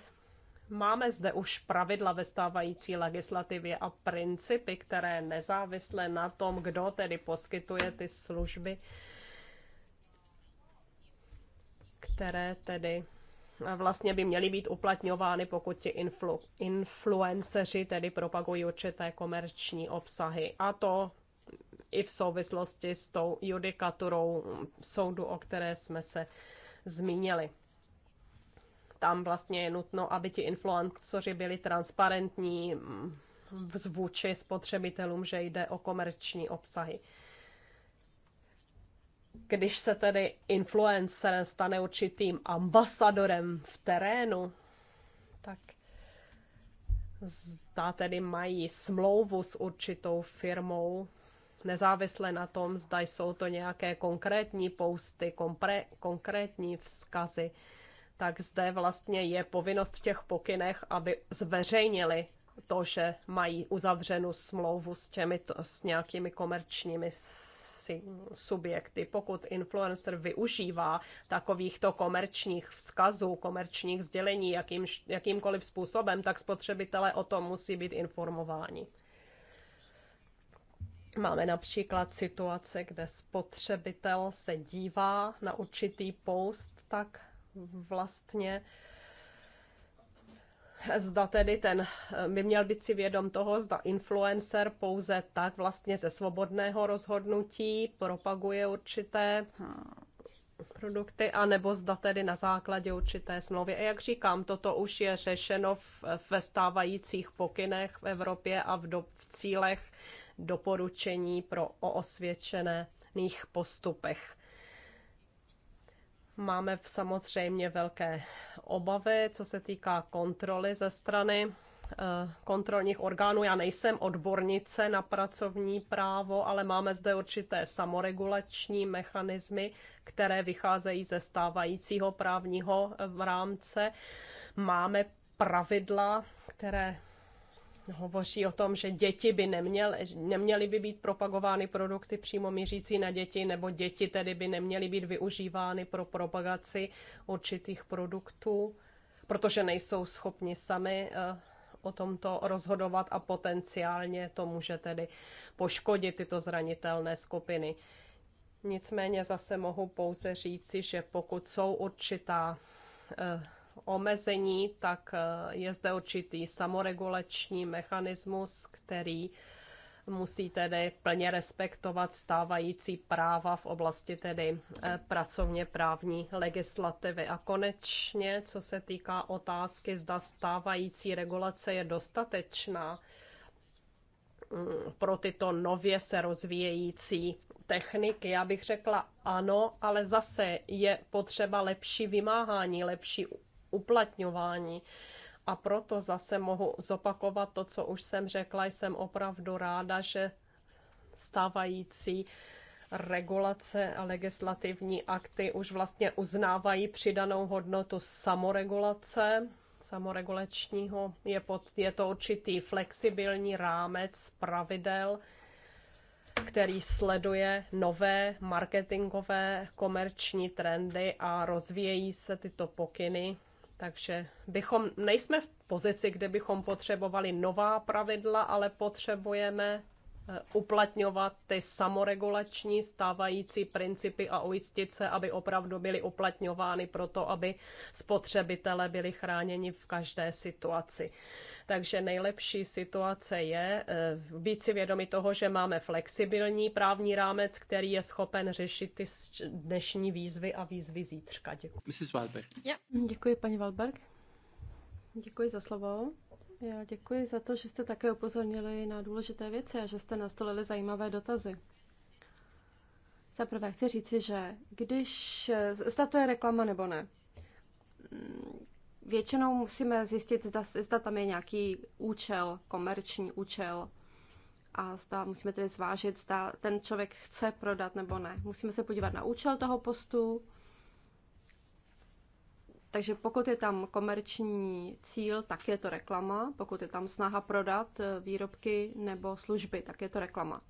Máme zde už pravidla ve stávající legislativě a principy, které nezávisle na tom, kdo tedy poskytuje ty služby, které tedy eh, vlastně by měly být uplatňovány, pokud ti influ, influenceři tedy propagují určité komerční obsahy. A to i v souvislosti s tou judikaturou soudu, o které jsme se zmínili. Tam vlastně je nutno, aby ti influencoři byli transparentní vůči spotřebitelům, že jde o komerční obsahy když se tedy influencer stane určitým ambasadorem v terénu, tak zda tedy mají smlouvu s určitou firmou, nezávisle na tom, zda jsou to nějaké konkrétní posty, kompre, konkrétní vzkazy, tak zde vlastně je povinnost v těch pokynech, aby zveřejnili to, že mají uzavřenou smlouvu s, to, s nějakými komerčními subjekty. Pokud influencer využívá takovýchto komerčních vzkazů, komerčních sdělení jakým, jakýmkoliv způsobem, tak spotřebitelé o tom musí být informováni. Máme například situace, kde spotřebitel se dívá na určitý post, tak vlastně zda tedy ten by měl být si vědom toho, zda influencer pouze tak vlastně ze svobodného rozhodnutí propaguje určité produkty, anebo zda tedy na základě určité smlouvy. A jak říkám, toto už je řešeno v, ve stávajících pokynech v Evropě a v, do, v cílech doporučení pro o osvědčených postupech. Máme samozřejmě velké obavy, co se týká kontroly ze strany eh, kontrolních orgánů. Já nejsem odbornice na pracovní právo, ale máme zde určité samoregulační mechanismy, které vycházejí ze stávajícího právního eh, rámce. Máme pravidla, které hovoří o tom, že děti by neměly, neměly by být propagovány produkty přímo mířící na děti, nebo děti tedy by neměly být využívány pro propagaci určitých produktů, protože nejsou schopni sami eh, o tomto rozhodovat a potenciálně to může tedy poškodit tyto zranitelné skupiny. Nicméně zase mohu pouze říci, že pokud jsou určitá eh, omezení, tak eh, je zde určitý samoregulační mechanismus, který musí tedy plně respektovat stávající práva v oblasti tedy eh, pracovně právní legislativy. A konečně, co se týká otázky, zda stávající regulace je dostatečná mm, pro tyto nově se rozvíjející techniky. Já bych řekla ano, ale zase je potřeba lepší vymáhání, lepší uplatňování. A proto zase mohu zopakovat to, co už jsem řekla. Jsem opravdu ráda, že stávající regulace a legislativní akty už vlastně uznávají přidanou hodnotu samoregulace, samoregulačního. Je, pod, je to určitý flexibilní rámec pravidel, který sleduje nové marketingové komerční trendy a rozvíjejí se tyto pokyny takže bychom, nejsme v pozici, kde bychom potřebovali nová pravidla, ale potřebujeme uplatňovat ty samoregulační stávající principy a ujistit se, aby opravdu byly uplatňovány proto, aby spotřebitele byli chráněni v každé situaci. Takže nejlepší situace je eh, být si vědomi toho, že máme flexibilní právní rámec, který je schopen řešit ty dnešní výzvy a výzvy zítřka. Děkuji. Mrs. Walberg. Yeah. Děkuji, paní Walberg. Děkuji za slovo. Já děkuji za to, že jste také upozornili na důležité věci a že jste nastolili zajímavé dotazy. Za prvé chci říci, že když, zda to je reklama nebo ne, mm, většinou musíme zjistit, zda, zda tam je nějaký účel, komerční účel a zda musíme tedy zvážit, zda ten člověk chce prodat nebo ne. Musíme se podívat na účel toho postu, takže pokud je tam komerční cíl, tak je to reklama. Pokud je tam snaha prodat eh, výrobky nebo služby, tak je to reklama.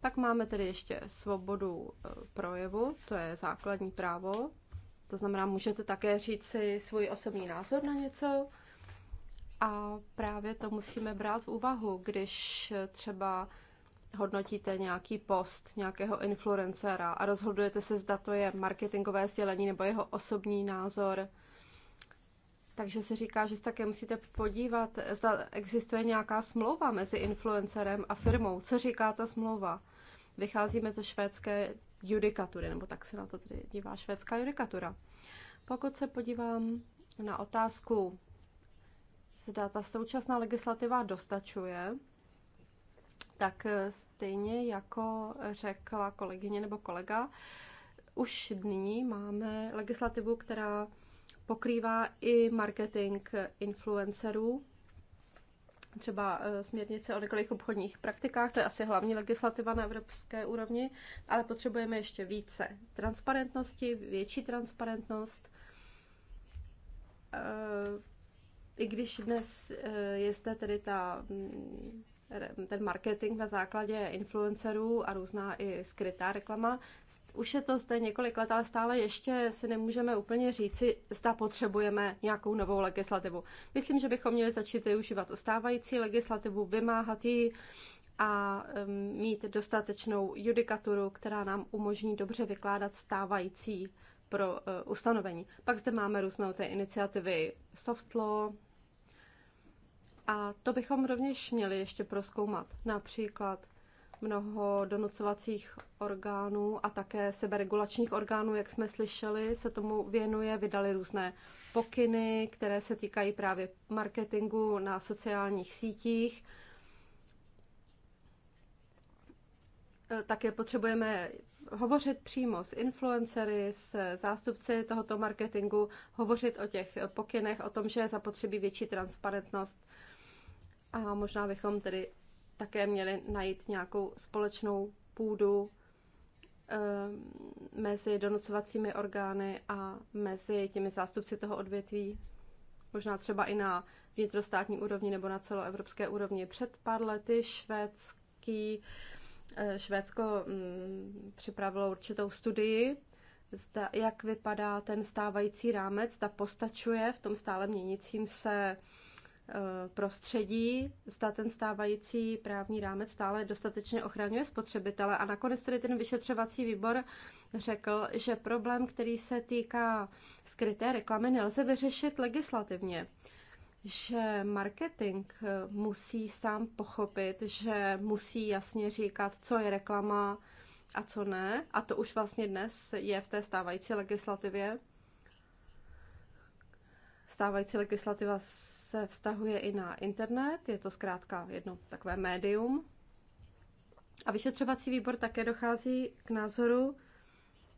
Pak máme tedy ještě svobodu eh, projevu, to je základní právo. To znamená, můžete také říct si svůj osobní názor na něco. A právě to musíme brát v úvahu, když eh, třeba hodnotíte nějaký post nějakého influencera a rozhodujete se, zda to je marketingové sdělení nebo jeho osobní názor. Takže se říká, že se také musíte podívat, zda existuje nějaká smlouva mezi influencerem a firmou. Co říká ta smlouva? Vycházíme ze švédské judikatury, nebo tak se na to tedy dívá švédská judikatura. Pokud se podívám na otázku, zda ta současná legislativa dostačuje, tak stejně jako řekla kolegyně nebo kolega, už nyní máme legislativu, která pokrývá i marketing influencerů, třeba eh, směrnice o několik obchodních praktikách, to je asi hlavní legislativa na evropské úrovni, ale potřebujeme ještě více transparentnosti, větší transparentnost. Eh, I když dnes eh, je zde tedy ta, mm, ten marketing na základě influencerů a různá i skrytá reklama, už je to zde několik let, ale stále ještě si nemůžeme úplně říci, zda potřebujeme nějakou novou legislativu. Myslím, že bychom měli začít využívat ustávající legislativu, vymáhat ji a mít dostatečnou judikaturu, která nám umožní dobře vykládat stávající pro e, ustanovení. Pak zde máme různou ty iniciativy soft law, a to bychom rovněž měli ještě proskoumat. Například mnoho donucovacích orgánů a také seberegulačních orgánů, jak jsme slyšeli, se tomu věnuje, vydali různé pokyny, které se týkají právě marketingu na sociálních sítích. E, také potřebujeme hovořit přímo s influencery, s zástupci tohoto marketingu, hovořit o těch pokynech, o tom, že je zapotřebí větší transparentnost. A možná bychom tedy také měli najít nějakou společnou půdu eh, mezi donucovacími orgány a mezi těmi zástupci toho odvětví, možná třeba i na vnitrostátní úrovni nebo na celoevropské úrovni. Před pár lety švédský, eh, Švédsko mm, připravilo určitou studii, zda, jak vypadá ten stávající rámec, ta postačuje v tom stále měnícím se Eh, prostředí, zda ten stávající právní rámec stále dostatečně ochraňuje spotřebitele. A nakonec tedy ten vyšetřovací výbor řekl, že problém, který se týká skryté reklamy, nelze vyřešit legislativně. Že marketing eh, musí sám pochopit, že musí jasně říkat, co je reklama a co ne. A to už vlastně dnes je v té stávající legislativě. Stávající legislativa se vztahuje i na internet, je to zkrátka jedno takové médium. A vyšetřovací výbor také dochází k názoru,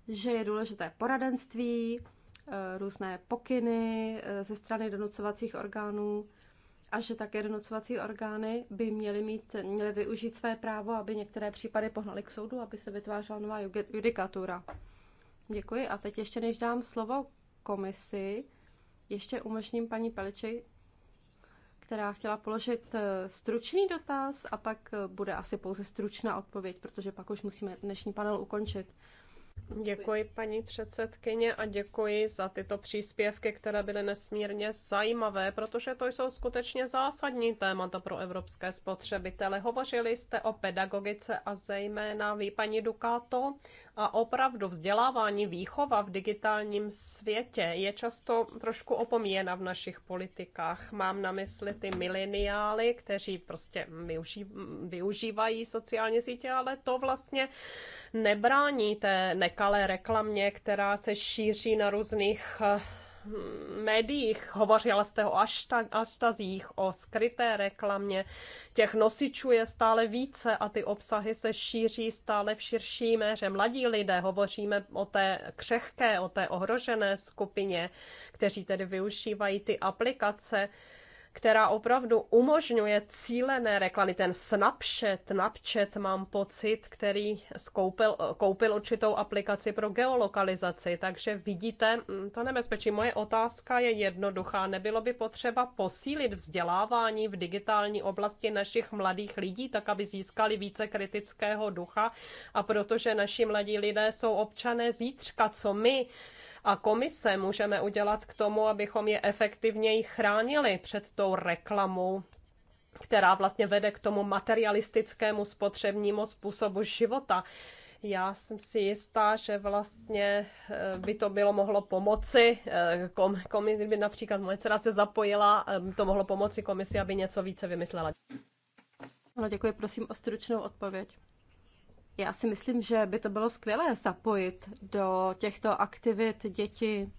že je důležité poradenství, eh, různé pokyny eh, ze strany donucovacích orgánů a že také donucovací orgány by měly, mít, měly využít své právo, aby některé případy pohnali k soudu, aby se vytvářela nová judikatura. Děkuji a teď ještě než dám slovo komisi, ještě umožním paní Peliči která chtěla položit eh, stručný dotaz a pak eh, bude asi pouze stručná odpověď, protože pak už musíme dnešní panel ukončit. Děkuji. paní předsedkyně, a děkuji za tyto příspěvky, které byly nesmírně zajímavé, protože to jsou skutečně zásadní témata pro evropské spotřebitele. Hovořili jste o pedagogice a zejména vy, paní Dukáto, a opravdu vzdělávání, výchova v digitálním světě je často trošku opomíjena v našich politikách. Mám na mysli ty mileniály, kteří prostě využívají sociální sítě, ale to vlastně nebrání té nekalé reklamě, která se šíří na různých eh, médiích, hovořila jste o aštazích, o skryté reklamě, těch nosičů je stále více a ty obsahy se šíří stále v širší méře. Mladí lidé, hovoříme o té křehké, o té ohrožené skupině, kteří tedy využívají ty aplikace, která opravdu umožňuje cílené reklamy, ten Snapchat, Snapchat mám pocit, který skoupil, koupil určitou aplikaci pro geolokalizaci, takže vidíte mm, to nebezpečí. Moje otázka je jednoduchá, nebylo by potřeba posílit vzdělávání v digitální oblasti našich mladých lidí, tak aby získali více kritického ducha a protože naši mladí lidé jsou občané zítřka, co my, a komise můžeme udělat k tomu, abychom je efektivněji chránili před tou reklamou která vlastně vede k tomu materialistickému spotřebnímu způsobu života. Já jsem si jistá, že vlastně eh, by to bylo mohlo pomoci eh, komisi, kdyby například moje dcera se zapojila, eh, to mohlo pomoci komisi, aby něco více vymyslela. Ano, děkuji, prosím o stručnou odpověď. Já si myslím, že by to bylo skvělé zapojit do těchto aktivit děti,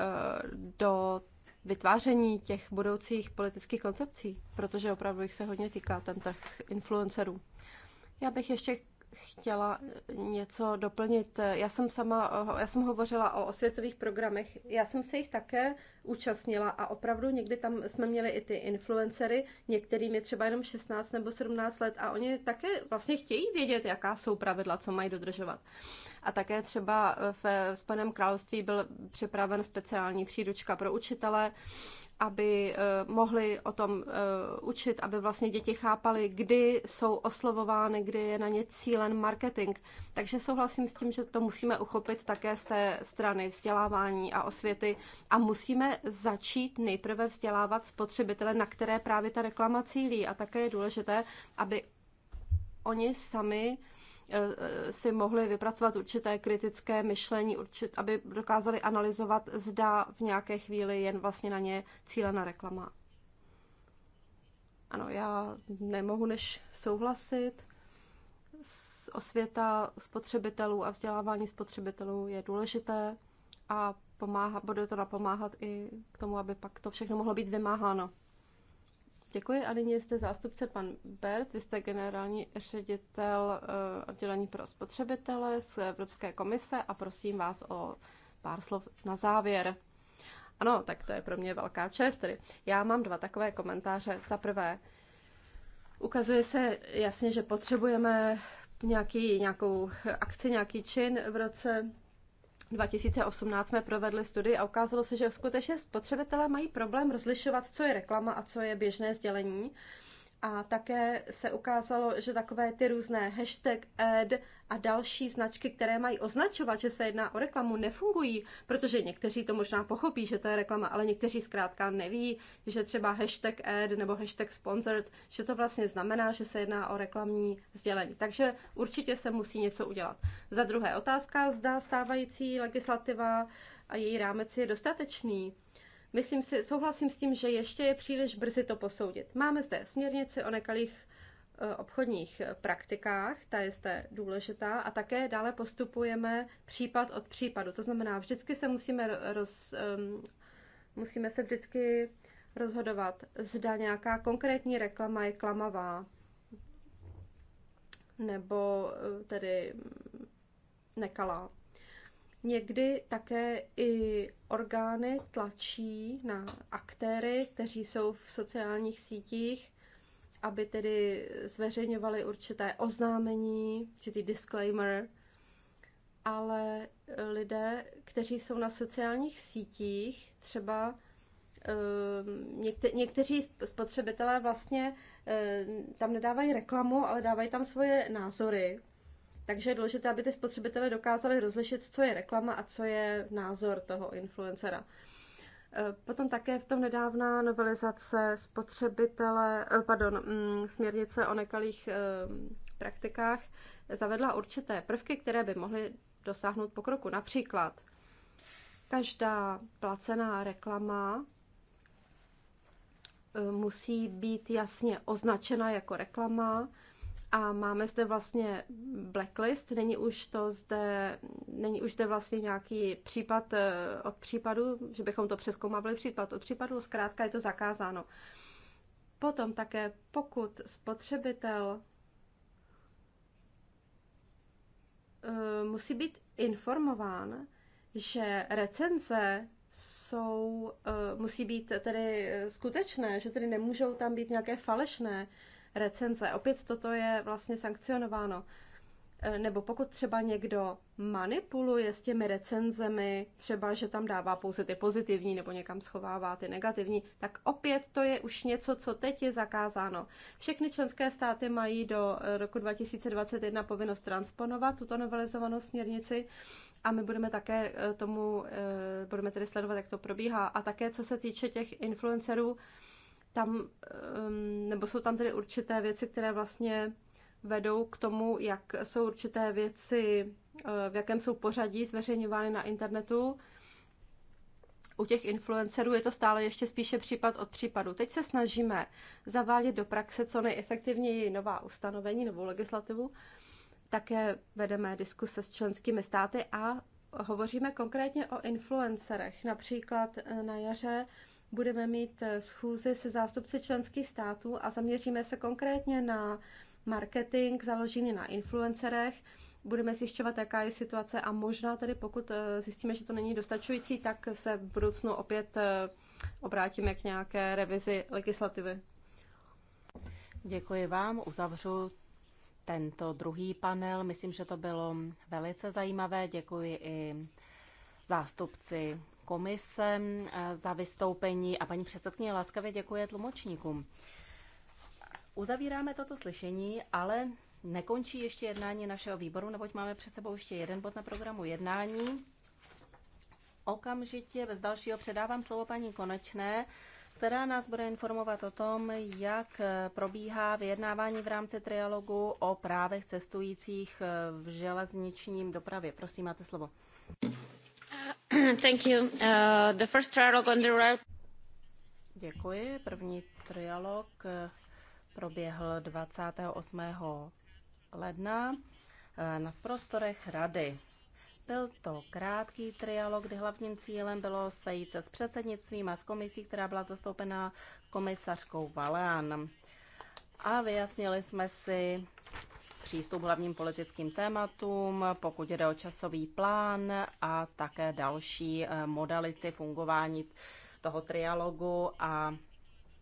eh, do vytváření těch budoucích politických koncepcí, protože opravdu jich se hodně týká ten trh influencerů. Já bych ještě chtěla něco doplnit. Já jsem sama, já jsem hovořila o osvětových programech, já jsem se jich také účastnila a opravdu někdy tam jsme měli i ty influencery, některým je třeba jenom 16 nebo 17 let a oni také vlastně chtějí vědět, jaká jsou pravidla, co mají dodržovat. A také třeba v Spojeném království byl připraven speciální příručka pro učitele, aby eh, mohli o tom eh, učit, aby vlastně děti chápali, kdy jsou oslovovány, kdy je na ně cílen marketing. Takže souhlasím s tím, že to musíme uchopit také z té strany vzdělávání a osvěty a musíme začít nejprve vzdělávat spotřebitele, na které právě ta reklama cílí. A také je důležité, aby oni sami Eh, si mohli vypracovat určité kritické myšlení, určit, aby dokázali analyzovat, zda v nějaké chvíli jen vlastně na ně cílená reklama. Ano, já nemohu než souhlasit. Osvěta spotřebitelů a vzdělávání spotřebitelů je důležité a pomáha, bude to napomáhat i k tomu, aby pak to všechno mohlo být vymáháno. Děkuji a nyní jste zástupce pan Bert, vy jste generální ředitel eh, oddělení pro spotřebitele z Evropské komise a prosím vás o pár slov na závěr. Ano, tak to je pro mě velká čest. Tedy já mám dva takové komentáře. Za prvé, ukazuje se jasně, že potřebujeme nějaký, nějakou akci, nějaký čin v roce 2018 jsme provedli studii a ukázalo se, že skutečně spotřebitelé mají problém rozlišovat, co je reklama a co je běžné sdělení. A také se ukázalo, že takové ty různé hashtag ad a další značky, které mají označovat, že se jedná o reklamu, nefungují, protože někteří to možná pochopí, že to je reklama, ale někteří zkrátka neví, že třeba hashtag ad nebo hashtag sponsored, že to vlastně znamená, že se jedná o reklamní sdělení. Takže určitě se musí něco udělat. Za druhé otázka, zda stávající legislativa a její rámec je dostatečný Myslím si, souhlasím s tím, že ještě je příliš brzy to posoudit. Máme zde směrnici o nekalých e, obchodních e, praktikách, ta je zde důležitá a také dále postupujeme případ od případu. To znamená, vždycky se musíme, roz, musíme se vždycky rozhodovat, zda nějaká konkrétní reklama je klamavá nebo e, tedy nekalá. Někdy také i orgány tlačí na aktéry, kteří jsou v sociálních sítích, aby tedy zveřejňovali určité oznámení, určitý disclaimer, ale e, lidé, kteří jsou na sociálních sítích, třeba e, někte, někteří spotřebitelé vlastně e, tam nedávají reklamu, ale dávají tam svoje názory. Takže je důležité, aby ty spotřebitelé dokázali rozlišit, co je reklama a co je názor toho influencera. Eh, potom také v tom nedávná novelizace spotřebitele, eh, pardon, mm, směrnice o nekalých eh, praktikách zavedla určité prvky, které by mohly dosáhnout pokroku. Například každá placená reklama musí být jasně označena jako reklama, a máme zde vlastně blacklist, není už to zde, není už zde vlastně nějaký případ eh, od případu, že bychom to přeskoumávali případ od případu, zkrátka je to zakázáno. Potom také, pokud spotřebitel eh, musí být informován, že recenze jsou, eh, musí být tedy skutečné, že tedy nemůžou tam být nějaké falešné recenze. Opět toto je vlastně sankcionováno. E, nebo pokud třeba někdo manipuluje s těmi recenzemi, třeba že tam dává pouze ty pozitivní nebo někam schovává ty negativní, tak opět to je už něco, co teď je zakázáno. Všechny členské státy mají do e, roku 2021 povinnost transponovat tuto novelizovanou směrnici a my budeme také e, tomu, budeme tedy sledovat, jak to probíhá. A také co se týče těch influencerů, tam, nebo jsou tam tedy určité věci, které vlastně vedou k tomu, jak jsou určité věci, eh, v jakém jsou pořadí zveřejňovány na internetu. U těch influencerů je to stále ještě spíše případ od případu. Teď se snažíme zavádět do praxe co nejefektivněji nová ustanovení, novou legislativu. Také vedeme diskuse s členskými státy a hovoříme konkrétně o influencerech. Například eh, na jaře budeme mít eh, schůzi se zástupci členských států a zaměříme se konkrétně na marketing založený na influencerech. Budeme zjišťovat, jaká je situace a možná tedy pokud eh, zjistíme, že to není dostačující, tak se v budoucnu opět eh, obrátíme k nějaké revizi legislativy. Děkuji vám, uzavřu tento druhý panel. Myslím, že to bylo velice zajímavé. Děkuji i zástupci komise eh, za vystoupení a paní předsedkyně laskavě děkuje tlumočníkům. Uzavíráme toto slyšení, ale nekončí ještě jednání našeho výboru, neboť máme před sebou ještě jeden bod na programu jednání. Okamžitě bez dalšího předávám slovo paní Konečné, která nás bude informovat o tom, jak eh, probíhá vyjednávání v rámci trialogu o právech cestujících eh, v železničním dopravě. Prosím, máte slovo. *clears throat* Uh, Děkuji. První trialog eh, proběhl 28. ledna eh, na prostorech rady. Byl to krátký trialog, kdy hlavním cílem bylo sejít se s předsednictvím a s komisí, která byla zastoupena komisařkou Valán. A vyjasnili jsme si přístup hlavním politickým tématům, pokud jde o časový plán a také další eh, modality fungování toho trialogu a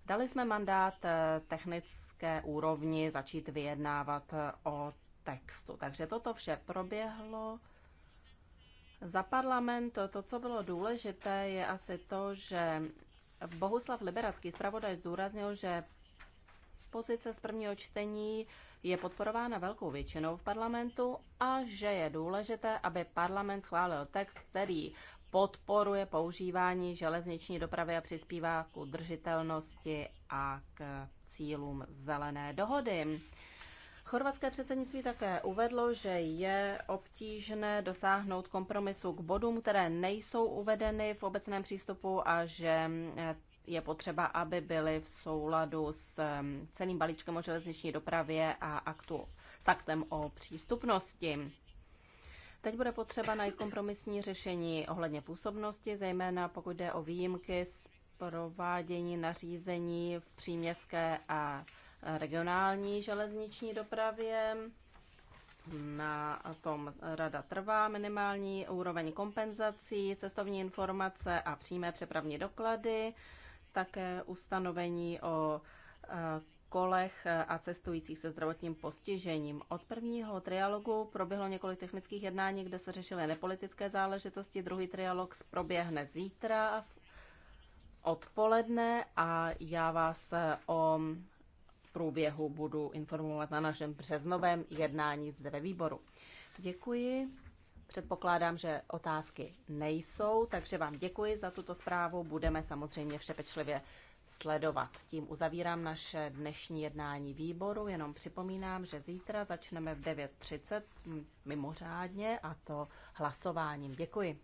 dali jsme mandát eh, technické úrovni začít vyjednávat eh, o textu. Takže toto vše proběhlo. Za parlament to, co bylo důležité, je asi to, že Bohuslav Liberacký zpravodaj zdůraznil, že pozice z prvního čtení je podporována velkou většinou v parlamentu a že je důležité, aby parlament schválil text, který podporuje používání železniční dopravy a přispívá k udržitelnosti a k cílům zelené dohody. Chorvatské předsednictví také uvedlo, že je obtížné dosáhnout kompromisu k bodům, které nejsou uvedeny v obecném přístupu a že je potřeba, aby byly v souladu s celým balíčkem o železniční dopravě a aktu, s aktem o přístupnosti. Teď bude potřeba najít kompromisní řešení ohledně působnosti, zejména pokud jde o výjimky z provádění nařízení v příměstské a regionální železniční dopravě. Na tom rada trvá minimální úroveň kompenzací, cestovní informace a přímé přepravní doklady také ustanovení o e, kolech e, a cestujících se zdravotním postižením. Od prvního trialogu proběhlo několik technických jednání, kde se řešily nepolitické záležitosti. Druhý trialog proběhne zítra odpoledne a já vás e, o průběhu budu informovat na našem březnovém jednání zde ve výboru. Děkuji. Předpokládám, že otázky nejsou, takže vám děkuji za tuto zprávu. Budeme samozřejmě vše pečlivě sledovat. Tím uzavírám naše dnešní jednání výboru. Jenom připomínám, že zítra začneme v 9.30 mm, mimořádně a to hlasováním. Děkuji.